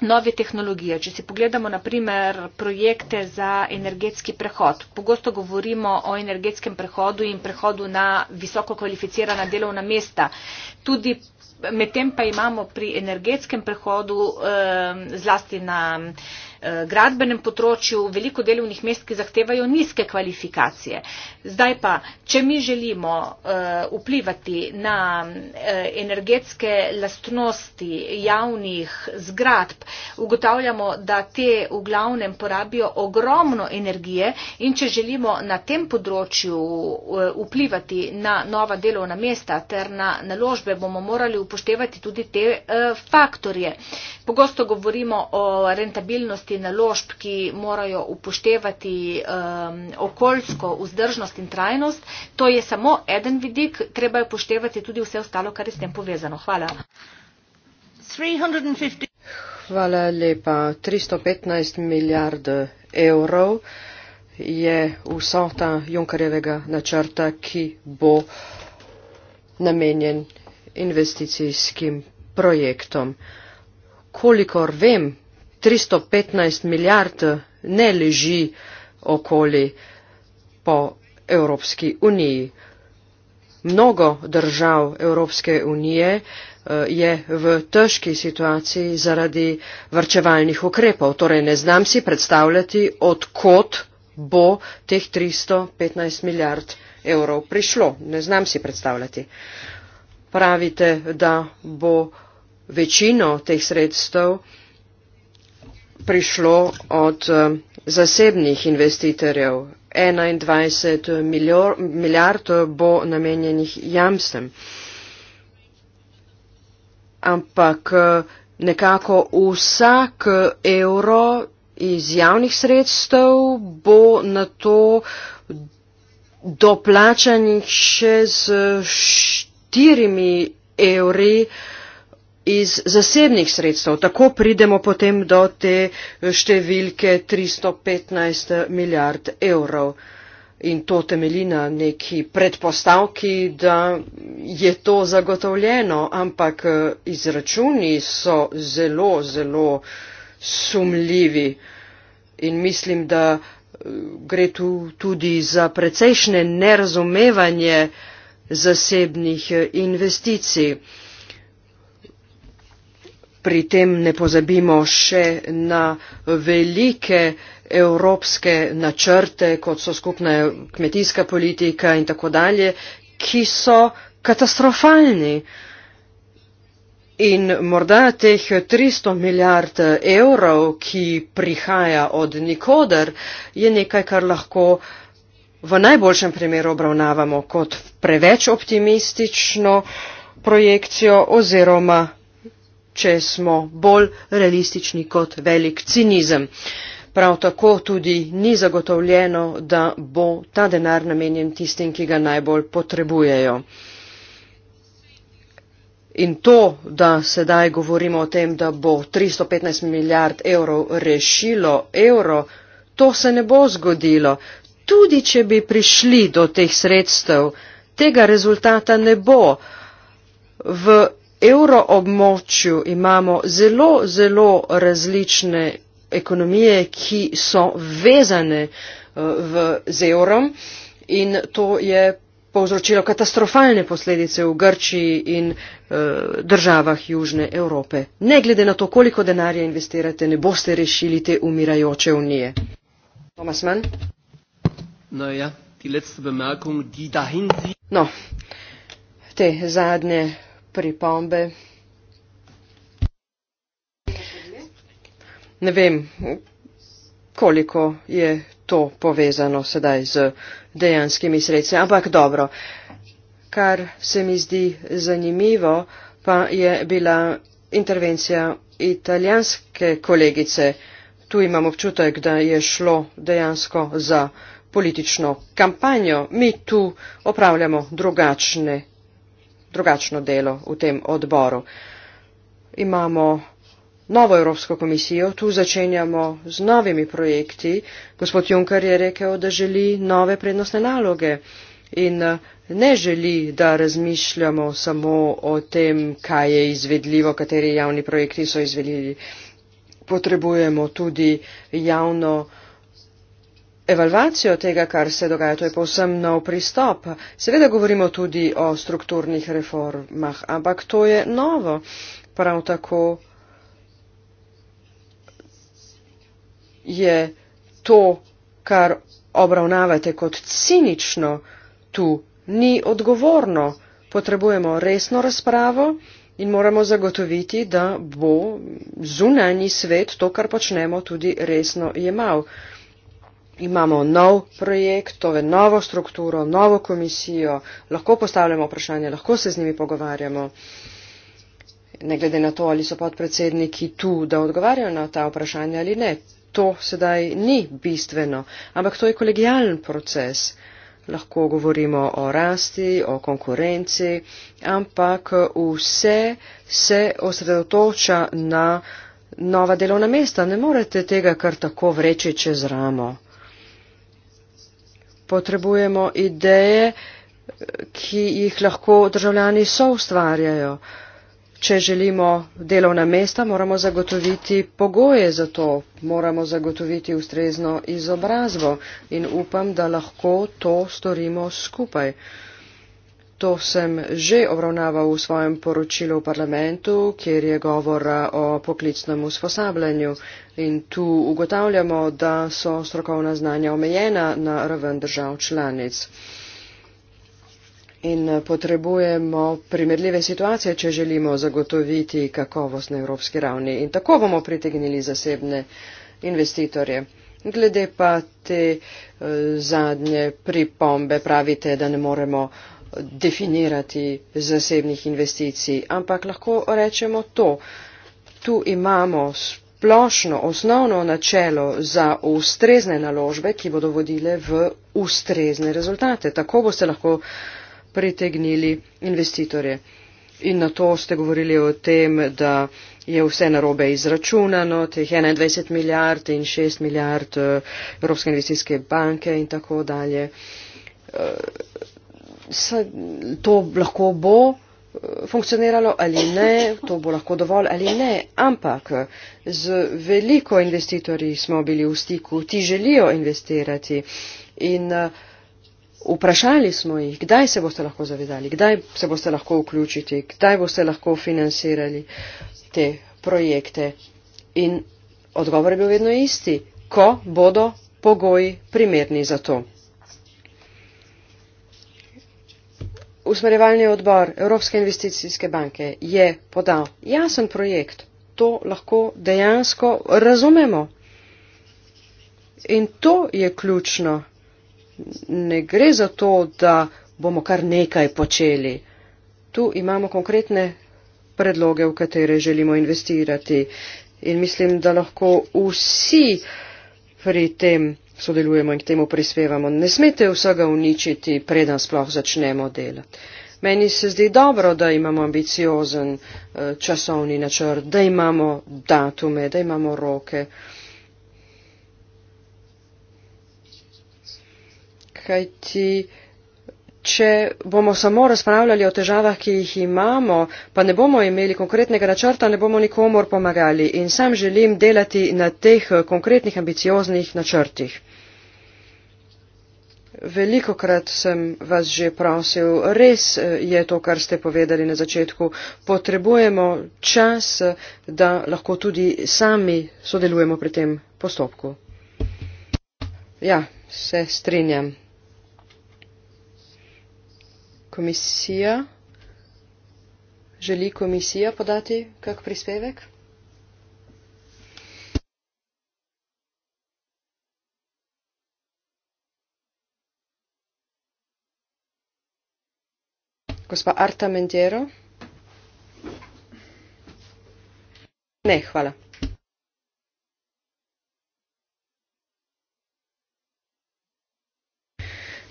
Nove tehnologije. Če si pogledamo naprimer projekte za energetski prehod, pogosto govorimo o energetskem prehodu in prehodu na visoko kvalificirana delovna mesta. Tudi medtem pa imamo pri energetskem prehodu eh, zlasti na eh, Eh, gradbenem področju veliko delovnih mest, ki zahtevajo nizke kvalifikacije. Zdaj pa, če mi želimo eh, vplivati na eh, energetske lastnosti javnih zgradb, ugotavljamo, da te v glavnem porabijo ogromno energije in če želimo na tem področju vplivati na nova delovna mesta ter na naložbe, bomo morali upoštevati tudi te faktorje. Pogosto govorimo o rentabilnosti vrednosti naložb, ki morajo upoštevati um, okoljsko vzdržnost in trajnost. To je samo eden vidik, treba je upoštevati tudi vse ostalo, kar je s tem povezano. Hvala. 350. Hvala lepa. 315 milijard evrov je vsota Junkarjevega načrta, ki bo namenjen investicijskim projektom. Kolikor vem, 315 milijard ne leži okoli po Evropski uniji. Mnogo držav Evropske unije eh, je v težki situaciji zaradi vrčevalnih ukrepov. Torej ne znam si predstavljati, odkot bo teh 315 milijard evrov prišlo. Ne znam si predstavljati. Pravite, da bo večino teh sredstev uh, prišlo od eh, zasebnih investitorjev. 21 milijard bo namenjenih jamstem. Ampak eh, nekako vsak evro iz javnih sredstev bo na to doplačanih še z štirimi evri uh, iz zasebnih sredstev. Tako pridemo potem do te eh, številke 315 eh, milijard evrov. In to temelji na neki predpostavki, da je to zagotovljeno, ampak eh, izračuni so zelo, zelo sumljivi. In mislim, da gre tu tudi za precejšnje nerazumevanje zasebnih investicij pri tem ne pozabimo še na velike evropske načrte, kot so skupna kmetijska politika in tako dalje, ki so katastrofalni. In morda teh 300 milijard evrov, ki prihaja od nikoder, je nekaj, kar lahko v najboljšem primeru obravnavamo kot preveč optimistično projekcijo oziroma če smo bolj realistični kot velik cinizem. Prav tako tudi ni zagotovljeno, da bo ta denar namenjen tistim, ki ga najbolj potrebujejo. In to, da sedaj govorimo o tem, da bo 315 milijard evrov rešilo evro, to se ne bo zgodilo. Tudi, če bi prišli do teh sredstev, tega rezultata ne bo. V evroobmočju imamo zelo, zelo različne ekonomije, ki so vezane eh, v, z evrom in to je povzročilo katastrofalne posledice v Grčiji in e, državah Južne Evrope. Ne glede na to, koliko denarja investirate, ne boste rešili te umirajoče unije. Tomas Mann. No, ja, die letzte Bemerkung, die dahin... no, te zadnje pripombe. Ne vem, koliko je to povezano sedaj z dejanskimi sredstvi, ampak dobro. Kar se mi zdi zanimivo, pa je bila intervencija italijanske kolegice. Tu imam občutek, da je šlo dejansko za politično kampanjo. Mi tu opravljamo drugačne drugačno delo v tem odboru. Imamo novo Evropsko komisijo, tu začenjamo z novimi projekti. Gospod Juncker je rekel, da želi nove prednostne naloge in eh, ne želi, da razmišljamo samo o tem, kaj je izvedljivo, kateri javni projekti so izvedljivi. Potrebujemo tudi javno evalvacijo tega, kar se dogaja, to je povsem nov pristop. Seveda govorimo tudi o strukturnih reformah, ampak to je novo. Prav tako je to, kar obravnavate kot cinično, tu ni odgovorno. Potrebujemo resno razpravo in moramo zagotoviti, da bo zunanji svet to, kar počnemo, tudi resno jemal imamo nov projekt, to je novo strukturo, novo komisijo, lahko postavljamo vprašanje, lahko se z njimi pogovarjamo. Ne glede na to, ali so podpredsedniki tu, da odgovarjajo na ta vprašanja ali ne. To sedaj ni bistveno, ampak to je kolegijalen proces. Lahko govorimo o rasti, o konkurenci, ampak vse se osredotoča na nova delovna mesta. Ne morete tega kar tako vreči čez ramo potrebujemo ideje, ki jih lahko državljani so ustvarjajo. Če želimo delovna mesta, moramo zagotoviti pogoje za to, moramo zagotoviti ustrezno izobrazbo in upam, da lahko to storimo skupaj. To sem že obravnaval v svojem poročilu v parlamentu, kjer je govora o poklicnem usposabljanju. In tu ugotavljamo, da so strokovna znanja omejena na raven držav članic. In eh, potrebujemo primerljive situacije, če želimo zagotoviti kakovost na evropski ravni. In tako bomo pritegnili zasebne investitorje. Glede pa te eh, zadnje pripombe, pravite, da ne moremo eh, definirati zasebnih investicij, ampak lahko rečemo to. Tu imamo splošno osnovno načelo za ustrezne naložbe, ki bodo vodile v ustrezne rezultate. Tako boste lahko pritegnili investitorje. In na to ste govorili o tem, da je vse narobe izračunano, teh 21 milijard in 6 milijard eh, Evropske investicijske banke in tako dalje. Eh, to lahko bo funkcioniralo ali ne, to bo lahko dovolj ali ne, ampak z veliko investitorji smo bili v stiku, ti želijo investirati in eh, vprašali smo jih, kdaj se boste lahko zavedali, kdaj se boste lahko vključiti, kdaj boste lahko financirali te projekte in odgovor je bil vedno isti, ko bodo pogoji primerni za to. usmerjevalni odbor Evropske investicijske banke je podal jasen projekt, to lahko dejansko razumemo. In to je ključno. Ne gre za to, da bomo kar nekaj počeli. Tu imamo konkretne predloge, v katere želimo investirati. In mislim, da lahko vsi pri tem sodelujemo in k temu prispevamo. Ne smete vsega uničiti, preden sploh začnemo delo. Meni se zdi dobro, da imamo ambiciozen eh, časovni načrt, da imamo datume, da imamo roke. Kaj ti, če bomo samo razpravljali o težavah, ki jih imamo, pa ne bomo imeli konkretnega načrta, ne bomo nikomor pomagali. In sam želim delati na teh eh, konkretnih ambicioznih načrtih velikokrat sem vas že prosil, res eh, je to, kar ste povedali na začetku. Potrebujemo čas, eh, da lahko tudi sami sodelujemo pri tem postopku. Ja, se strinjam. Komisija. Želi komisija podati kak prispevek? Gospa Arta Mendjero? Ne, hvala.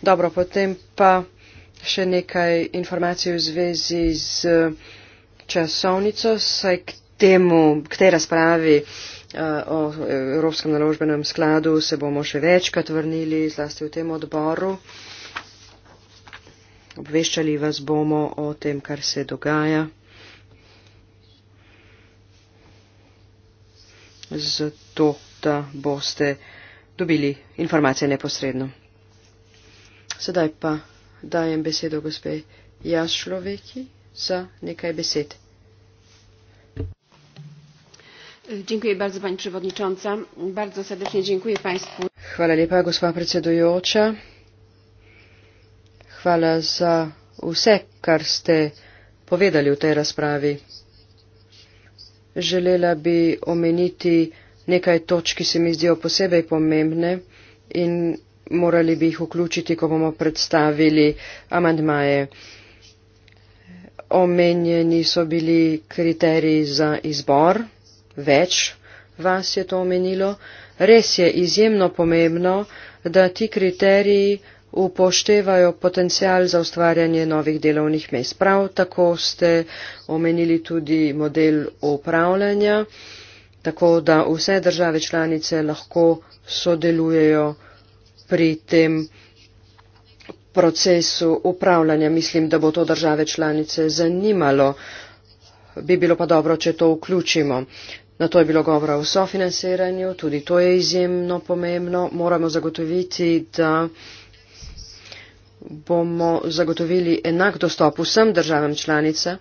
Dobro, potem pa še nekaj informacij v zvezi z eh, časovnico, saj k temu, k tej razpravi eh, o Evropskem naložbenem skladu se bomo še večkrat vrnili, zlasti v tem odboru obveščali vas bomo o tem, kar se dogaja. Zato, da boste dobili informacije neposredno. Sedaj pa dajem besedo gospe Jaz človeki za nekaj besed. Dziękuję bardzo Pani Przewodnicząca. Bardzo serdecznie dziękuję Państwu. Hvala lepa, gospa predsedujoča hvala za vse, kar ste povedali v tej razpravi. Želela bi omeniti nekaj točk, ki se mi zdijo posebej pomembne in morali bi jih vključiti, ko bomo predstavili amandmaje. Omenjeni so bili kriteriji za izbor, več vas je to omenilo. Res je izjemno pomembno, da ti kriteriji upoštevajo potencial za ustvarjanje novih delovnih mest. Prav tako ste omenili tudi model upravljanja, tako da vse države članice lahko sodelujejo pri tem procesu upravljanja. Mislim, da bo to države članice zanimalo. Bi bilo pa dobro, če to vključimo. Na to je bilo govora o sofinanciranju, tudi to je izjemno pomembno. Moramo zagotoviti, da bomo zagotovili enak dostop vsem državam članica,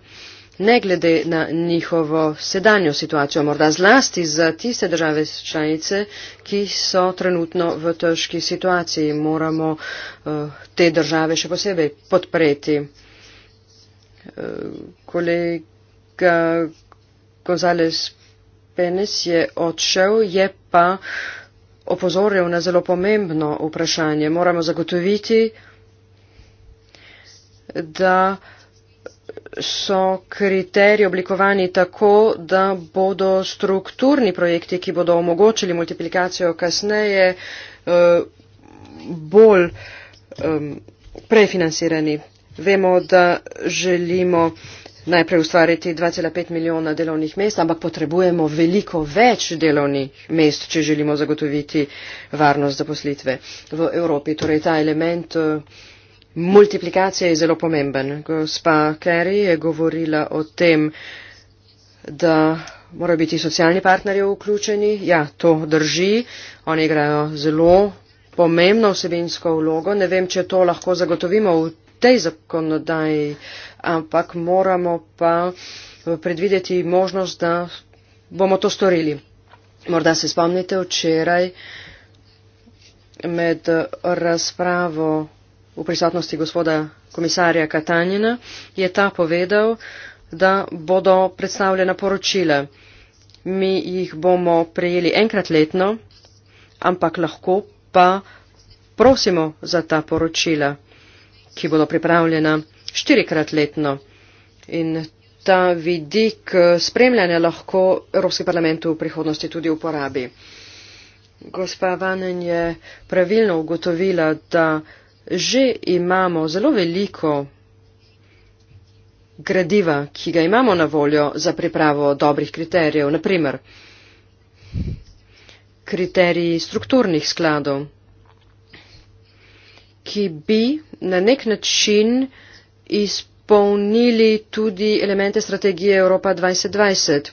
ne glede na njihovo sedanjo situacijo, morda zlasti za tiste države članice, ki so trenutno v težki situaciji. Moramo eh, te države še posebej podpreti. Eh, kolega González Penes je odšel, je pa opozoril na zelo pomembno vprašanje. Moramo zagotoviti da so kriteriji oblikovani tako, da bodo strukturni projekti, ki bodo omogočili multiplikacijo kasneje, eh, bolj prefinansirani. Vemo, da želimo najprej ustvariti 2,5 milijona delovnih mest, ampak potrebujemo veliko več delovnih mest, če želimo zagotoviti varnost zaposlitve v Evropi. Torej ta element uh, multiplikacija je zelo pomemben. Gospa Kerry je govorila o tem, da morajo biti socialni partnerji vključeni. Ja, to drži. Oni igrajo zelo pomembno vsebinsko vlogo. Ne vem, če to lahko zagotovimo v tej zakonodaji, ampak moramo pa predvideti možnost, da bomo to storili. Morda se spomnite včeraj med razpravo v prisotnosti gospoda komisarja Katanjina, je ta povedal, da bodo predstavljena poročila. Mi jih bomo prejeli enkrat letno, ampak lahko pa prosimo za ta poročila, ki bodo pripravljena štirikrat letno. In ta vidik spremljanja lahko Evropski parlament v prihodnosti tudi uporabi. Gospa Vanen je pravilno ugotovila, da že imamo zelo veliko gradiva, ki ga imamo na voljo za pripravo dobrih kriterijev, naprimer kriteriji strukturnih skladov, ki bi na nek način izpolnili tudi elemente strategije Evropa 2020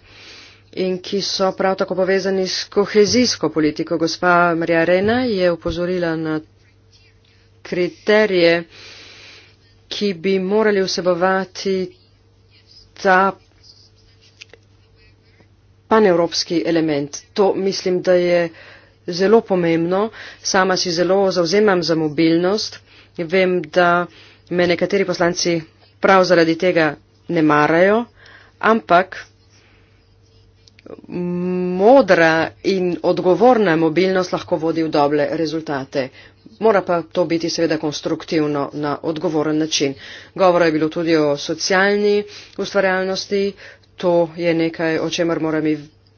in ki so prav tako povezani s kohezijsko politiko. Gospa Marija Rena je upozorila na kriterije, ki bi morali vsebovati ta panevropski element. To mislim, da je zelo pomembno. Sama si zelo zauzemam za mobilnost. Vem, da me nekateri poslanci prav zaradi tega ne marajo, ampak modra in odgovorna mobilnost lahko vodi v dobre rezultate mora pa to biti seveda konstruktivno na odgovoren način. Govora je bilo tudi o socialni ustvarjalnosti, to je nekaj, o čemer moramo,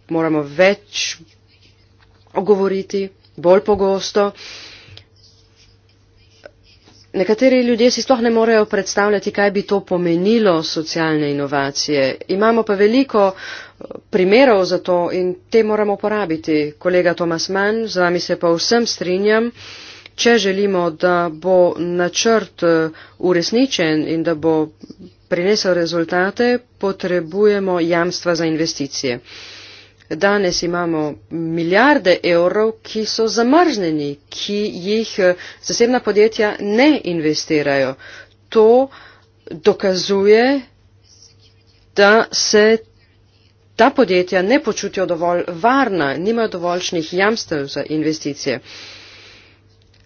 moramo več govoriti, bolj pogosto. Nekateri ljudje si sploh ne morejo predstavljati, kaj bi to pomenilo socialne inovacije. Imamo pa veliko eh, primerov za to in te moramo uporabiti. Kolega Tomas Mann, z vami se pa vsem strinjam če želimo, da bo načrt eh, uresničen in da bo prinesel rezultate, potrebujemo jamstva za investicije. Danes imamo milijarde evrov, ki so zamrznjeni, ki jih eh, zasebna podjetja ne investirajo. To dokazuje, da se ta podjetja ne počutijo dovolj varna, nimajo dovoljšnih jamstev za investicije. Uh,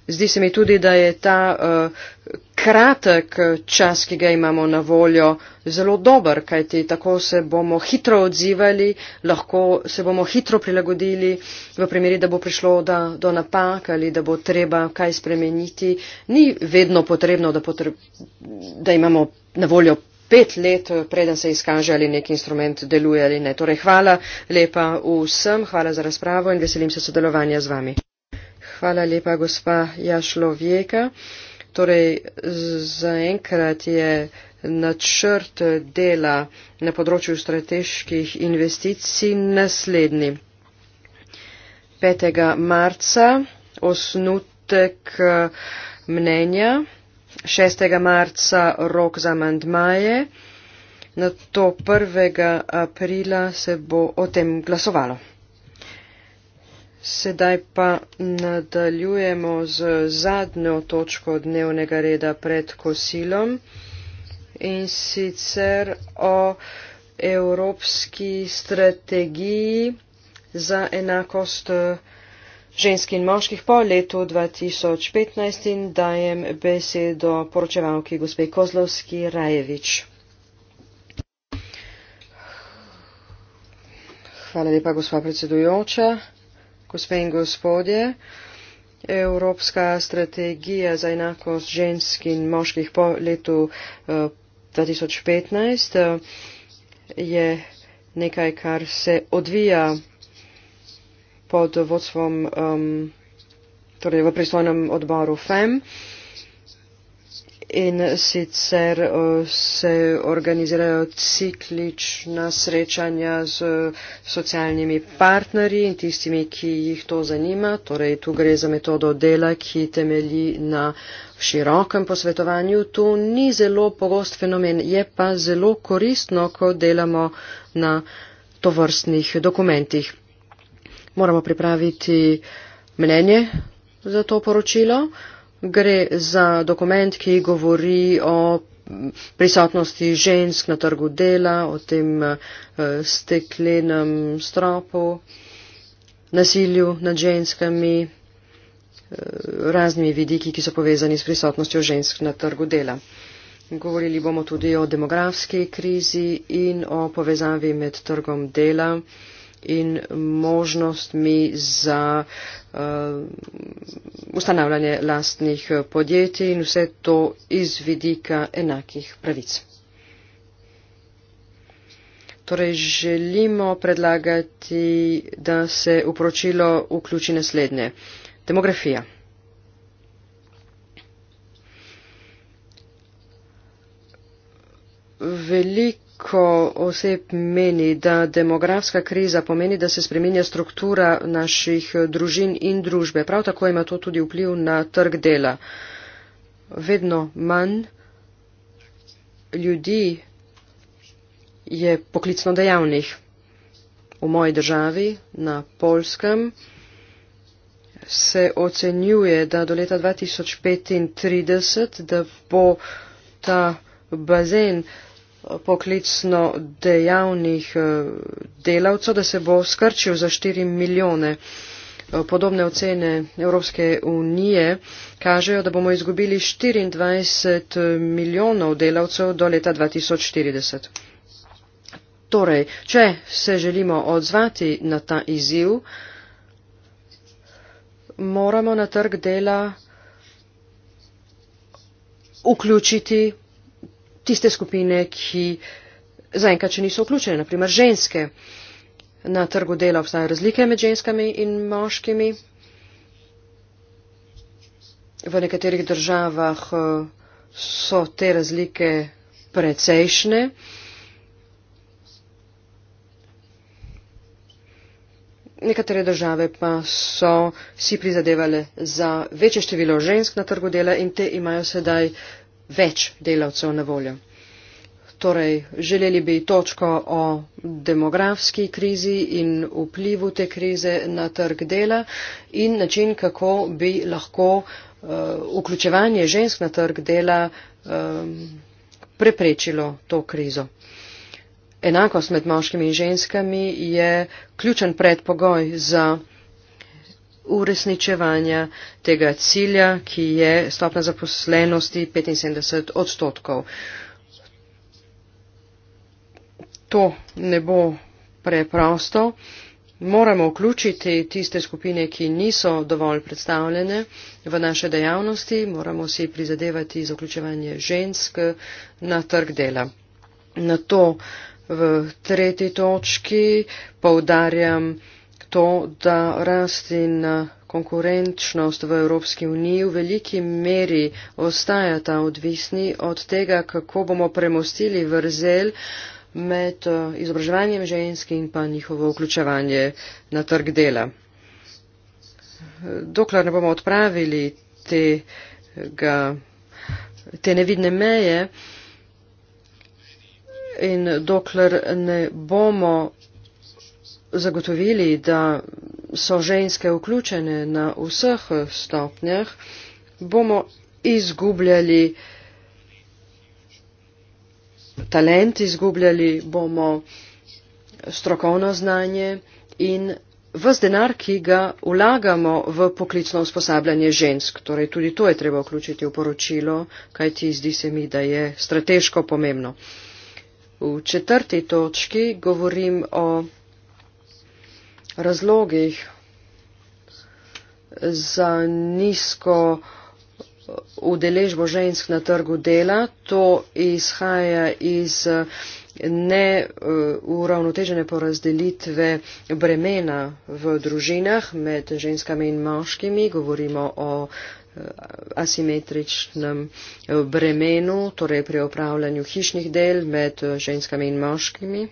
Zdi se mi tudi, da je ta uh, kratek eh, čas, ki ga imamo na voljo, zelo dober, kajti tako se bomo hitro odzivali, lahko se bomo hitro prilagodili v primeri, da bo prišlo da, do napak ali da bo treba kaj spremeniti. Ni vedno potrebno, da, potreb, da imamo na voljo pet let, eh, preden se izkaže, ali nek instrument deluje ali ne. Torej, hvala lepa vsem, hvala za razpravo in veselim se sodelovanja z vami. Hvala lepa, gospa Jašlovjeka. Torej, zaenkrat je načrt dela na področju strateških investicij naslednji. 5. marca osnutek mnenja, 6. marca rok za mandmaje, na to 1. aprila se bo o tem glasovalo. Sedaj pa nadaljujemo z zadnjo točko dnevnega reda pred kosilom in sicer o evropski strategiji za enakost žensk in moških po letu 2015 in dajem besedo poročevalki gospe Kozlovski Rajevič. Hvala lepa, gospa predsedujoča. Gospe in gospodje, Evropska strategija za enakost žensk in moških po letu uh, 2015 uh, je nekaj, kar se odvija pod vodstvom, um, torej v pristojnem odboru FEM. Uh, in sicer eh, se organizirajo ciklična srečanja z socialnimi partnerji in tistimi, ki jih to zanima. Torej, tu gre za metodo dela, ki temelji na širokem posvetovanju. To ni zelo pogost fenomen, je pa zelo koristno, ko delamo na tovrstnih dokumentih. Moramo pripraviti mnenje za to poročilo gre za dokument, ki govori o prisotnosti žensk na trgu dela, o tem eh, steklenem stropu, nasilju nad ženskami, eh, raznimi vidiki, ki so povezani s prisotnostjo žensk na trgu dela. Govorili bomo tudi o demografski krizi in o povezavi med trgom dela in možnostmi za eh, ustanavljanje lastnih eh, podjetij in vse to iz vidika enakih pravic. Torej želimo predlagati, da se v poročilo vključi naslednje. Demografija. Velik veliko oseb meni, da demografska kriza pomeni, da se spreminja struktura naših družin in družbe. Prav tako ima to tudi vpliv na trg dela. Vedno manj ljudi je poklicno dejavnih. V moji državi, na polskem, se ocenjuje, da do leta 2035, da bo ta bazen poklicno dejavnih eh, delavcev, da se bo skrčil za 4 milijone. Eh, podobne ocene Evropske unije kažejo, da bomo izgubili 24 milijonov delavcev do leta 2040. Torej, če se želimo odzvati na ta izziv, moramo na trg dela vključiti tiste skupine, ki zaenkrat še niso vključene, naprimer ženske. Na trgu dela obstajajo razlike med ženskami in moškimi. V nekaterih državah eh, so te razlike precejšne. Nekatere države pa so si prizadevale za večje število žensk na trgu dela in te imajo sedaj uh, več delavcev na voljo. Torej, želeli bi točko o demografski krizi in vplivu te krize na trg dela in način, kako bi lahko uh, vključevanje žensk na trg dela um, preprečilo to krizo. Enakost med moškimi in ženskami je ključen predpogoj za uresničevanja tega cilja, ki je stopna zaposlenosti 75 odstotkov. To ne bo preprosto. Moramo vključiti tiste skupine, ki niso dovolj predstavljene v naše dejavnosti, moramo si prizadevati za vključevanje žensk na trg dela. Na to v tretji točki poudarjam, to, da rast in eh, konkurenčnost v Evropski uniji v veliki meri ostajata odvisni od tega, kako bomo premostili vrzel med eh, izobraževanjem žensk in pa njihovo vključevanje na trg dela. Dokler ne bomo odpravili tega, te nevidne meje in dokler ne bomo zagotovili, da so ženske vključene na vseh stopnjah, bomo izgubljali talent, izgubljali bomo strokovno znanje in vz denar, ki ga vlagamo v poklicno usposabljanje žensk. Torej, tudi to je treba vključiti v poročilo, kajti zdi se mi, da je strateško pomembno. V četrti točki govorim o razlogih za nizko udeležbo žensk na trgu dela. To izhaja iz neuravnotežene porazdelitve bremena v družinah med ženskami in moškimi. Govorimo o eh, asimetričnem eh, bremenu, torej pri opravljanju hišnih del med eh, ženskami in moškimi.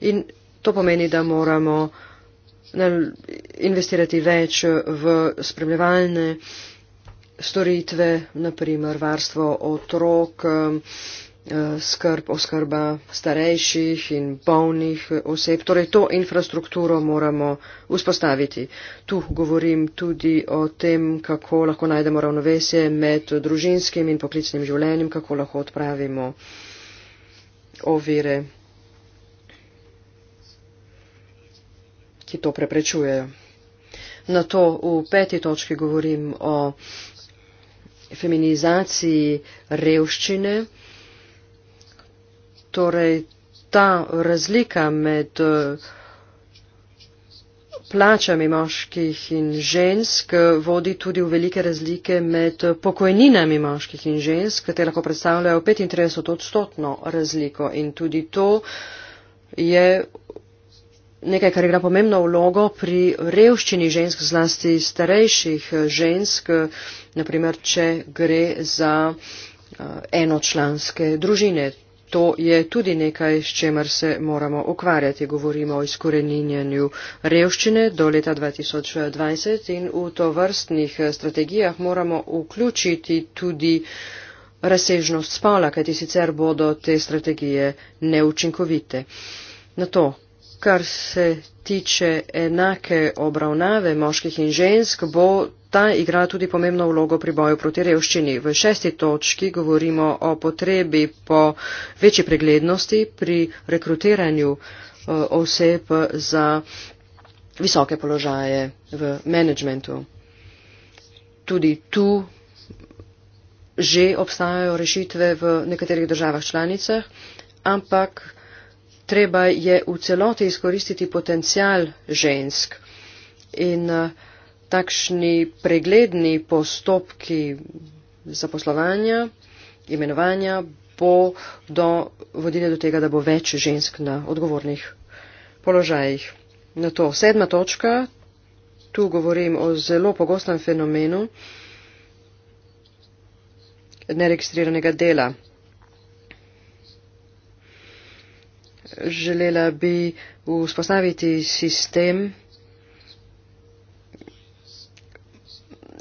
In to pomeni, da moramo investirati več v spremljevalne storitve, naprimer varstvo otrok, um, skrb, oskrba starejših in bolnih oseb. Torej, to infrastrukturo moramo vzpostaviti. Tu govorim tudi o tem, kako lahko najdemo ravnovesje med družinskim in poklicnim življenjem, kako lahko odpravimo ovire. ki to preprečujejo. Na to v peti točki govorim o feminizaciji revščine. Torej, ta razlika med eh, plačami moških in žensk eh, vodi tudi v velike razlike med eh, pokojninami moških in žensk, te lahko predstavljajo 35 odstotno razliko in tudi to je nekaj, kar igra pomembno vlogo pri revščini žensk, zlasti starejših eh, žensk, eh, naprimer, če gre za eh, enočlanske družine. To je tudi nekaj, s čemer se moramo ukvarjati. Govorimo o izkoreninjanju revščine do leta 2020 in v to vrstnih strategijah moramo vključiti tudi razsežnost spola, kajti sicer bodo te strategije neučinkovite. Na to, kar se tiče enake obravnave moških in žensk, bo ta igra tudi pomembno vlogo pri boju proti revščini. V šesti točki govorimo o potrebi po večji preglednosti pri rekrutiranju eh, oseb za visoke položaje v menedžmentu. Tudi tu že obstajajo rešitve v nekaterih državah članicah, ampak treba je v celoti izkoristiti potencial žensk in eh, takšni pregledni postopki zaposlovanja, imenovanja bo do, vodile do tega, da bo več žensk na odgovornih položajih. Na to sedma točka, tu govorim o zelo pogostem fenomenu neregistriranega dela. želela bi vzpostaviti sistem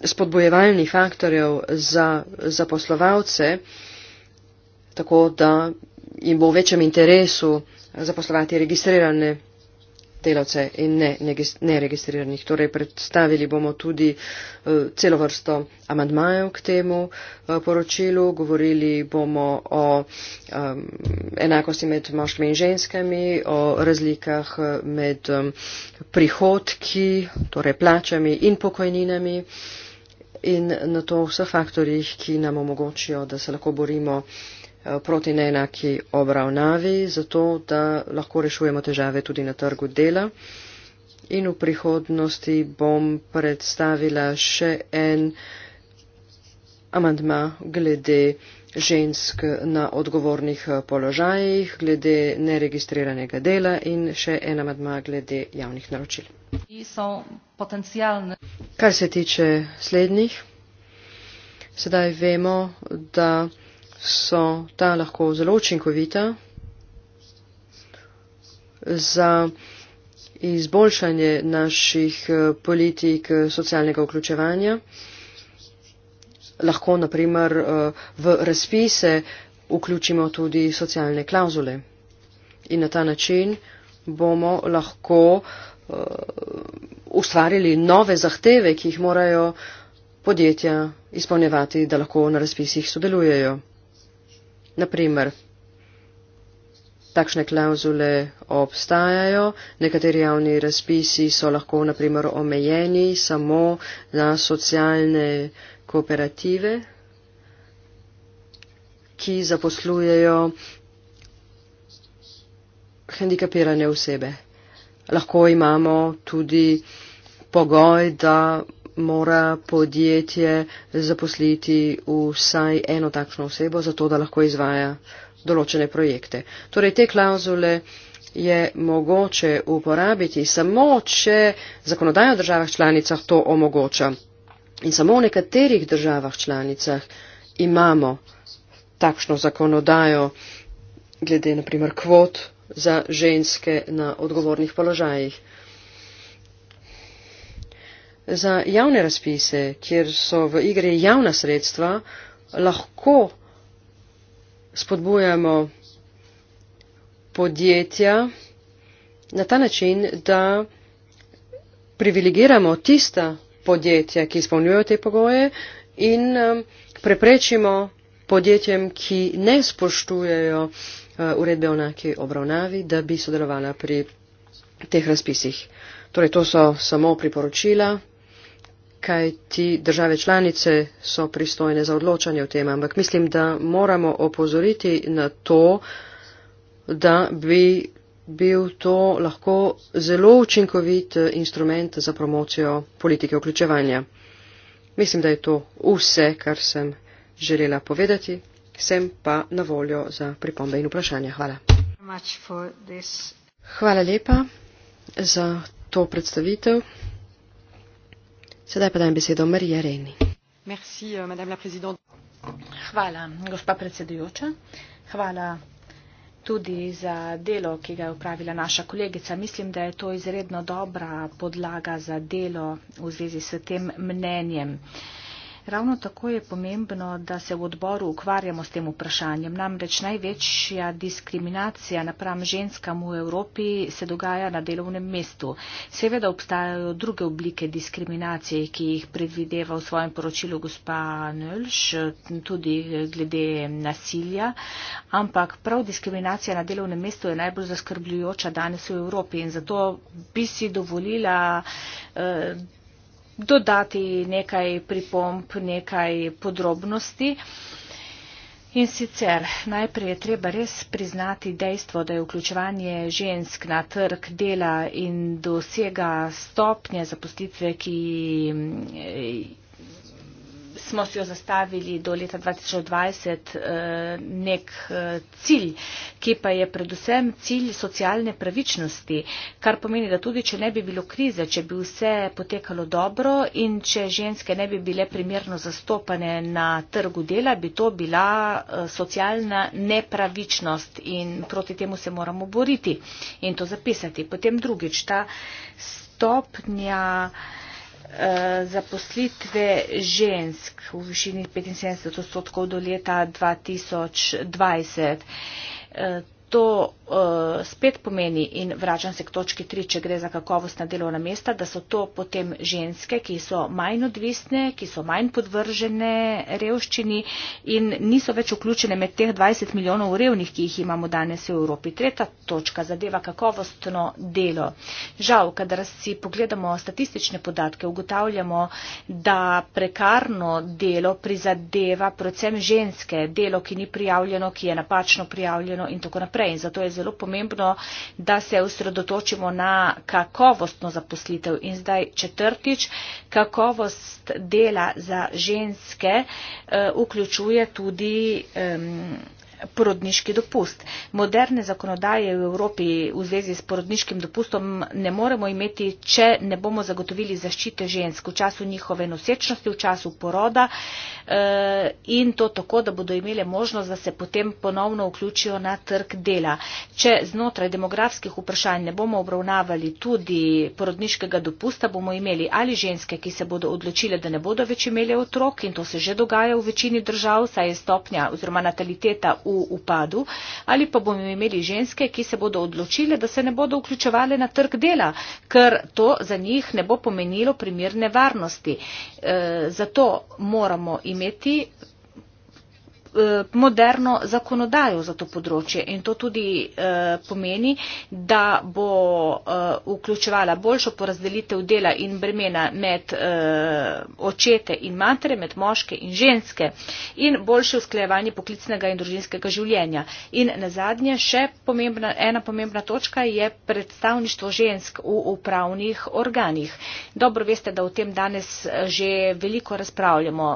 spodbojevalnih faktorjev za zaposlovalce, tako da jim bo v večjem interesu zaposlovati registrirane delavce in ne neregistriranih. Torej, predstavili bomo tudi eh, celo vrsto amadmajev k temu eh, poročilu, govorili bomo o eh, enakosti med moškimi in ženskami, o razlikah med prihodki, torej plačami in pokojninami. In na to vseh faktorjih, ki nam omogočijo, da se lahko borimo Eh, proti neenaki obravnavi, zato da lahko rešujemo težave tudi na trgu dela. In v prihodnosti bom predstavila še en amandma glede žensk na odgovornih eh, položajih, glede neregistriranega dela in še en amandma glede javnih naročil. Kar se tiče slednjih, sedaj vemo, da so ta lahko zelo učinkovita za izboljšanje naših eh, politik eh, socialnega vključevanja. Lahko, naprimer, eh, v razpise vključimo tudi socialne klauzule in na ta način bomo lahko ustvarili nove zahteve, ki jih morajo podjetja izpolnjevati, da lahko na razpisih sodelujejo. Naprimer, takšne klauzule obstajajo, nekateri javni razpisi so lahko naprimer omejeni samo na socialne kooperative, ki zaposlujejo hendikapirane osebe. Lahko imamo tudi pogoj, da mora podjetje zaposliti vsaj eno takšno osebo, zato da lahko izvaja določene projekte. Torej, te klauzule je mogoče uporabiti samo, če zakonodaja v državah članicah to omogoča. In samo v nekaterih državah članicah imamo takšno zakonodajo, glede na primer kvot za ženske na odgovornih položajih za javne razpise, kjer so v igri javna sredstva, lahko spodbujamo podjetja na ta način, da privilegiramo tista podjetja, ki izpolnjujejo te pogoje in um, preprečimo podjetjem, ki ne spoštujejo uh, uredbe o enaki obravnavi, da bi sodelovala pri teh razpisih. Torej, to so samo priporočila kaj ti države članice so pristojne za odločanje o tem, ampak mislim, da moramo opozoriti na to, da bi bil to lahko zelo učinkovit eh, instrument za promocijo politike vključevanja. Mislim, da je to vse, kar sem želela povedati, sem pa na voljo za pripombe in vprašanja. Hvala. Hvala lepa za to predstavitev. Sedaj pa dajem besedo Marija Reni. Merci, euh, madame la présidente. Hvala, gospa predsedujoča. Hvala tudi za delo, ki ga je upravila naša kolegica. Mislim, da je to izredno dobra podlaga za delo v zvezi s tem mnenjem. Uh, Ravno tako je pomembno, da se v odboru ukvarjamo s tem vprašanjem. Namreč največja diskriminacija napram ženskam v Evropi se dogaja na delovnem mestu. Seveda obstajajo druge oblike diskriminacije, ki jih predvideva v svojem poročilu gospa Nölš, tudi glede nasilja, ampak prav diskriminacija na delovnem mestu je najbolj zaskrbljujoča danes v Evropi in zato bi si dovolila. Eh, dodati nekaj pripomp, nekaj podrobnosti. In sicer najprej je treba res priznati dejstvo, da je vključevanje žensk na trg dela in dosega stopnje zaposlitve, ki smo si jo zastavili do leta 2020 eh, nek eh, cilj, ki pa je predvsem cilj socialne pravičnosti, kar pomeni, da tudi če ne bi bilo krize, če bi vse potekalo dobro in če ženske ne bi bile primerno zastopane na trgu dela, bi to bila eh, socialna nepravičnost in proti temu se moramo boriti in to zapisati. Potem drugič, ta stopnja. Eh, zaposlitve žensk v višini 75 odstotkov do leta 2020 to uh, spet pomeni in vračam se k točki 3, če gre za kakovostna delovna mesta, da so to potem ženske, ki so manj odvisne, ki so manj podvržene revščini in niso več vključene med teh 20 milijonov revnih, ki jih imamo danes v Evropi. Tretja točka zadeva kakovostno delo. Žal, kadar si pogledamo statistične podatke, ugotavljamo, da prekarno delo prizadeva predvsem ženske, delo, ki ni prijavljeno, ki je napačno prijavljeno in tako naprej naprej. In zato je zelo pomembno, da se osredotočimo na kakovostno zaposlitev. In zdaj četrtič, kakovost dela za ženske uh, vključuje tudi um, porodniški dopust. Moderne zakonodaje v Evropi v zvezi s porodniškim dopustom ne moremo imeti, če ne bomo zagotovili zaščite žensk v času njihove nosečnosti, v času poroda eh, in to tako, da bodo imele možnost, da se potem ponovno vključijo na trg dela. Če znotraj demografskih vprašanj ne bomo obravnavali tudi porodniškega dopusta, bomo imeli ali ženske, ki se bodo odločile, da ne bodo več imeli otrok in to se že dogaja v večini držav, saj je stopnja oziroma nataliteta v v upadu ali pa bomo imeli ženske, ki se bodo odločile, da se ne bodo vključevale na trg dela, ker to za njih ne bo pomenilo primerne varnosti. E, zato moramo imeti Eh, moderno zakonodajo za to področje in to tudi eh, pomeni, da bo eh, vključevala boljšo porazdelitev dela in bremena med očete in matere, med moške in ženske in boljše usklejevanje poklicnega in družinskega življenja. In na zadnje še pomembna, ena pomembna točka je predstavništvo žensk v upravnih organih. Dobro veste, da o tem danes že veliko razpravljamo.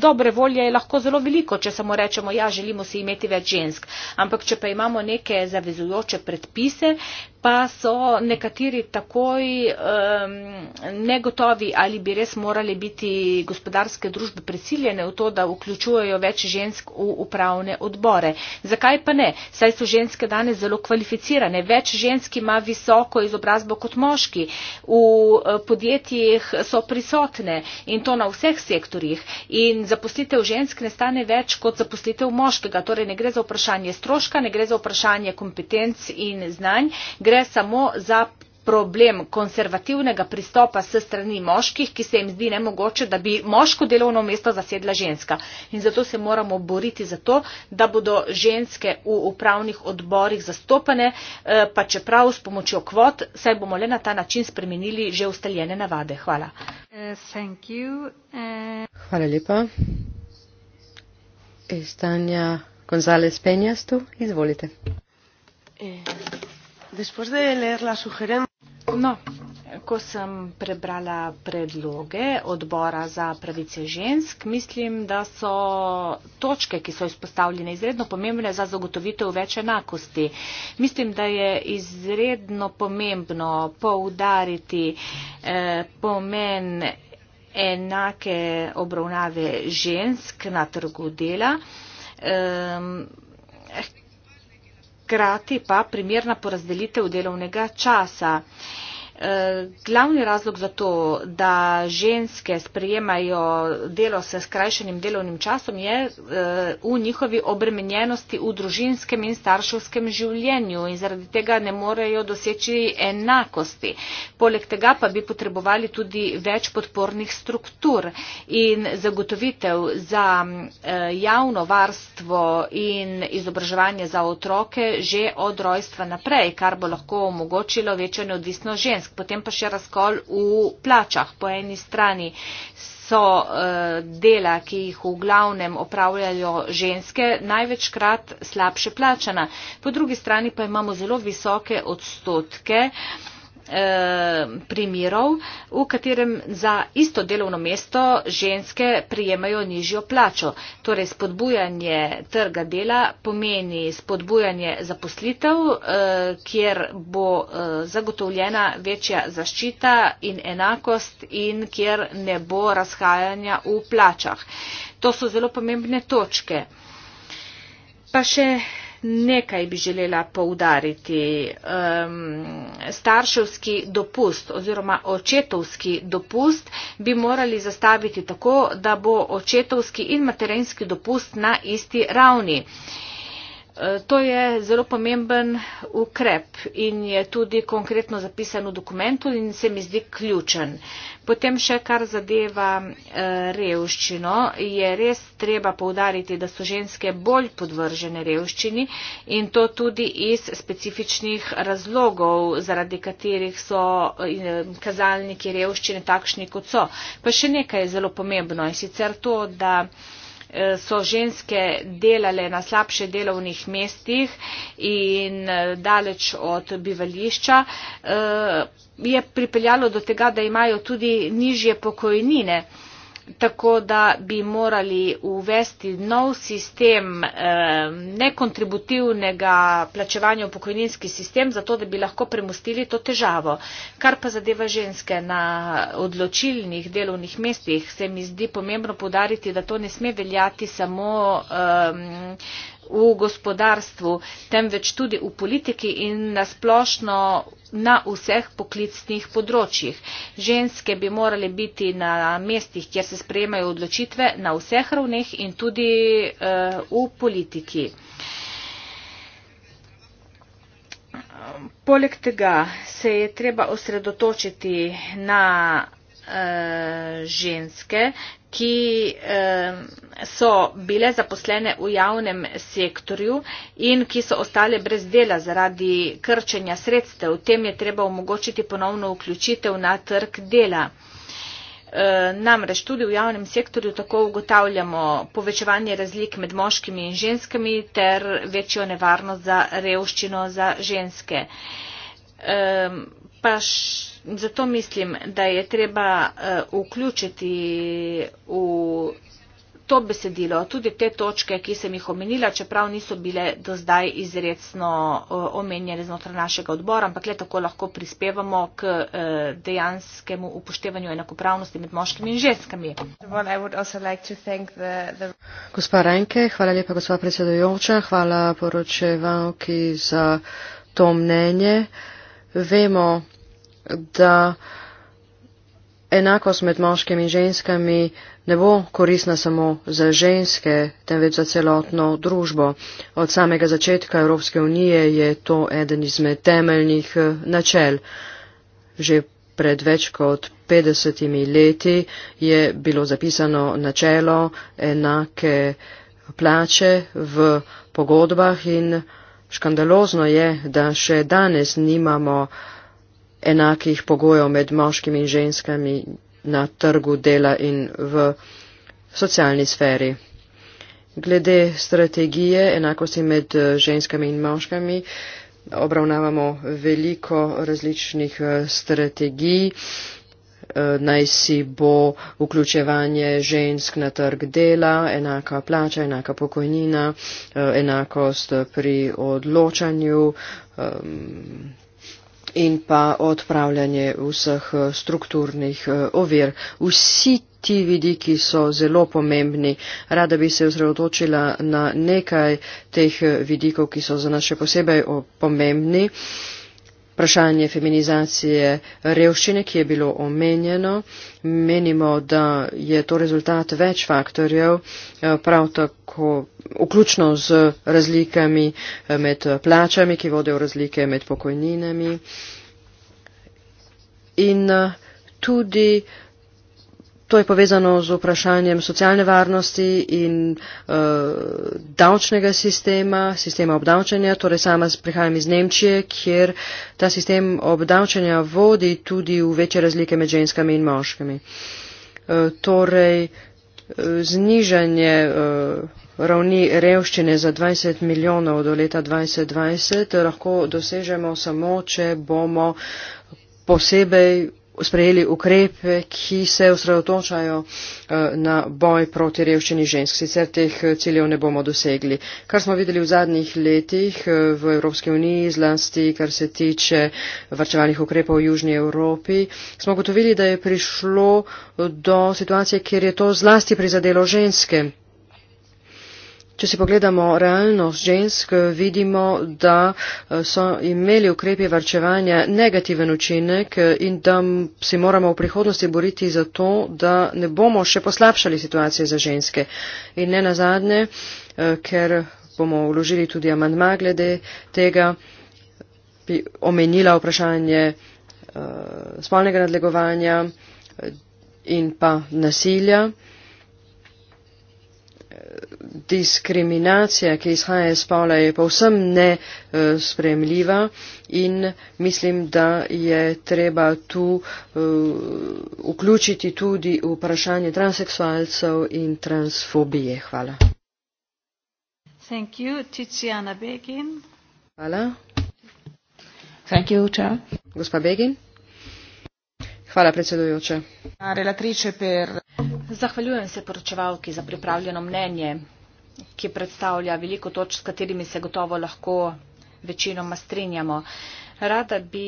Dobre volje je lahko zelo veliko, če samo samo rečemo, ja, želimo si imeti več žensk. Ampak, če pa imamo neke zavezujoče predpise, pa so nekateri takoj um, negotovi, ali bi res morali biti gospodarske družbe prisiljene v to, da vključujejo več žensk v upravne odbore. Zakaj pa ne? Saj so ženske danes zelo kvalificirane. Več žensk ima visoko izobrazbo kot moški. V eh, podjetjih so prisotne in to na vseh sektorjih. In zaposlitev žensk ne stane več kot zaposlitev moškega. Torej ne gre za vprašanje stroška, ne gre za vprašanje kompetenc in znanj gre samo za problem konservativnega pristopa s strani moških, ki se jim zdi nemogoče, da bi moško delovno mesto zasedla ženska. In zato se moramo boriti za to, da bodo ženske v upravnih odborih zastopane, eh, pa čeprav s pomočjo kvot, saj bomo le na ta način spremenili že ustaljene navade. Hvala. Eh, eh, Hvala lepa. Estanja González Penjastu, izvolite. Después de leer la no, ko sem prebrala predloge odbora za pravice žensk, mislim, da so točke, ki so izpostavljene, izredno pomembne za zagotovitev več enakosti. Mislim, da je izredno pomembno poudariti eh, pomen enake obravnave žensk na trgu dela. Eh, hkrati pa primerna porazdelitev delovnega časa. Eh, glavni razlog za to, da ženske sprejemajo delo s skrajšanim delovnim časom, je eh, v njihovi obremenjenosti v družinskem in starševskem življenju in zaradi tega ne morejo doseči enakosti. Poleg tega pa bi potrebovali tudi več podpornih struktur in zagotovitev za eh, javno varstvo in izobraževanje za otroke že od rojstva naprej, kar bo lahko omogočilo večjo neodvisnost žensk potem pa še razkol v plačah po eni strani. So eh, dela, ki jih v glavnem opravljajo ženske, največkrat slabše plačana. Po drugi strani pa imamo zelo visoke odstotke. Eh, primerov, v katerem za isto delovno mesto ženske prijemajo nižjo plačo. Torej, spodbujanje trga dela pomeni spodbujanje zaposlitev, eh, kjer bo eh, zagotovljena večja zaščita in enakost in kjer ne bo razhajanja v plačah. To so zelo pomembne točke. Pa še nekaj bi želela poudariti. Um, starševski dopust oziroma očetovski dopust bi morali zastaviti tako, da bo očetovski in materinski dopust na isti ravni. Uh, Eh, to je zelo pomemben ukrep in je tudi konkretno zapisan v dokumentu in se mi zdi ključen. Potem še kar zadeva eh, revščino, je res treba povdariti, da so ženske bolj podvržene revščini in to tudi iz specifičnih razlogov, zaradi katerih so eh, kazalniki revščine takšni, kot so. Pa še nekaj je zelo pomembno in sicer to, da Eh, so ženske delale na slabše delovnih mestih in eh, daleč od bivališča, eh, je pripeljalo do tega, da imajo tudi nižje pokojnine tako da bi morali uvesti nov sistem eh, nekontributivnega plačevanja v pokojninski sistem, zato da bi lahko premustili to težavo. Kar pa zadeva ženske na odločilnih delovnih mestih, se mi zdi pomembno podariti, da to ne sme veljati samo um, v gospodarstvu, temveč tudi v politiki in nasplošno na vseh poklicnih področjih. Ženske bi morali biti na mestih, kjer se sprejemajo odločitve na vseh ravneh in tudi uh, v politiki. Poleg tega se je treba osredotočiti na Eh, ženske, ki eh, so bile zaposlene v javnem sektorju in ki so ostale brez dela zaradi krčenja sredstev. Tem je treba omogočiti ponovno vključitev na trg dela. Eh, namreč tudi v javnem sektorju tako ugotavljamo povečevanje razlik med moškimi in ženskami ter večjo nevarnost za revščino za ženske pa š, zato mislim, da je treba uh, vključiti v to besedilo tudi te točke, ki sem jih omenila, čeprav niso bile do zdaj izredno uh, eh, omenjene znotraj našega odbora, ampak le tako lahko prispevamo k uh, dejanskemu upoštevanju enakopravnosti med moškimi in ženskami. Like the, the... Gospa Renke, hvala lepa, gospa predsedujoča, hvala poročevalki za to mnenje. Uh, vemo, da enakost med moškimi in ženskami ne bo korisna samo za ženske, temveč za celotno družbo. Od samega začetka Evropske unije je to eden izmed temeljnih eh, načel. Že pred več kot 50 leti je bilo zapisano načelo enake plače v pogodbah in Škandalozno je, da še danes nimamo enakih pogojev med moškimi in ženskami na trgu dela in v socialni sferi. Glede strategije enakosti med eh, ženskami in moškami obravnavamo veliko različnih eh, strategij. Eh, naj si bo vključevanje žensk na trg dela, enaka plača, enaka pokojnina, eh, enakost pri odločanju in pa odpravljanje vseh strukturnih eh, ovir. Vsi ti vidiki so zelo pomembni. Rada bi se osredotočila na nekaj teh vidikov, ki so za nas še posebej pomembni vprašanje feminizacije revščine, ki je bilo omenjeno. Menimo, da je to rezultat več faktorjev, eh, prav tako vključno z razlikami eh, med plačami, ki vodijo razlike med pokojninami in eh, tudi To je povezano z vprašanjem socialne varnosti in uh, davčnega sistema, sistema obdavčanja. Torej sama prihajam iz Nemčije, kjer ta sistem obdavčanja vodi tudi v večje razlike med ženskami in moškami. Uh, eh, torej eh, znižanje uh, ravni revščine za 20 milijonov do leta 2020 lahko dosežemo samo, če bomo posebej sprejeli ukrepe, ki se osredotočajo eh, na boj proti revščini žensk. Sicer teh eh, ciljev ne bomo dosegli. Kar smo videli v zadnjih letih eh, v Evropski uniji, zlasti kar se tiče vrčevalnih ukrepov v Južnji Evropi, smo gotovili, da je prišlo do situacije, kjer je to zlasti prizadelo ženske. Če si pogledamo realnost žensk, vidimo, da eh, so imeli ukrepi varčevanja negativen učinek eh, in da si moramo v prihodnosti boriti za to, da ne bomo še poslabšali situacije za ženske. In ne nazadnje, eh, ker bomo vložili tudi amandma glede tega, bi omenila vprašanje spolnega nadlegovanja in pa nasilja diskriminacija, ki izhaja iz spola, je povsem nespremljiva in mislim, da je treba tu eh, vključiti tudi vprašanje transeksualcev in transfobije. Hvala. Thank you, Begin. Hvala. Thank you, Gospa Begin. Hvala, predsedujoča. Relatriče per. Zahvaljujem se poročevalki za pripravljeno mnenje, ki predstavlja veliko toč, s katerimi se gotovo lahko večinoma strinjamo. Rada bi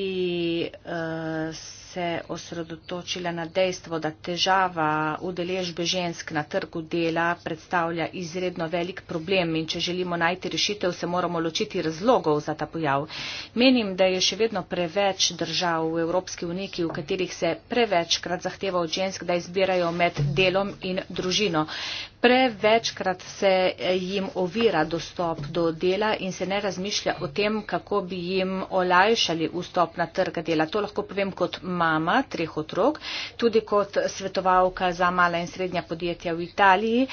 uh, se osredotočila na dejstvo, da težava udeležbe žensk na trgu dela predstavlja izredno velik problem in če želimo najti rešitev, se moramo ločiti razlogov za ta pojav. Menim, da je še vedno preveč držav v Evropski uniji, v katerih se prevečkrat zahteva od žensk, da izbirajo med delom in družino. Prevečkrat se eh, jim ovira dostop do dela in se ne razmišlja o tem, kako bi jim olajšali vstop na trg dela. To lahko povem kot mama treh otrok, tudi kot svetovalka za mala in srednja podjetja v Italiji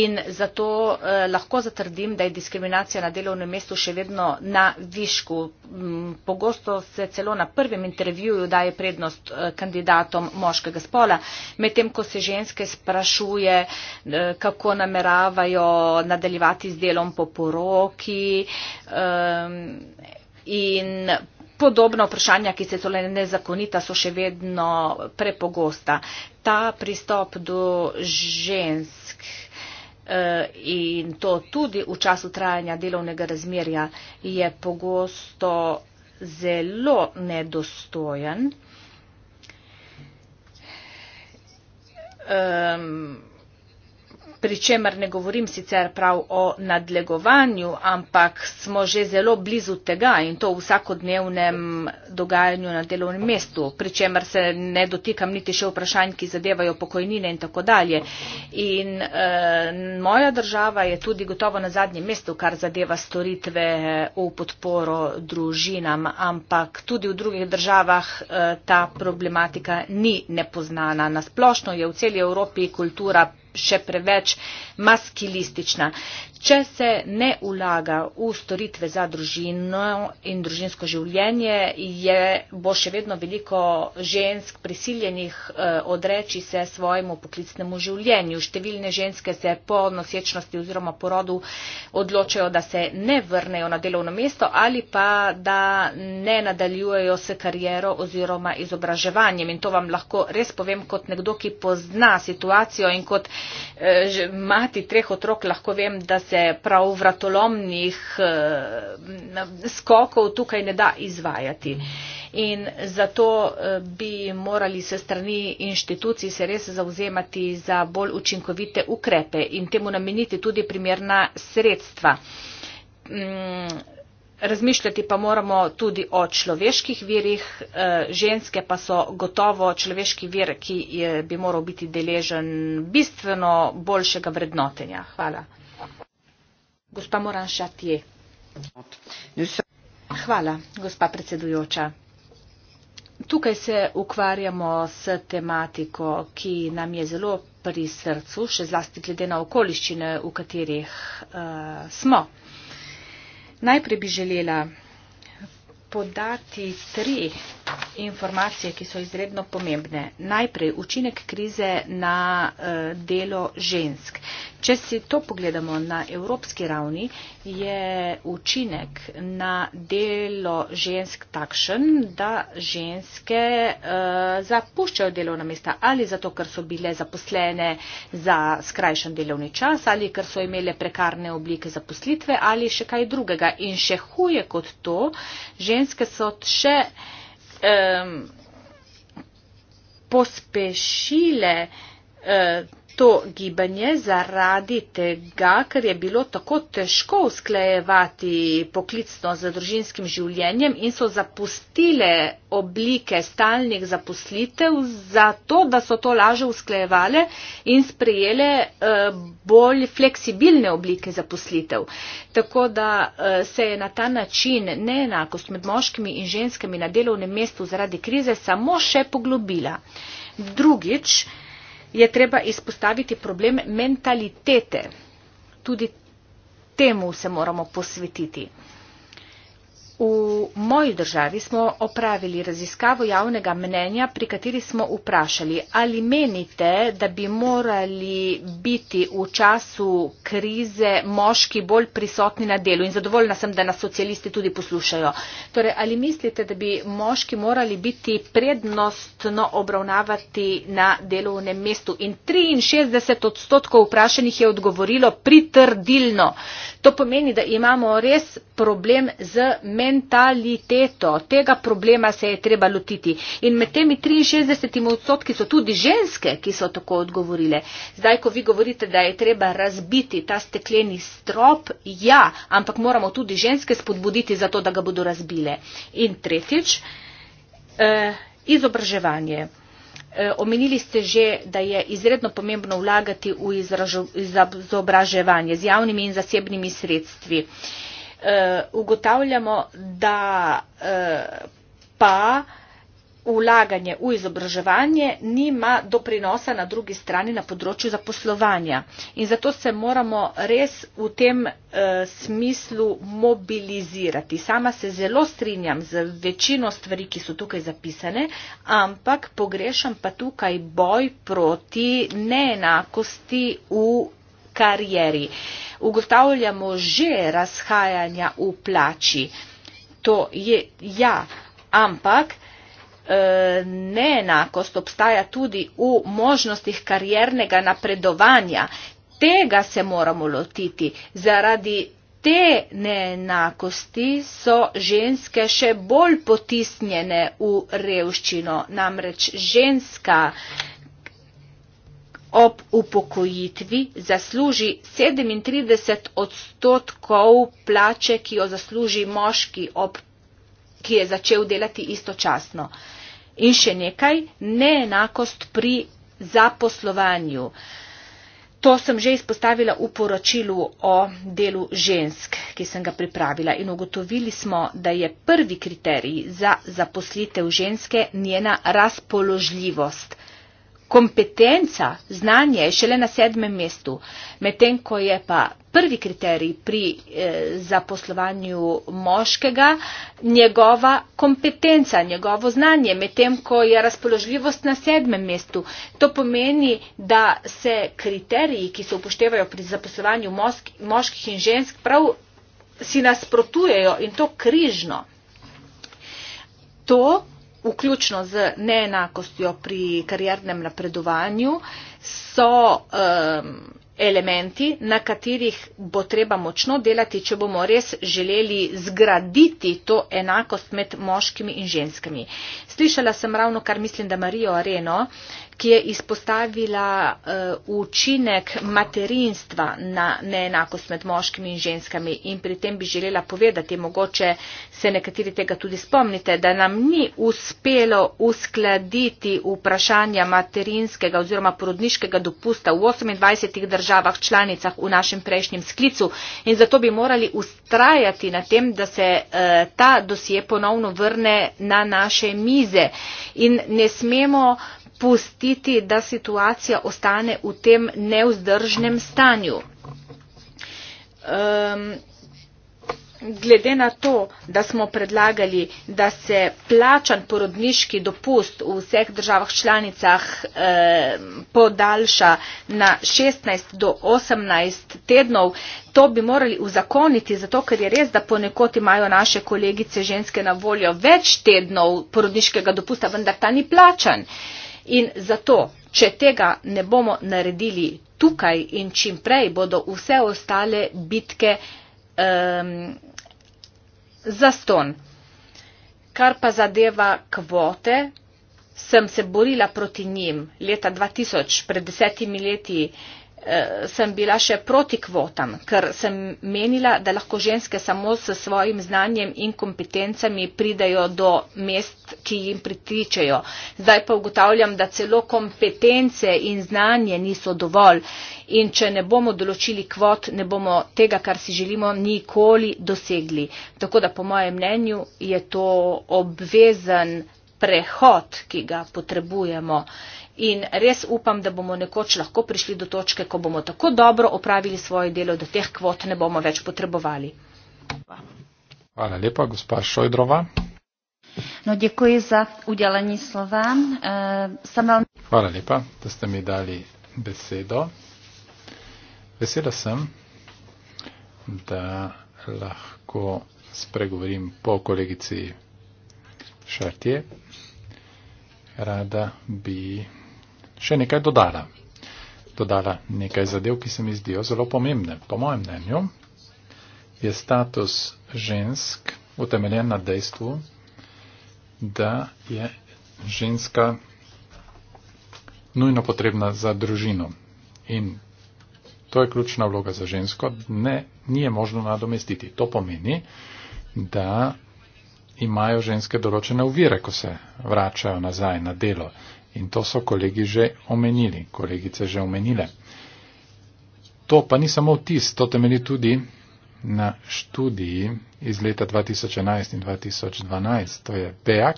in zato eh, lahko zatrdim, da je diskriminacija na delovnem mestu še vedno na višku. Mm, pogosto se celo na prvem intervjuju daje prednost eh, kandidatom moškega spola, medtem ko se ženske sprašuje, eh, kako nameravajo nadaljevati z delom po poroki um, in podobno vprašanja, ki se tole nezakonita, so še vedno prepogosta. Ta pristop do žensk uh, in to tudi v času trajanja delovnega razmerja je pogosto zelo nedostojen. Um, pri čemer ne govorim sicer prav o nadlegovanju, ampak smo že zelo blizu tega in to v vsakodnevnem dogajanju na delovnem mestu, pri čemer se ne dotikam niti še vprašanj, ki zadevajo pokojnine in tako dalje. In eh, moja država je tudi gotovo na zadnjem mestu, kar zadeva storitve eh, v podporo družinam, ampak tudi v drugih državah eh, ta problematika ni nepoznana. Nasplošno je v celi Evropi kultura še preveč maskilistična. Če se ne vlaga v storitve za družino in družinsko življenje, je, bo še vedno veliko žensk prisiljenih eh, odreči se svojemu poklicnemu življenju. Številne ženske se po nosečnosti oziroma porodu odločajo, da se ne vrnejo na delovno mesto ali pa da ne nadaljujejo s kariero oziroma izobraževanjem. In to vam lahko res povem kot nekdo, ki pozna situacijo in kot eh, mati treh otrok lahko vem, da se se prav vratolomnih eh, skokov tukaj ne da izvajati. In zato eh, bi morali se strani inštitucij se res zauzemati za bolj učinkovite ukrepe in temu nameniti tudi primerna sredstva. Mm, razmišljati pa moramo tudi o človeških virih, eh, ženske pa so gotovo človeški vir, ki je, bi moral biti deležen bistveno boljšega vrednotenja. Hvala gospa Moran Šatje. Hvala, gospa predsedujoča. Tukaj se ukvarjamo s tematiko, ki nam je zelo pri srcu, še zlasti glede na okoliščine, v katerih uh, smo. Najprej bi želela podati tri informacije, ki so izredno pomembne. Najprej učinek krize na eh, delo žensk. Če si to pogledamo na evropski ravni, je učinek na delo žensk takšen, da ženske eh, zapuščajo delovna mesta ali zato, ker so bile zaposlene za skrajšan delovni čas ali ker so imele prekarne oblike zaposlitve ali še kaj drugega. In še huje kot to, žensk ženske so še um, pospešile uh, to gibanje zaradi tega, ker je bilo tako težko usklejevati poklicno z družinskim življenjem in so zapustile oblike stalnih zaposlitev zato, da so to laže usklejevale in sprejele eh, bolj fleksibilne oblike zaposlitev. Tako da eh, se je na ta način neenakost med moškimi in ženskami na delovnem mestu zaradi krize samo še poglobila. Drugič, je treba izpostaviti problem mentalitete. Tudi temu se moramo posvetiti. V moji državi smo opravili raziskavo javnega mnenja, pri kateri smo vprašali, ali menite, da bi morali biti v času krize moški bolj prisotni na delu. In zadovoljna sem, da nas socialisti tudi poslušajo. Torej, ali mislite, da bi moški morali biti prednostno obravnavati na delovnem mestu? In 63 odstotkov vprašanih je odgovorilo pritrdilno. To pomeni, da imamo res problem z mentaliteto. Tega problema se je treba lotiti. In med temi 63 odstotki so tudi ženske, ki so tako odgovorile. Zdaj, ko vi govorite, da je treba razbiti ta stekleni strop, ja, ampak moramo tudi ženske spodbuditi za to, da ga bodo razbile. In tretjič, eh, izobraževanje. Eh, omenili ste že da je izredno pomembno vlagati v izobraževanje z javnimi in zasebnimi sredstvi eh, ugotavljamo da eh, pa ulaganje v izobraževanje nima doprinosa na drugi strani na področju zaposlovanja. In zato se moramo res v tem e, smislu mobilizirati. Sama se zelo strinjam z večino stvari, ki so tukaj zapisane, ampak pogrešam pa tukaj boj proti neenakosti v karieri. Ugotavljamo že razhajanja v plači. To je ja, ampak E, neenakost obstaja tudi v možnostih kariernega napredovanja. Tega se moramo lotiti. Zaradi te neenakosti so ženske še bolj potisnjene v revščino. Namreč ženska ob upokojitvi zasluži 37 odstotkov plače, ki jo zasluži moški ob ki je začel delati istočasno. Uh, In še nekaj, neenakost pri zaposlovanju. To sem že izpostavila v poročilu o delu žensk, ki sem ga pripravila in ugotovili smo, da je prvi kriterij za zaposlitev ženske njena razpoložljivost kompetenca, znanje je šele na sedmem mestu, medtem ko je pa prvi kriterij pri eh, zaposlovanju moškega njegova kompetenca, njegovo znanje, medtem ko je razpoložljivost na sedmem mestu. To pomeni, da se kriteriji, ki se upoštevajo pri zaposlovanju mosk, moških in žensk, prav si nasprotujejo in to križno. To, vključno z neenakostjo pri kariernem napredovanju, so um, elementi, na katerih bo treba močno delati, če bomo res želeli zgraditi to enakost med moškimi in ženskami. Slišala sem ravno kar mislim, da Marijo Areno uh, ki je izpostavila eh, učinek materinstva na neenakost med moškimi in ženskami. In pri tem bi želela povedati, mogoče se nekateri tega tudi spomnite, da nam ni uspelo uskladiti vprašanja materinskega oziroma porodniškega dopusta v 28 državah članicah v našem prejšnjem sklicu. In zato bi morali ustrajati na tem, da se eh, ta dosje ponovno vrne na naše mize. In ne smemo pustiti, da situacija ostane v tem neuzdržnem stanju. Um, Glede na to, da smo predlagali, da se plačan porodniški dopust v vseh državah članicah eh, podaljša na 16 do 18 tednov, to bi morali uzakoniti, zato ker je res, da ponekod imajo naše kolegice ženske na voljo več tednov porodniškega dopusta, vendar ta ni plačan. Eh, in zato če tega ne bomo naredili tukaj in čim prej bodo vse ostale bitke um, zaston. Kar pa zadeva kvote, sem se borila proti njim leta 2000, pred desetimi leti, uh, Eh, sem bila še proti kvotam, ker sem menila, da lahko ženske samo s svojim znanjem in kompetencami pridajo do mest, ki jim pritičejo. Zdaj pa ugotavljam, da celo kompetence in znanje niso dovolj in če ne bomo določili kvot, ne bomo tega, kar si želimo, nikoli dosegli. Tako da po mojem mnenju je to obvezen prehod, ki ga potrebujemo in res upam, da bomo nekoč lahko prišli do točke, ko bomo tako dobro opravili svoje delo, da teh kvot ne bomo več potrebovali. Hvala lepa, gospa Šojdrova. No, děkuji za udělení slova. E, eh, vel... Hvala lepa, da ste mi dali besedo. Vesela sem, da lahko spregovorim po kolegici Šartje. Rada bi še nekaj dodala. Dodala nekaj zadev, ki se mi zdijo zelo pomembne. Po mojem mnenju je status žensk utemeljen na dejstvu, da je ženska nujno potrebna za družino. In to je ključna vloga za žensko. Ne, ni je možno nadomestiti. To pomeni, da imajo ženske določene uvire, ko se vračajo nazaj na delo. In to so kolegi že omenili, kolegice že omenile. To pa ni samo vtis, to temeli tudi na študiji iz leta 2011 in 2012. To je BEAC,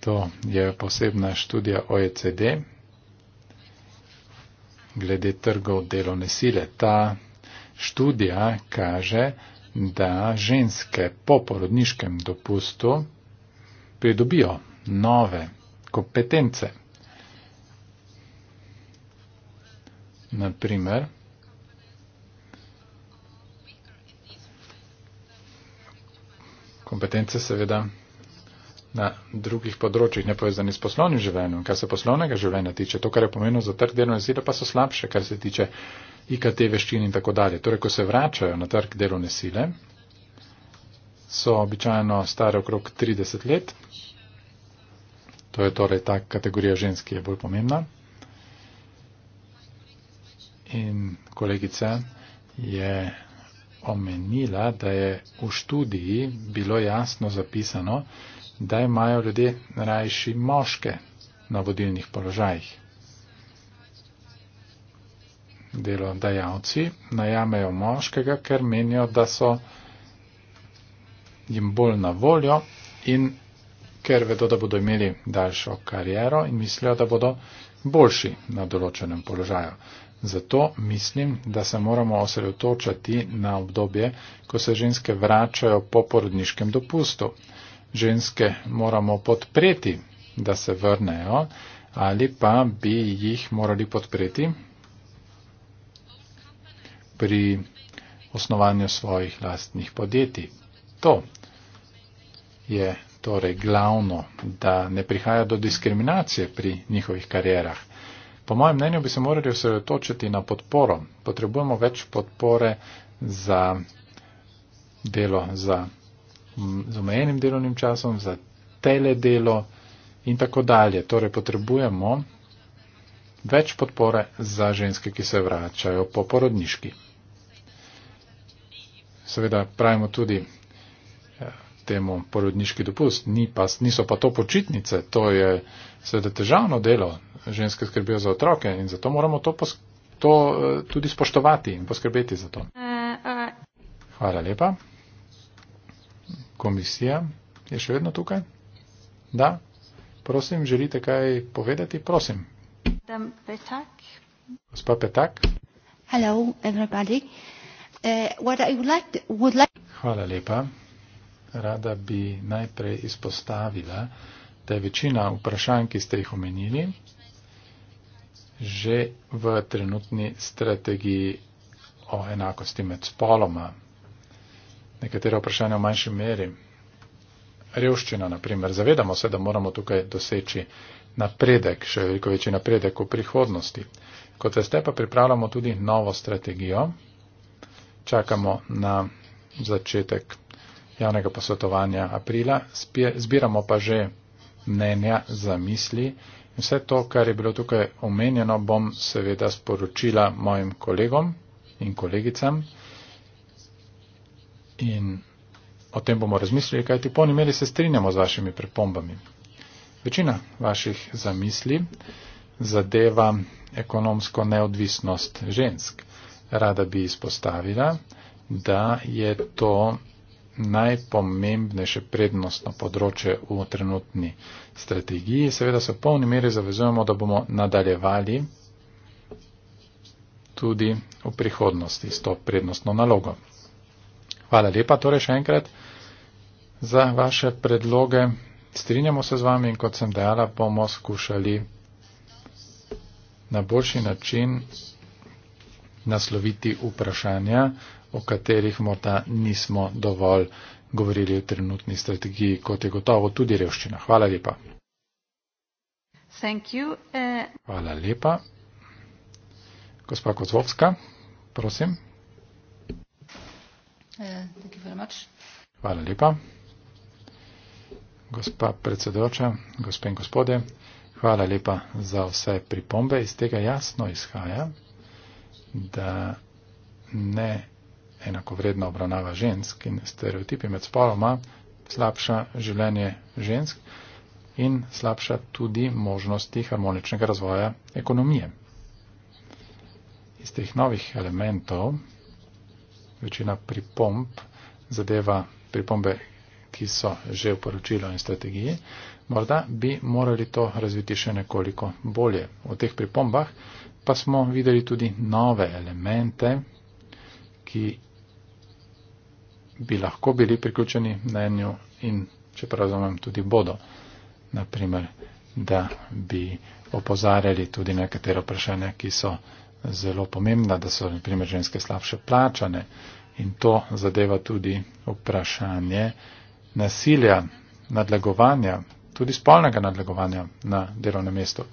to je posebna študija OECD glede trgov delovne sile. Ta študija kaže, da ženske po porodniškem dopustu pridobijo nove kompetence. Naprimer, kompetence seveda na drugih področjih, ne povezani s poslovnim življenjem. Kar se poslovnega življenja tiče, to, kar je pomenilo za trg delovne sile, pa so slabše, kar se tiče IKT veščin in tako dalje. Torej, ko se vračajo na trg delovne sile, so običajno stare okrog 30 let To je torej ta kategorija ženski, ki je bolj pomembna. In kolegica je omenila, da je v študiji bilo jasno zapisano, da imajo ljudje rajši moške na vodilnih položajih. Delodajalci najamejo moškega, ker menijo, da so jim bolj na voljo in ker vedo, da bodo imeli daljšo kariero in mislijo, da bodo boljši na določenem položaju. Zato mislim, da se moramo osredotočati na obdobje, ko se ženske vračajo po porodniškem dopustu. Ženske moramo podpreti, da se vrnejo ali pa bi jih morali podpreti pri osnovanju svojih lastnih podjetij. To je torej glavno, da ne prihaja do diskriminacije pri njihovih karjerah. Po mojem mnenju bi se morali osredotočiti na podporo. Potrebujemo več podpore za delo za, z omejenim delovnim časom, za teledelo in tako dalje. Torej potrebujemo več podpore za ženske, ki se vračajo po porodniški. Seveda pravimo tudi, temu porodniški dopust, ni pa, niso pa to počitnice, to je seveda težavno delo, ženske skrbijo za otroke in zato moramo to, pos, to eh, tudi spoštovati in poskrbeti za to. Uh, uh. Hvala lepa. Komisija je še vedno tukaj? Da? Prosim, želite kaj povedati? Prosim. Gospa Petak. Uh, Hvala lepa rada bi najprej izpostavila, da je večina vprašanj, ki ste jih omenili, že v trenutni strategiji o enakosti med spoloma. Nekatera vprašanja v manjši meri. Revščina, na primer. Zavedamo se, da moramo tukaj doseči napredek, še veliko večji napredek v prihodnosti. Kot veste, pa pripravljamo tudi novo strategijo. Čakamo na začetek javnega posvetovanja aprila, zbiramo pa že mnenja za misli. Vse to, kar je bilo tukaj omenjeno, bom seveda sporočila mojim kolegom in kolegicam. In o tem bomo razmislili, kaj ti polni meri se strinjamo z vašimi pripombami. Večina vaših zamisli zadeva ekonomsko neodvisnost žensk. Rada bi izpostavila, da je to najpomembnejše prednostno področje v trenutni strategiji. Seveda se v polni meri zavezujemo, da bomo nadaljevali tudi v prihodnosti s to prednostno nalogo. Hvala lepa torej še enkrat za vaše predloge. Strinjamo se z vami in kot sem dejala, bomo skušali na boljši način nasloviti vprašanja o katerih morda nismo dovolj govorili v trenutni strategiji, kot je gotovo tudi revščina. Hvala lepa. Eh. Hvala lepa. Gospa Kozlovska, prosim. Eh, hvala lepa. Gospa predsedoča, gospe in gospode, hvala lepa za vse pripombe. Iz tega jasno izhaja, da ne enakovredna obravnava žensk in stereotipi med spoloma slabša življenje žensk in slabša tudi možnosti harmoničnega razvoja ekonomije. Iz teh novih elementov večina pripomb zadeva pripombe, ki so že v poročilu in strategiji, morda bi morali to razviti še nekoliko bolje. V teh pripombah pa smo videli tudi nove elemente, ki bi lahko bili priključeni na enju in, če prav razumem, tudi bodo, naprimer, da bi opozarjali tudi nekatero vprašanja, ki so zelo pomembna, da so, naprimer, ženske slabše plačane in to zadeva tudi vprašanje nasilja, nadlegovanja, tudi spolnega nadlegovanja na delovnem mestu.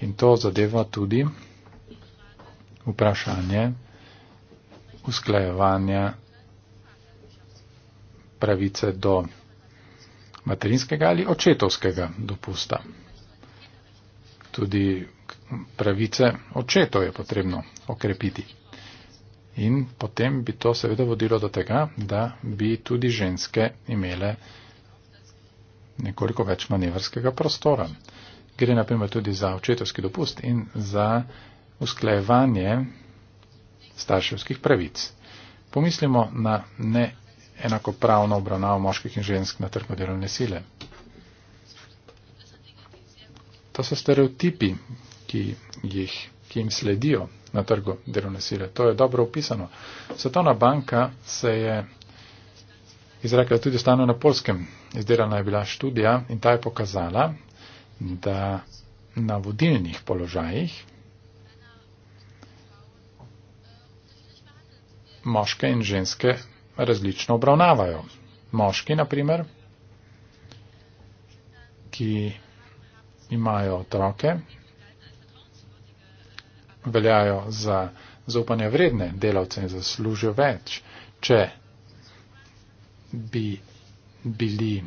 In to zadeva tudi vprašanje usklajevanja pravice do materinskega ali očetovskega dopusta. Tudi pravice očetov je potrebno okrepiti. In potem bi to seveda vodilo do tega, da bi tudi ženske imele nekoliko več manevrskega prostora. Gre naprimer tudi za očetovski dopust in za usklajevanje starševskih pravic. Pomislimo na ne enakopravno obravnavo moških in žensk na trgu delovne sile. To so stereotipi, ki, jih, ki jim sledijo na trgu delovne sile. To je dobro opisano. Svetovna banka se je izrekla tudi stano na polskem. Izdelana je bila študija in ta je pokazala, da na vodilnih položajih moške in ženske različno obravnavajo. Moški, naprimer, ki imajo otroke, veljajo za zaupanje vredne delavce in zaslužijo več. Če bi bili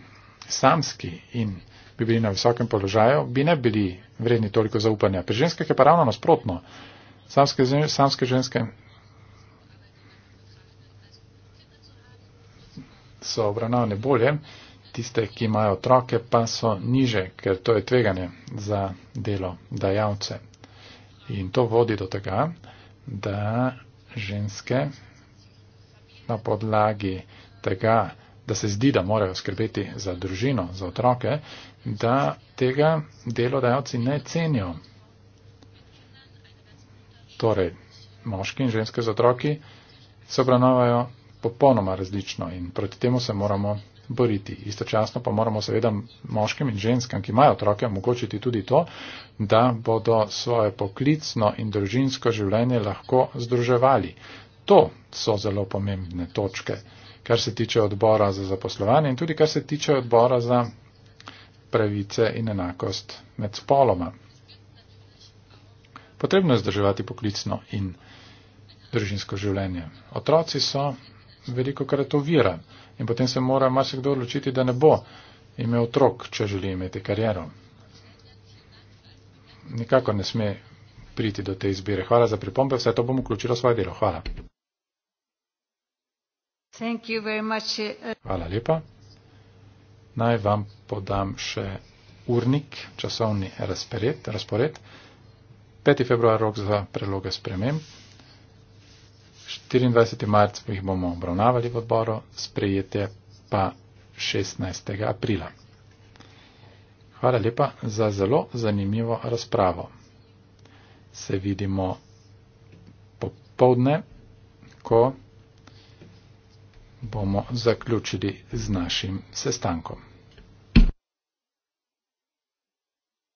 samski in bi bili na visokem položaju, bi ne bili vredni toliko zaupanja. Pri ženskih je pa ravno nasprotno. Samske, samske ženske so obravnavane bolje, tiste, ki imajo otroke, pa so niže, ker to je tveganje za delo dajavce. In to vodi do tega, da ženske na podlagi tega, da se zdi, da morajo skrbeti za družino, za otroke, da tega delodajalci ne cenijo. Torej, moški in ženske z otroki se obravnavajo popolnoma različno in proti temu se moramo boriti. Istočasno pa moramo seveda moškim in ženskam, ki imajo otroke, omogočiti tudi to, da bodo svoje poklicno in družinsko življenje lahko združevali. To so zelo pomembne točke, kar se tiče odbora za zaposlovanje in tudi kar se tiče odbora za pravice in enakost med spoloma. Potrebno je združevati poklicno in družinsko življenje. Otroci so veliko krat ovira. In potem se mora marsikdo odločiti, da ne bo imel otrok, če želi imeti kariero. Nikakor ne sme priti do te izbire. Hvala za pripombe, vse to bom vključila v svoje delo. Hvala. Hvala lepa. Naj vam podam še urnik, časovni razpored. 5. februar rok za predloge sprememb. 24. marc pa jih bomo obravnavali v odboru, sprejete pa 16. aprila. Hvala lepa za zelo zanimivo razpravo. Se vidimo popovdne, ko bomo zaključili z našim sestankom.